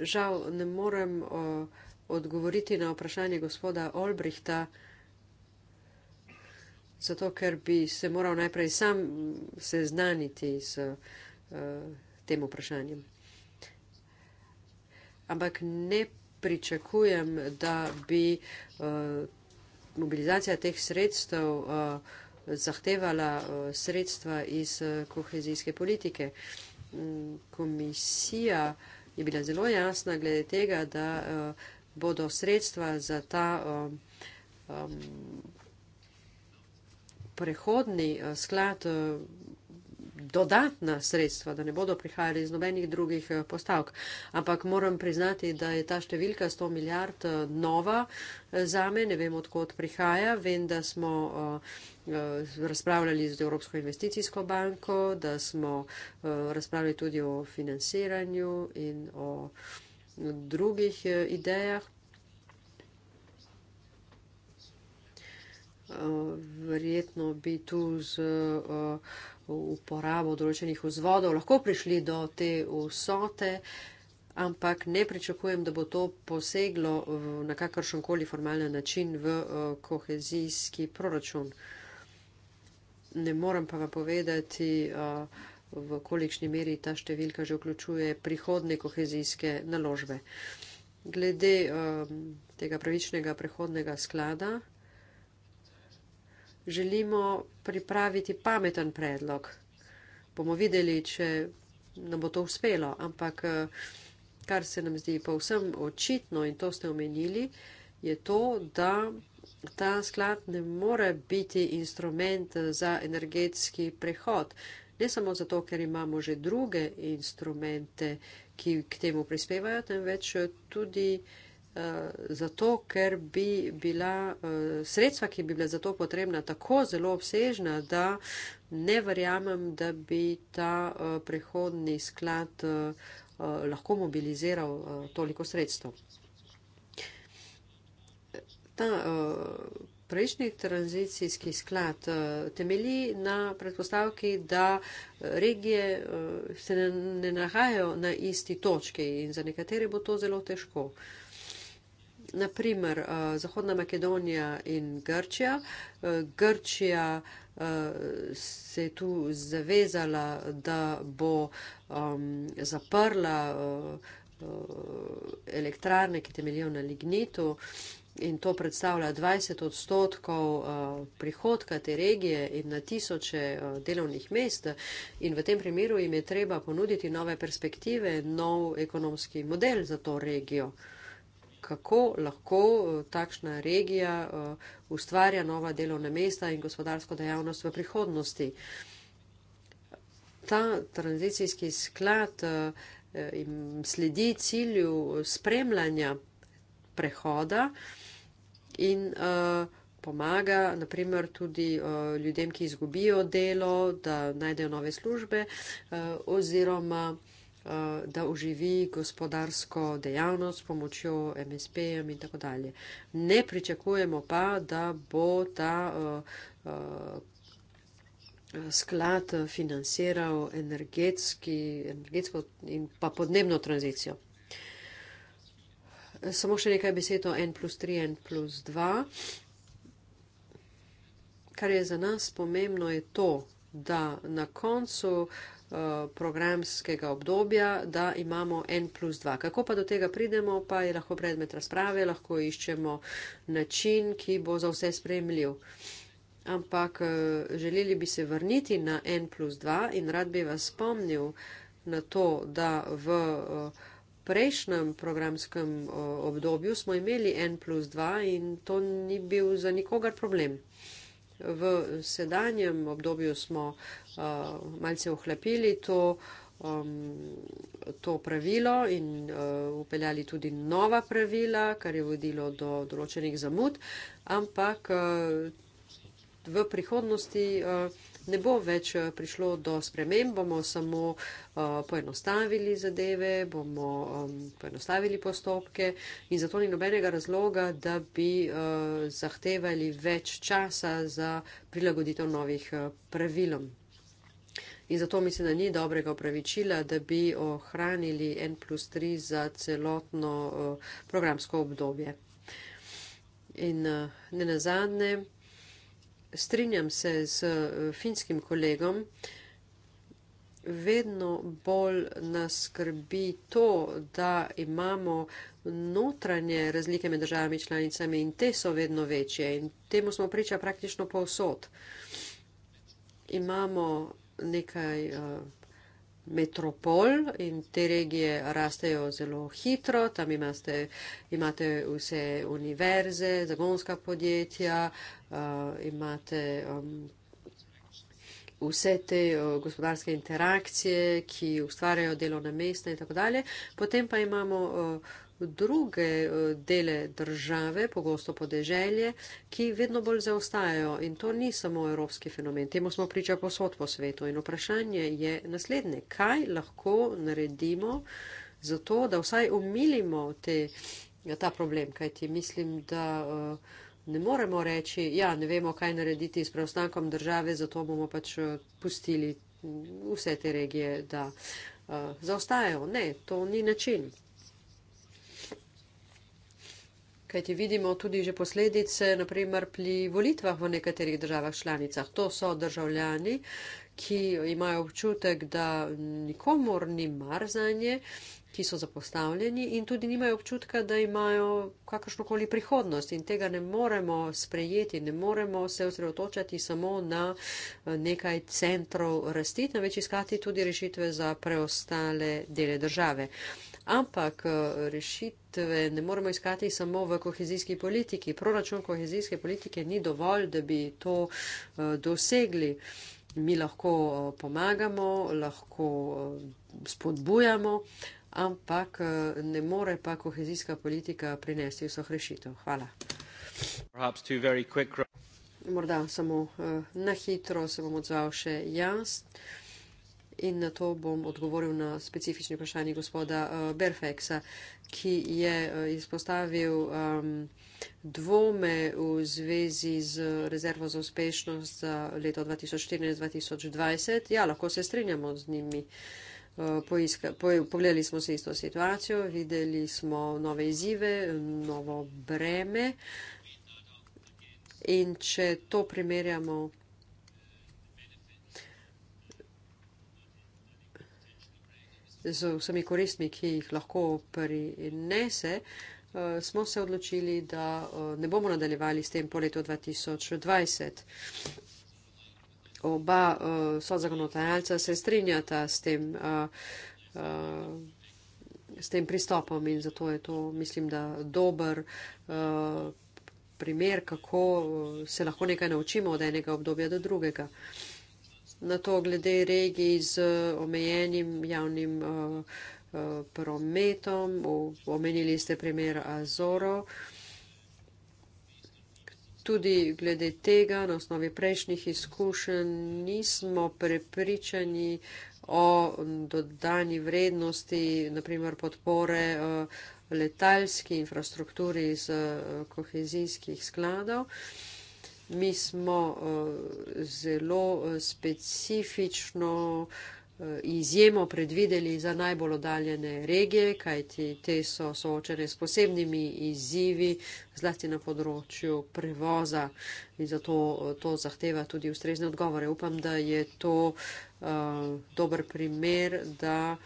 Žal ne morem uh, odgovoriti na vprašanje gospoda Olbrihta. Uh, zato ker bi se moral najprej sam seznaniti s uh, tem vprašanjem. Ampak ne pričakujem, da bi uh, mobilizacija teh sredstev uh, zahtevala uh, sredstva iz uh, kohezijske politike. Mm, komisija je bila zelo jasna glede tega, da uh, bodo sredstva za ta um, um, prehodni eh, sklad eh, dodatna sredstva, da ne bodo prihajali iz nobenih drugih eh, postavk. Ampak moram priznati, da je ta številka 100 milijard nova za me, ne vem, odkot prihaja. Vem, da smo razpravljali z Evropsko investicijsko banko, da smo razpravljali tudi o financiranju in o drugih idejah, verjetno bi tu z eh, uporabo določenih vzvodov lahko prišli do te vsote, ampak ne pričakujem, da bo to poseglo na kakršen koli formalni način v eh, kohezijski proračun. Ne moram pa vam povedati, eh, v kolikšni meri ta številka že vključuje prihodne kohezijske naložbe. Glede tega pravičnega prehodnega sklada, želimo pripraviti pameten predlog. Bomo videli, če nam bo to uspelo, ampak eh, kar se nam zdi pa vsem očitno in to ste omenili, je to, da ta sklad ne more biti instrument eh, za energetski prehod. Ne samo zato, ker imamo že druge instrumente, ki k temu prispevajo, temveč eh, tudi. Eh, zato, ker bi bila eh, sredstva, ki bi bila za to potrebna, tako zelo obsežna, da ne verjamem, da bi ta eh, prehodni sklad lahko mobiliziral toliko sredstv. Ta prejšnji tranzicijski sklad temelji na predpostavki, da regije se ne nahajajo na isti točki in za nekatere bo to zelo težko naprimer eh, Zahodna Makedonija in Grčija. Eh, Grčija eh, se je tu zavezala, da bo um, zaprla uh, elektrarne, ki temeljijo na lignitu in to predstavlja 20 odstotkov uh, prihodka te regije in na tisoče uh, delovnih mest in v tem primeru jim je treba ponuditi nove perspektive, nov ekonomski model za to regijo. Uh, kako lahko eh, takšna regija eh, ustvarja nova delovna mesta in gospodarsko dejavnost v prihodnosti. Ta tranzicijski sklad eh, sledi cilju spremljanja prehoda in pomaga naprimer tudi ljudem, ki izgubijo delo, da najdejo nove službe oziroma Eh, da oživi gospodarsko dejavnost s pomočjo MSP-jem in tako dalje. Ne pričakujemo pa, da bo ta eh, eh, sklad financiral energetski, energetsko in pa podnebno tranzicijo. Samo še nekaj besed o N plus 3, N plus 2. Kar je za nas pomembno, je to, da na koncu uh, Eh, programskega obdobja, da imamo en plus dva. Kako pa do tega pridemo, pa je lahko predmet razprave, lahko iščemo način, ki bo za vse spremljiv. Ampak eh, želeli bi se vrniti na en plus dva in rad bi vas spomnil na to, da v eh, prejšnjem programskem obdobju smo imeli en plus dva in to ni bil za nikogar problem v sedanjem obdobju smo uh, malce ohlapili to, um, to pravilo in uh, upeljali tudi nova pravila, kar je vodilo do določenih zamud, ampak uh, v prihodnosti. Uh, ne bo več eh, prišlo do sprememb, bomo samo uh, poenostavili zadeve, bomo um, poenostavili postopke in zato ni nobenega razloga, da bi uh, zahtevali več časa za prilagoditev novih uh, pravilom. In zato mislim, da ni dobrega opravičila, da bi ohranili N plus 3 za celotno uh, programsko obdobje. In uh, ne nazadne, strinjam se z eh, finskim kolegom, vedno bolj nas skrbi to, da imamo notranje razlike med državami članicami in te so vedno večje in temu smo priča praktično povsod. Imamo nekaj uh, metropol in te regije rastejo zelo hitro, tam imate, imate vse univerze, zagonska podjetja, uh, imate um, vse te uh, gospodarske interakcije, ki ustvarjajo delovna mesta in tako dalje. Potem pa imamo uh, druge eh, dele države, pogosto podeželje, ki vedno bolj zaostajajo. In to ni samo evropski fenomen. Temu smo priča posod po svetu. In vprašanje je naslednje. Kaj lahko naredimo za to, da vsaj omilimo te, ta problem? Kaj ti mislim, da. Eh, ne moremo reči, ja, ne vemo, kaj narediti s preostankom države, zato bomo pač eh, pustili vse te regije, da uh, zaostajajo. Ne, to ni način kajti vidimo tudi že posledice, naprimer pri volitvah v nekaterih državah članicah. To so državljani, ki imajo občutek, da nikomor ni mar za nje, ki so zapostavljeni in tudi nimajo občutka, da imajo kakršnokoli prihodnost in tega ne moremo sprejeti, ne moremo se osredotočati samo na eh, nekaj centrov rasti, temveč iskati tudi rešitve za preostale dele države. Ampak eh, rešitve ne moremo iskati samo v kohezijski politiki. Proračun kohezijske politike ni dovolj, da bi to eh, dosegli. Mi lahko eh, pomagamo, lahko spodbujamo, ampak ne more pa kohezijska politika prinesti vseh rešitev. Hvala. Morda samo na hitro se bom odzval še jaz in na to bom odgovoril na specifični vprašanje gospoda uh, Berfeksa, ki je uh, izpostavil um, dvome v zvezi z rezervo za uspešnost za leto 2014-2020. Ja, lahko se strinjamo z njimi. Eh, poiska, po, pogledali smo se isto situacijo, videli smo nove izzive, novo breme. In če to primerjamo z vsemi koristmi, ki jih lahko prinese, eh, smo se odločili, da eh, ne bomo nadaljevali s tem po letu 2020. Oba eh, sozagonotajalca se strinjata s tem, s tem pristopom in zato je to, mislim, da dober primer, kako se lahko nekaj naučimo od enega obdobja do drugega na to glede regij z eh, omejenim javnim uh, uh, prometom. U, omenili ste primer Azoro. Tudi glede tega, na osnovi prejšnjih izkušenj, nismo prepričani o dodani vrednosti, naprimer podpore letalski infrastrukturi iz kohezijskih skladov mi smo eh, zelo eh, specifično eh, izjemo predvideli za najbolj oddaljene regije, kajti te so soočene s posebnimi izzivi, zlasti na področju prevoza in zato to zahteva tudi ustrezne odgovore. Upam, da je to dober primer, da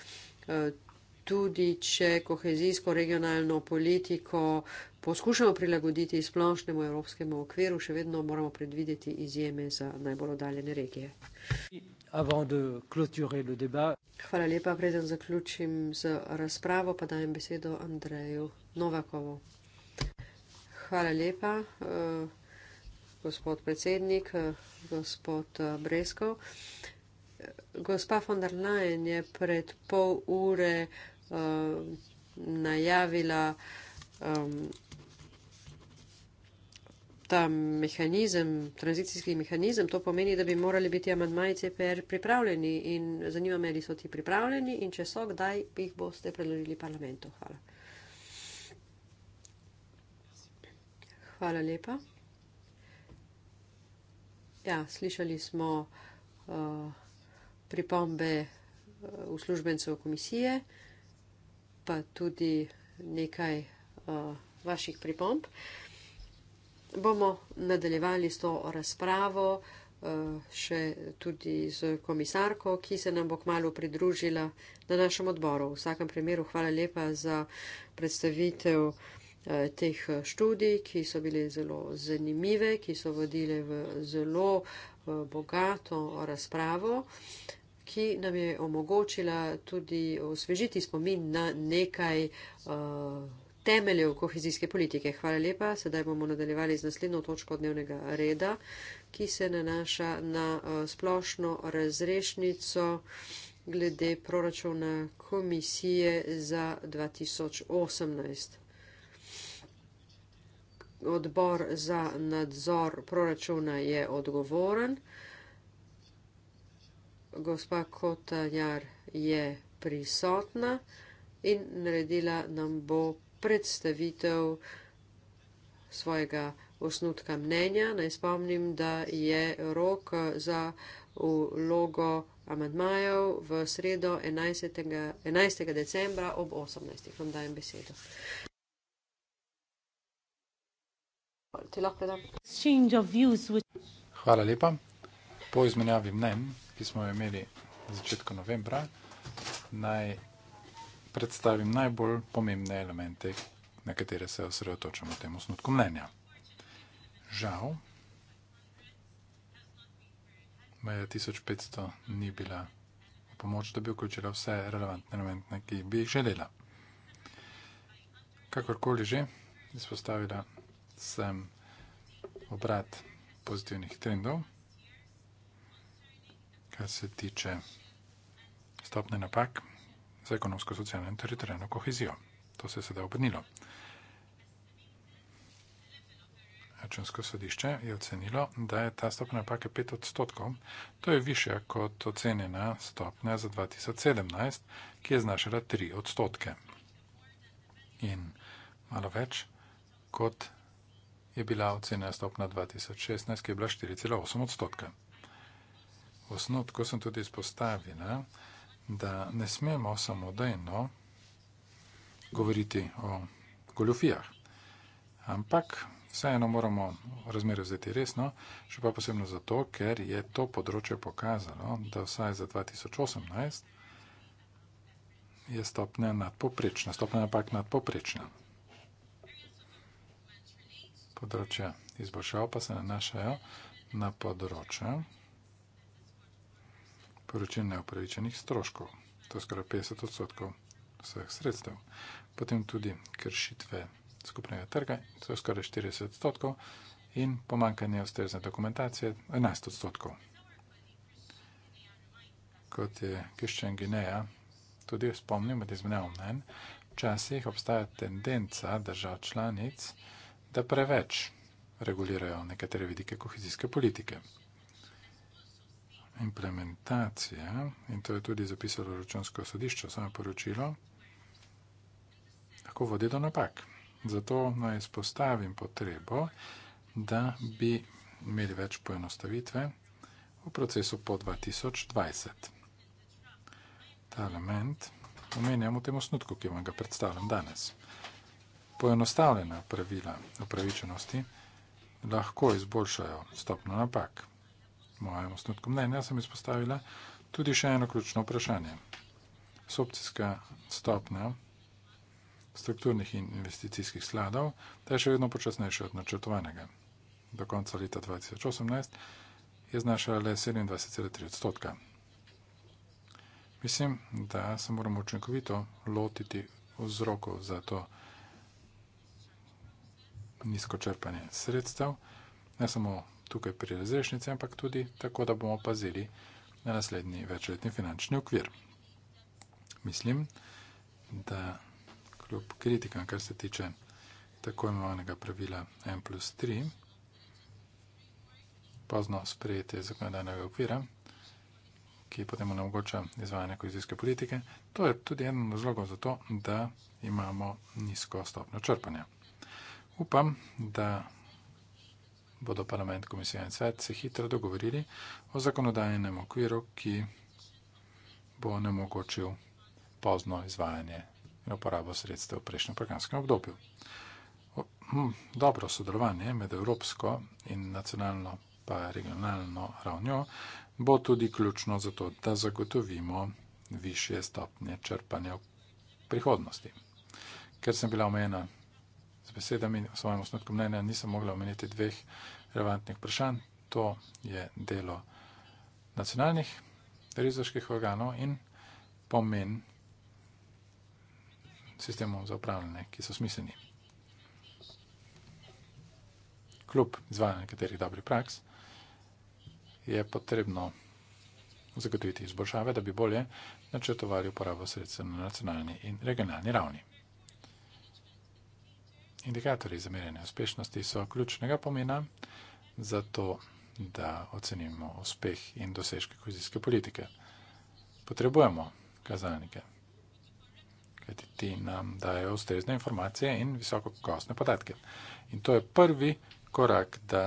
tudi če kohezijsko regionalno politiko poskušamo prilagoditi splošnemu evropskemu okviru, še vedno moramo predvideti izjeme za najbolj oddaljene regije. Hvala lepa, preden zaključim z razpravo, pa dajem besedo Andreju Novakovu. Hvala lepa, eh, gospod predsednik, eh, gospod eh, Breskov. Gospa von der Leyen je pred pol ure uh, najavila um, ta mehanizem, tranzicijski mehanizem, to pomeni, da bi morali biti amandmaji CPR pripravljeni in zanima me, ali so ti pripravljeni in če so, kdaj jih boste predložili parlamentu. Hvala. Hvala lepa. Ja, slišali smo uh, pripombe uh, uslužbencev komisije, pa tudi nekaj uh, vaših pripomb. Uh, bomo nadaljevali s to razpravo, eh, še tudi z komisarko, ki se nam bo kmalo pridružila na našem odboru. V vsakem primeru hvala lepa za predstavitev eh, teh študij, ki so bile zelo zanimive, ki so vodile v zelo eh, bogato razpravo, ki nam je omogočila tudi osvežiti spomin na nekaj uh, temeljev kohezijske politike. Hvala lepa. Sedaj bomo nadaljevali z naslednjo točko dnevnega reda, ki se nanaša na eh, splošno razrešnico glede proračuna komisije za 2018. Odbor za nadzor proračuna je odgovoren. Gospa Kotanjar je prisotna in naredila nam bo predstavitev svojega osnutka mnenja. Naj spomnim, da je rok za vlogo amadmajev v sredo 11. 11. decembra ob 18. Vam dajem besedo. Hvala lepa. Po izmenjavi mnen, ki smo jo imeli v začetku novembra, naj predstavim najbolj pomembne elemente, na katere se osredotočamo v tem osnutku mnenja. Žal, Maja 1500 ni bila v pomoč, da bi vključila vse relevantne elemente, ki bi jih želela. Kakorkoli že, izpostavila sem obrat pozitivnih trendov, kar se tiče stopne napak za ekonomsko-socialno in teritorijalno kohezijo. To se je sedaj obrnilo. Računsko sodišče je ocenilo, da je ta stopnja napake 5 odstotkov. To je više kot ocenjena stopnja za 2017, ki je znašala 3 odstotke. In malo več kot je bila ocenjena stopnja 2016, ki je bila 4,8 odstotka. V osnotku sem tudi izpostavila, da ne smemo samo dajno govoriti o goljofijah. Ampak vseeno moramo razmerje vzeti resno, še pa posebno zato, ker je to področje pokazalo, da vsaj za 2018 je stopnja nadpoprečna, stopnja napak nadpoprečna. Področja izboljšav pa se nanašajo na področja, povračil neupravičenih stroškov, to je skoraj 50 odstotkov vseh sredstev. Potem tudi kršitve skupnega trga, to je skoraj 40 odstotkov in pomankanje ustrezne dokumentacije 11 odstotkov. Kot je Kiščen Gineja tudi spomnil med izmenjavom mnen, včasih obstaja tendenca držav članic, da preveč regulirajo nekatere vidike kohezijske politike implementacija in to je tudi zapisalo računsko sodišče, samo poročilo, lahko vodi do napak. Zato naj izpostavim potrebo, da bi imeli več poenostavitve v procesu po 2020. Ta element omenjam v tem osnutku, ki vam ga predstavljam danes. Poenostavljena pravila upravičenosti lahko izboljšajo stopno napak mojem osnutku mnenja sem izpostavila tudi še eno ključno vprašanje. Sopcijska stopnja strukturnih in investicijskih skladov ta je še vedno počasnejša od načrtovanega. Do konca leta 2018 je znašala le 27,3 odstotka. Mislim, da se moramo učinkovito lotiti vzrokov za to nizko črpanje sredstev, ne samo tukaj pri razrešnici, ampak tudi tako, da bomo pazili na naslednji večletni finančni okvir. Mislim, da kljub kritikam, kar se tiče tako imenovanega pravila M plus 3, pozno sprejetje zakonodajnega okvira, ki potem onemogoča izvajanje kohezijske politike, to je tudi eno od razlogov za to, da imamo nizko stopno črpanja. Upam, da bodo parlament, komisija in svet se hitro dogovorili o zakonodajnem okviru, ki bo nemogočil pozno izvajanje in uporabo sredstev v prejšnjem programskem obdobju. Hm, dobro sodelovanje med evropsko in nacionalno pa regionalno ravnjo bo tudi ključno za to, da zagotovimo višje stopnje črpanja v prihodnosti. Ker sem bila omejena z besedami v svojem osnutku mnenja nisem mogla omeniti dveh relevantnih vprašanj. To je delo nacionalnih revizorskih organov in pomen sistemov za upravljanje, ki so smiselni. Kljub izvajanju nekaterih dobrih praks je potrebno zagotoviti izboljšave, da bi bolje načrtovali uporabo sredstev na nacionalni in regionalni ravni. Indikatorji za merjenje uspešnosti so ključnega pomena za to, da ocenimo uspeh in dosežke kohezijske politike. Potrebujemo kazalnike, kajti ti nam dajo ustrezne informacije in visokokostne podatke. In to je prvi korak, da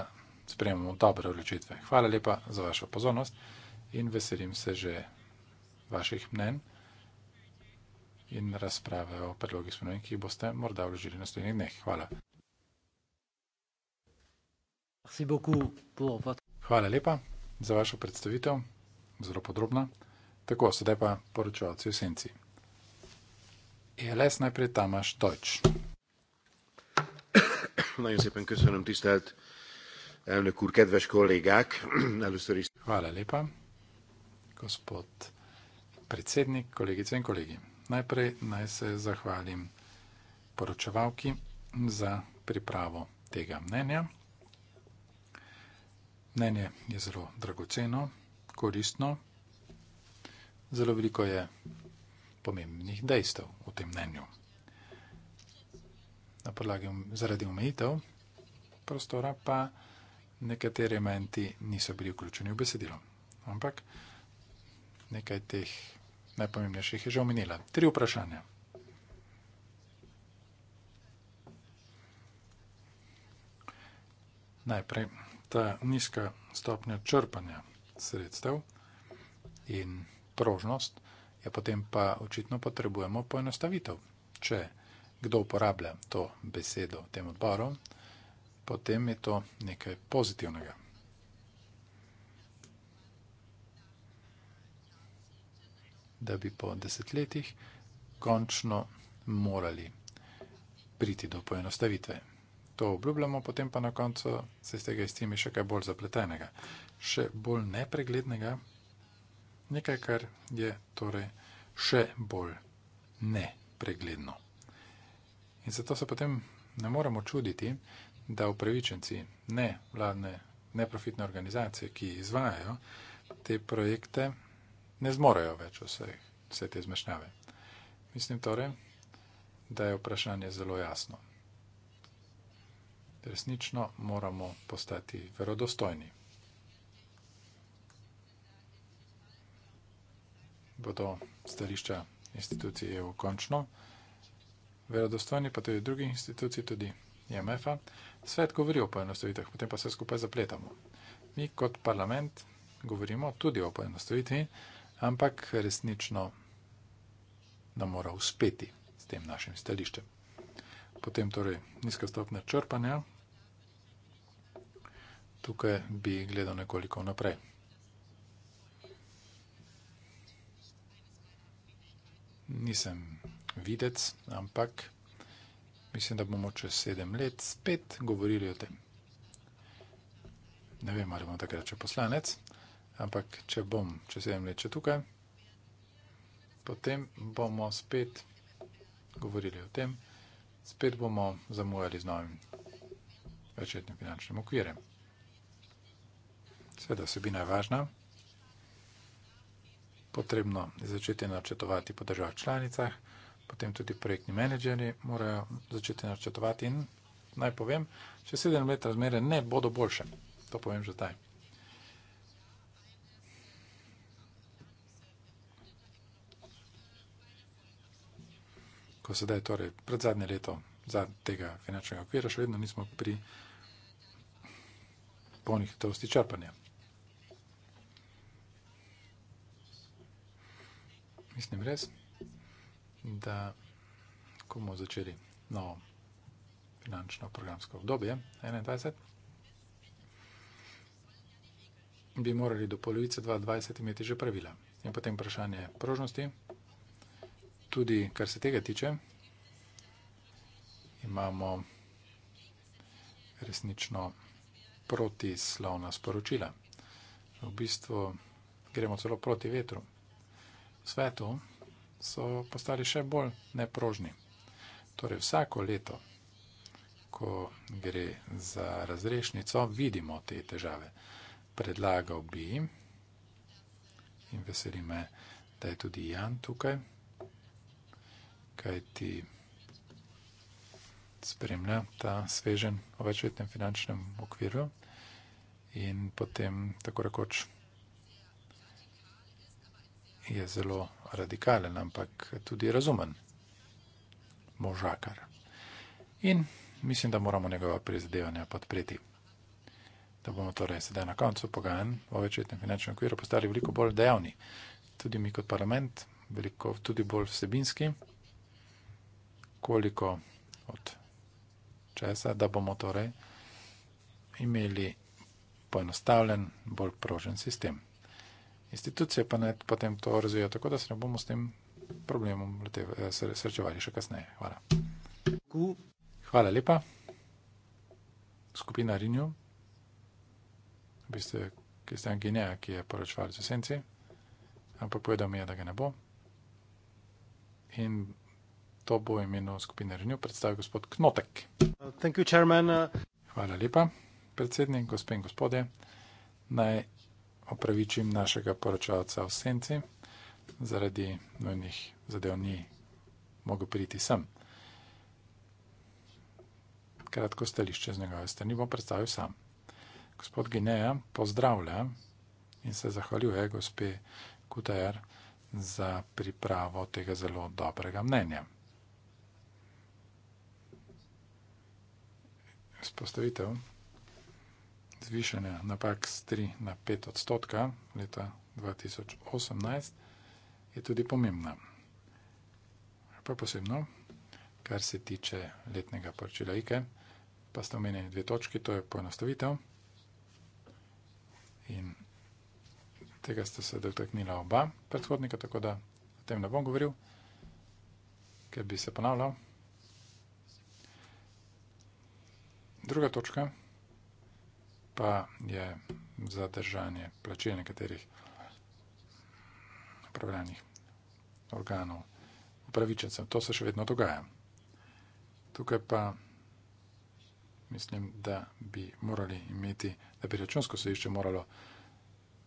sprejemamo dobre odločitve. Hvala lepa za vašo pozornost in veselim se že vaših mnen in razprave o predlogih spremenj, ki boste morda vložili naslednjih dneh. Hvala. Hvala lepa za vašo predstavitev, zelo podrobna. Tako, sedaj pa poročevalci v senci. ELS najprej Tamaš Deutsch. Nagyon szépen köszönöm tisztelt elnök úr, kedves kollégák. Először is. Hvala lepa, gospod predsednik, kollégice in kollégim. Najprej naj se zahvalim poročevalki za pripravo tega mnenja. Mnenje je zelo dragoceno, koristno, zelo veliko je pomembnih dejstev v tem mnenju. Na podlagi um, zaradi omejitev prostora pa nekateri elementi niso bili vključeni v besedilo. Ampak nekaj teh najpomembnejših je že omenila. Tri vprašanja. Najprej ta nizka stopnja črpanja sredstev in prožnost, je ja, potem pa očitno potrebujemo poenostavitev. Če kdo uporablja to besedo v tem odboru, potem je to nekaj pozitivnega. da bi po desetletjih končno morali priti do poenostavitve. To obljubljamo, potem pa na koncu se iz tega izcimi še kaj bolj zapletenega, še bolj nepreglednega, nekaj, kar je torej še bolj nepregledno. In zato se potem ne moramo čuditi, da upravičenci, ne vladne, neprofitne organizacije, ki izvajajo te projekte, ne zmorejo več vse, vse te zmešnjave. Mislim torej, da je vprašanje zelo jasno. Resnično moramo postati verodostojni. Bodo stališča institucij EU končno, verodostojni pa tudi drugih institucij, tudi IMF-a. Svet govori o poenostavitvah, potem pa se skupaj zapletamo. Mi kot parlament govorimo tudi o poenostavitvi, ampak resnično nam mora uspeti s tem našim stališčem. Potem torej nizka stopnja črpanja. Tukaj bi gledal nekoliko naprej. Nisem videc, ampak mislim, da bomo čez sedem let spet govorili o tem. Ne vem, ali bom takrat še poslanec ampak če bom, če sedem let še tukaj, potem bomo spet govorili o tem, spet bomo zamujali z novim večletnim finančnim okvirem. Seveda osebina je važna, potrebno je začeti načetovati po državah članicah, potem tudi projektni menedžeri morajo začeti načetovati in naj povem, če sedem let razmere ne bodo boljše, to povem že zdaj. ko sedaj, torej pred zadnje leto zad tega finančnega okvira, še vedno nismo pri polnih hitrosti črpanja. Mislim res, da ko bomo začeli novo finančno programsko obdobje 2021, bi morali do polovice 2020 imeti že pravila. In potem vprašanje prožnosti tudi, kar se tega tiče, imamo resnično protislovna sporočila. V bistvu gremo celo proti vetru. V svetu so postali še bolj neprožni. Torej vsako leto, ko gre za razrešnico, vidimo te težave. Predlagal bi, in veseli me, da je tudi Jan tukaj, kaj ti spremlja ta svežen o večletnem finančnem okviru in potem tako rekoč je zelo radikalen, ampak tudi razumen možakar. In mislim, da moramo njegova prizadevanja podpreti. Da bomo torej sedaj na koncu pogajanj o večletnem finančnem okviru postali veliko bolj dejavni. Tudi mi kot parlament, veliko tudi bolj vsebinski koliko od česa, da bomo torej imeli poenostavljen, bolj prožen sistem. Institucije pa naj potem to razvijajo tako, da se ne bomo s tem problemom eh, srečevali še kasneje. Hvala. Hvala lepa. Skupina Rinju, v bistvu Kristjan Gineja, ki je poročval z Senci, ampak povedal mi je, da ga ne bo. In to bo imeno skupine Renew predstavil gospod Knotek. You, Hvala lepa, predsednik, gospe in gospode. Naj opravičim našega poročalca v senci, zaradi nujnih zadev ni mogel priti sem. Kratko stališče z njegove strani bom predstavil sam. Gospod Gineja pozdravlja in se zahvaljuje gospe Kutajer za pripravo tega zelo dobrega mnenja. spostavitev zvišanja napak z 3 na 5 odstotka leta 2018 je tudi pomembna. Pa posebno, kar se tiče letnega poročila IKE, pa ste omenjeni dve točki, to je poenostavitev in tega ste se dotaknila oba predhodnika, tako da o tem ne bom govoril, ker bi se ponavljal. Druga točka pa je zadržanje plačil nekaterih upravljanih organov upravičencev. To se še vedno dogaja. Tukaj pa mislim, da bi morali imeti, da bi računsko sodišče moralo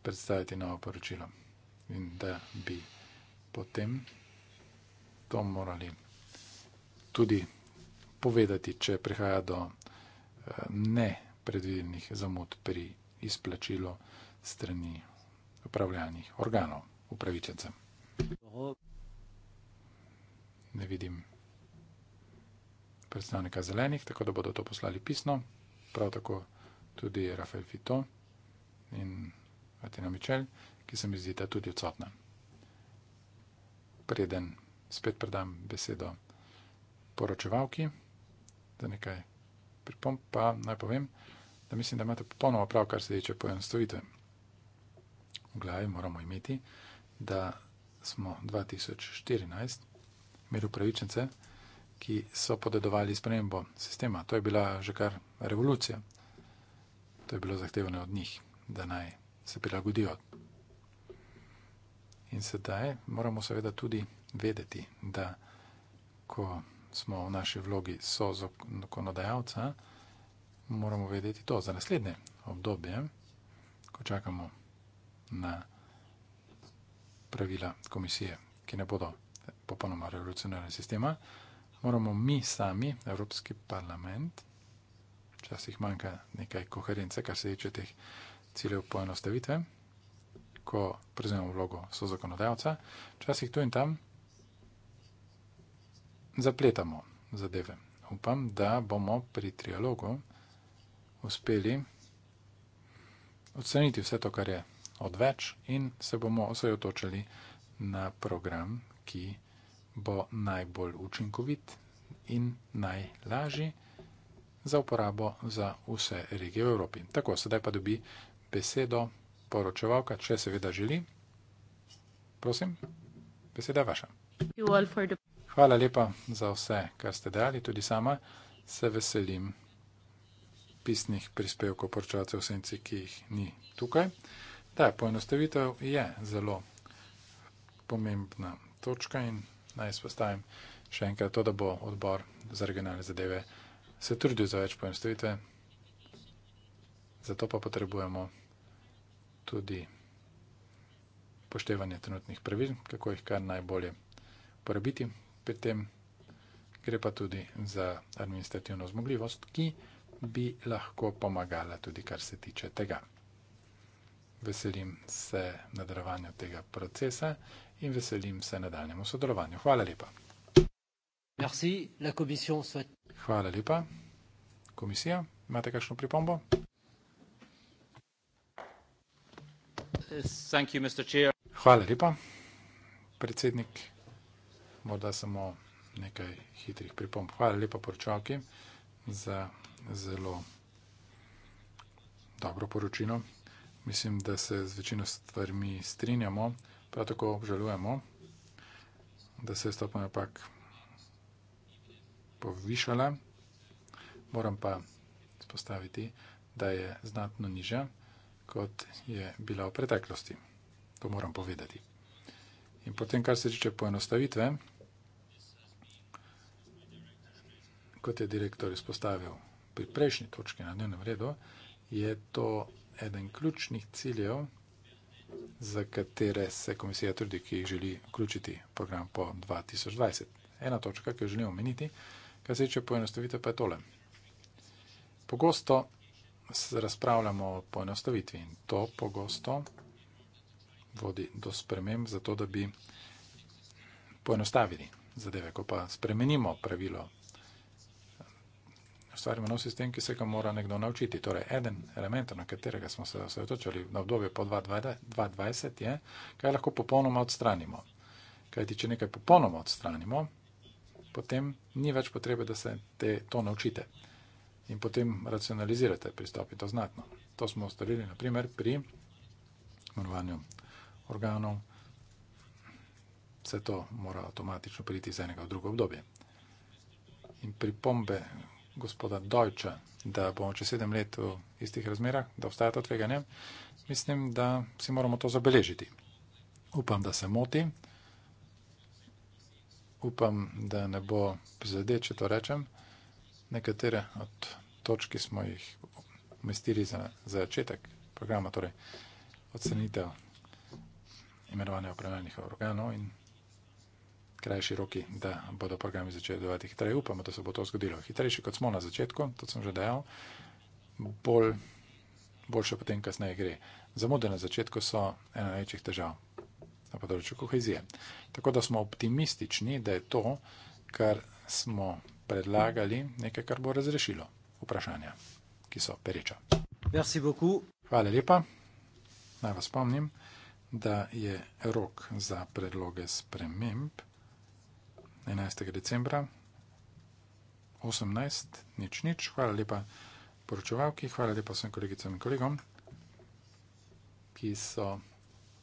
predstaviti novo poročilo in da bi potem to morali tudi povedati, če prihaja do nepredvidenih zamud pri izplačilu strani upravljanih organov upravičencem. Ne vidim predstavnika zelenih, tako da bodo to poslali pisno, prav tako tudi Rafael Fito in Atena Mičel, ki se mi zdi, da tudi odsotna. Preden spet predam besedo poročevalki za nekaj pripomb, pa naj povem, da mislim, da imate popolnoma prav, kar se tiče poenostavitve. V glavi moramo imeti, da smo 2014 imeli upravičence, ki so podedovali spremembo sistema. To je bila že kar revolucija. To je bilo zahtevano od njih, da naj se prilagodijo. In sedaj moramo seveda tudi vedeti, da ko smo v naši vlogi so zakonodajalca, moramo vedeti to za naslednje obdobje, ko čakamo na pravila komisije, ki ne bodo popolnoma revolucionarne sistema, moramo mi sami, Evropski parlament, včasih manjka nekaj koherence, kar se tiče teh ciljev poenostavitve, ko prevzemamo vlogo so zakonodajalca, včasih tu in tam zapletamo zadeve. Upam, da bomo pri trialogu uspeli oceniti vse to, kar je odveč in se bomo osredotočili na program, ki bo najbolj učinkovit in najlažji za uporabo za vse regije v Evropi. Tako, sedaj pa dobi besedo poročevalka, če seveda želi. Prosim, beseda je vaša. You all for the... Hvala lepa za vse, kar ste dali. Tudi sama se veselim pisnih prispevkov poročavcev v senci, ki jih ni tukaj. Da, poenostavitev je zelo pomembna točka in naj spostavim še enkrat to, da bo odbor za regionalne zadeve se trudil za več poenostavitve. Zato pa potrebujemo tudi poštevanje trenutnih pravil, kako jih kar najbolje porabiti potem gre pa tudi za administrativno zmogljivost, ki bi lahko pomagala tudi kar se tiče tega. Veselim se nadaljevanju tega procesa in veselim se nadaljemu sodelovanju. Hvala lepa. Merci, la souhait... Hvala lepa. Komisija, imate kakšno pripombo? Thank you, Mr. Chair. Hvala lepa. Predsednik morda samo nekaj hitrih pripomb. Hvala lepa poročavki za zelo dobro poročino. Mislim, da se z večino stvarmi strinjamo, prav tako obžalujemo, da se je stopnja pak povišala. Moram pa spostaviti, da je znatno niže, kot je bila v preteklosti. To moram povedati. In potem, kar se tiče poenostavitve, kot je direktor izpostavil pri prejšnji točki na dnevnem redu, je to eden ključnih ciljev, za katere se komisija trudi, ki jih želi vključiti program po 2020. Ena točka, ki jo želim omeniti, kar se tiče poenostavitve, pa je tole. Pogosto se razpravljamo o poenostavitvi in to pogosto vodi do sprememb, zato da bi poenostavili zadeve. Ko pa spremenimo pravilo, ustvarimo nov sistem, ki se ga mora nekdo naučiti. Torej, eden element, na katerega smo se osredotočili na obdobje po 2020, je, kaj lahko popolnoma odstranimo. Kajti, če nekaj popolnoma odstranimo, potem ni več potrebe, da se te to naučite. In potem racionalizirate pristopi to znatno. To smo ustvarili, naprimer, pri imenovanju organov, vse to mora avtomatično priti iz enega v drugo obdobje. In pripombe gospoda Dojča, da bomo čez sedem let v istih razmerah, da obstaja to tveganje, mislim, da si moramo to zabeležiti. Upam, da se moti. Upam, da ne bo prizadet, če to rečem. Nekatere od točki smo jih umestili za začetek programa, torej odstranitev imenovanje upravljalnih organov in krajši roki, da bodo programi začeli delovati hitreje. Upamo, da se bo to zgodilo hitrejše, kot smo na začetku, to sem že dejal, bolj, boljše potem, kasneje gre. Zamude na začetku so ena največjih težav na področju kohezije. Tako da smo optimistični, da je to, kar smo predlagali, nekaj, kar bo razrešilo vprašanja, ki so pereča. Hvala lepa. Naj vas spomnim da je rok za predloge sprememb 11. decembra 18. nič nič. Hvala lepa poročevalki, hvala lepa vsem kolegicam in kolegom, ki so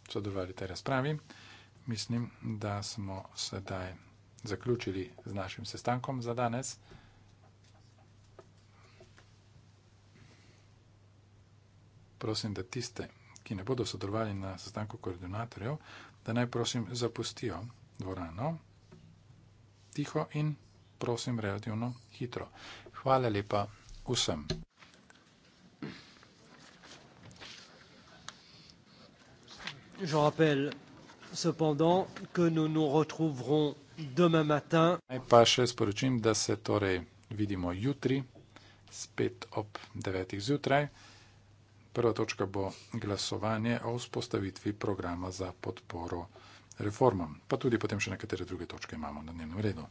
sodelovali tej razpravi. Mislim, da smo sedaj zaključili z našim sestankom za danes. Prosim, da tiste, ki ne bodo sodelovali na sestanku koordinatorjev, da naj prosim zapustijo dvorano tiho in prosim relativno hitro. Hvala lepa vsem. Je rappelle cependant que nous nous retrouverons demain matin. Naj pa še sporočim, da se torej vidimo jutri, spet ob 9. zjutraj. Prva točka bo glasovanje o vzpostavitvi programa za podporo reformam, pa tudi potem še nekatere druge točke imamo na dnevnem redu.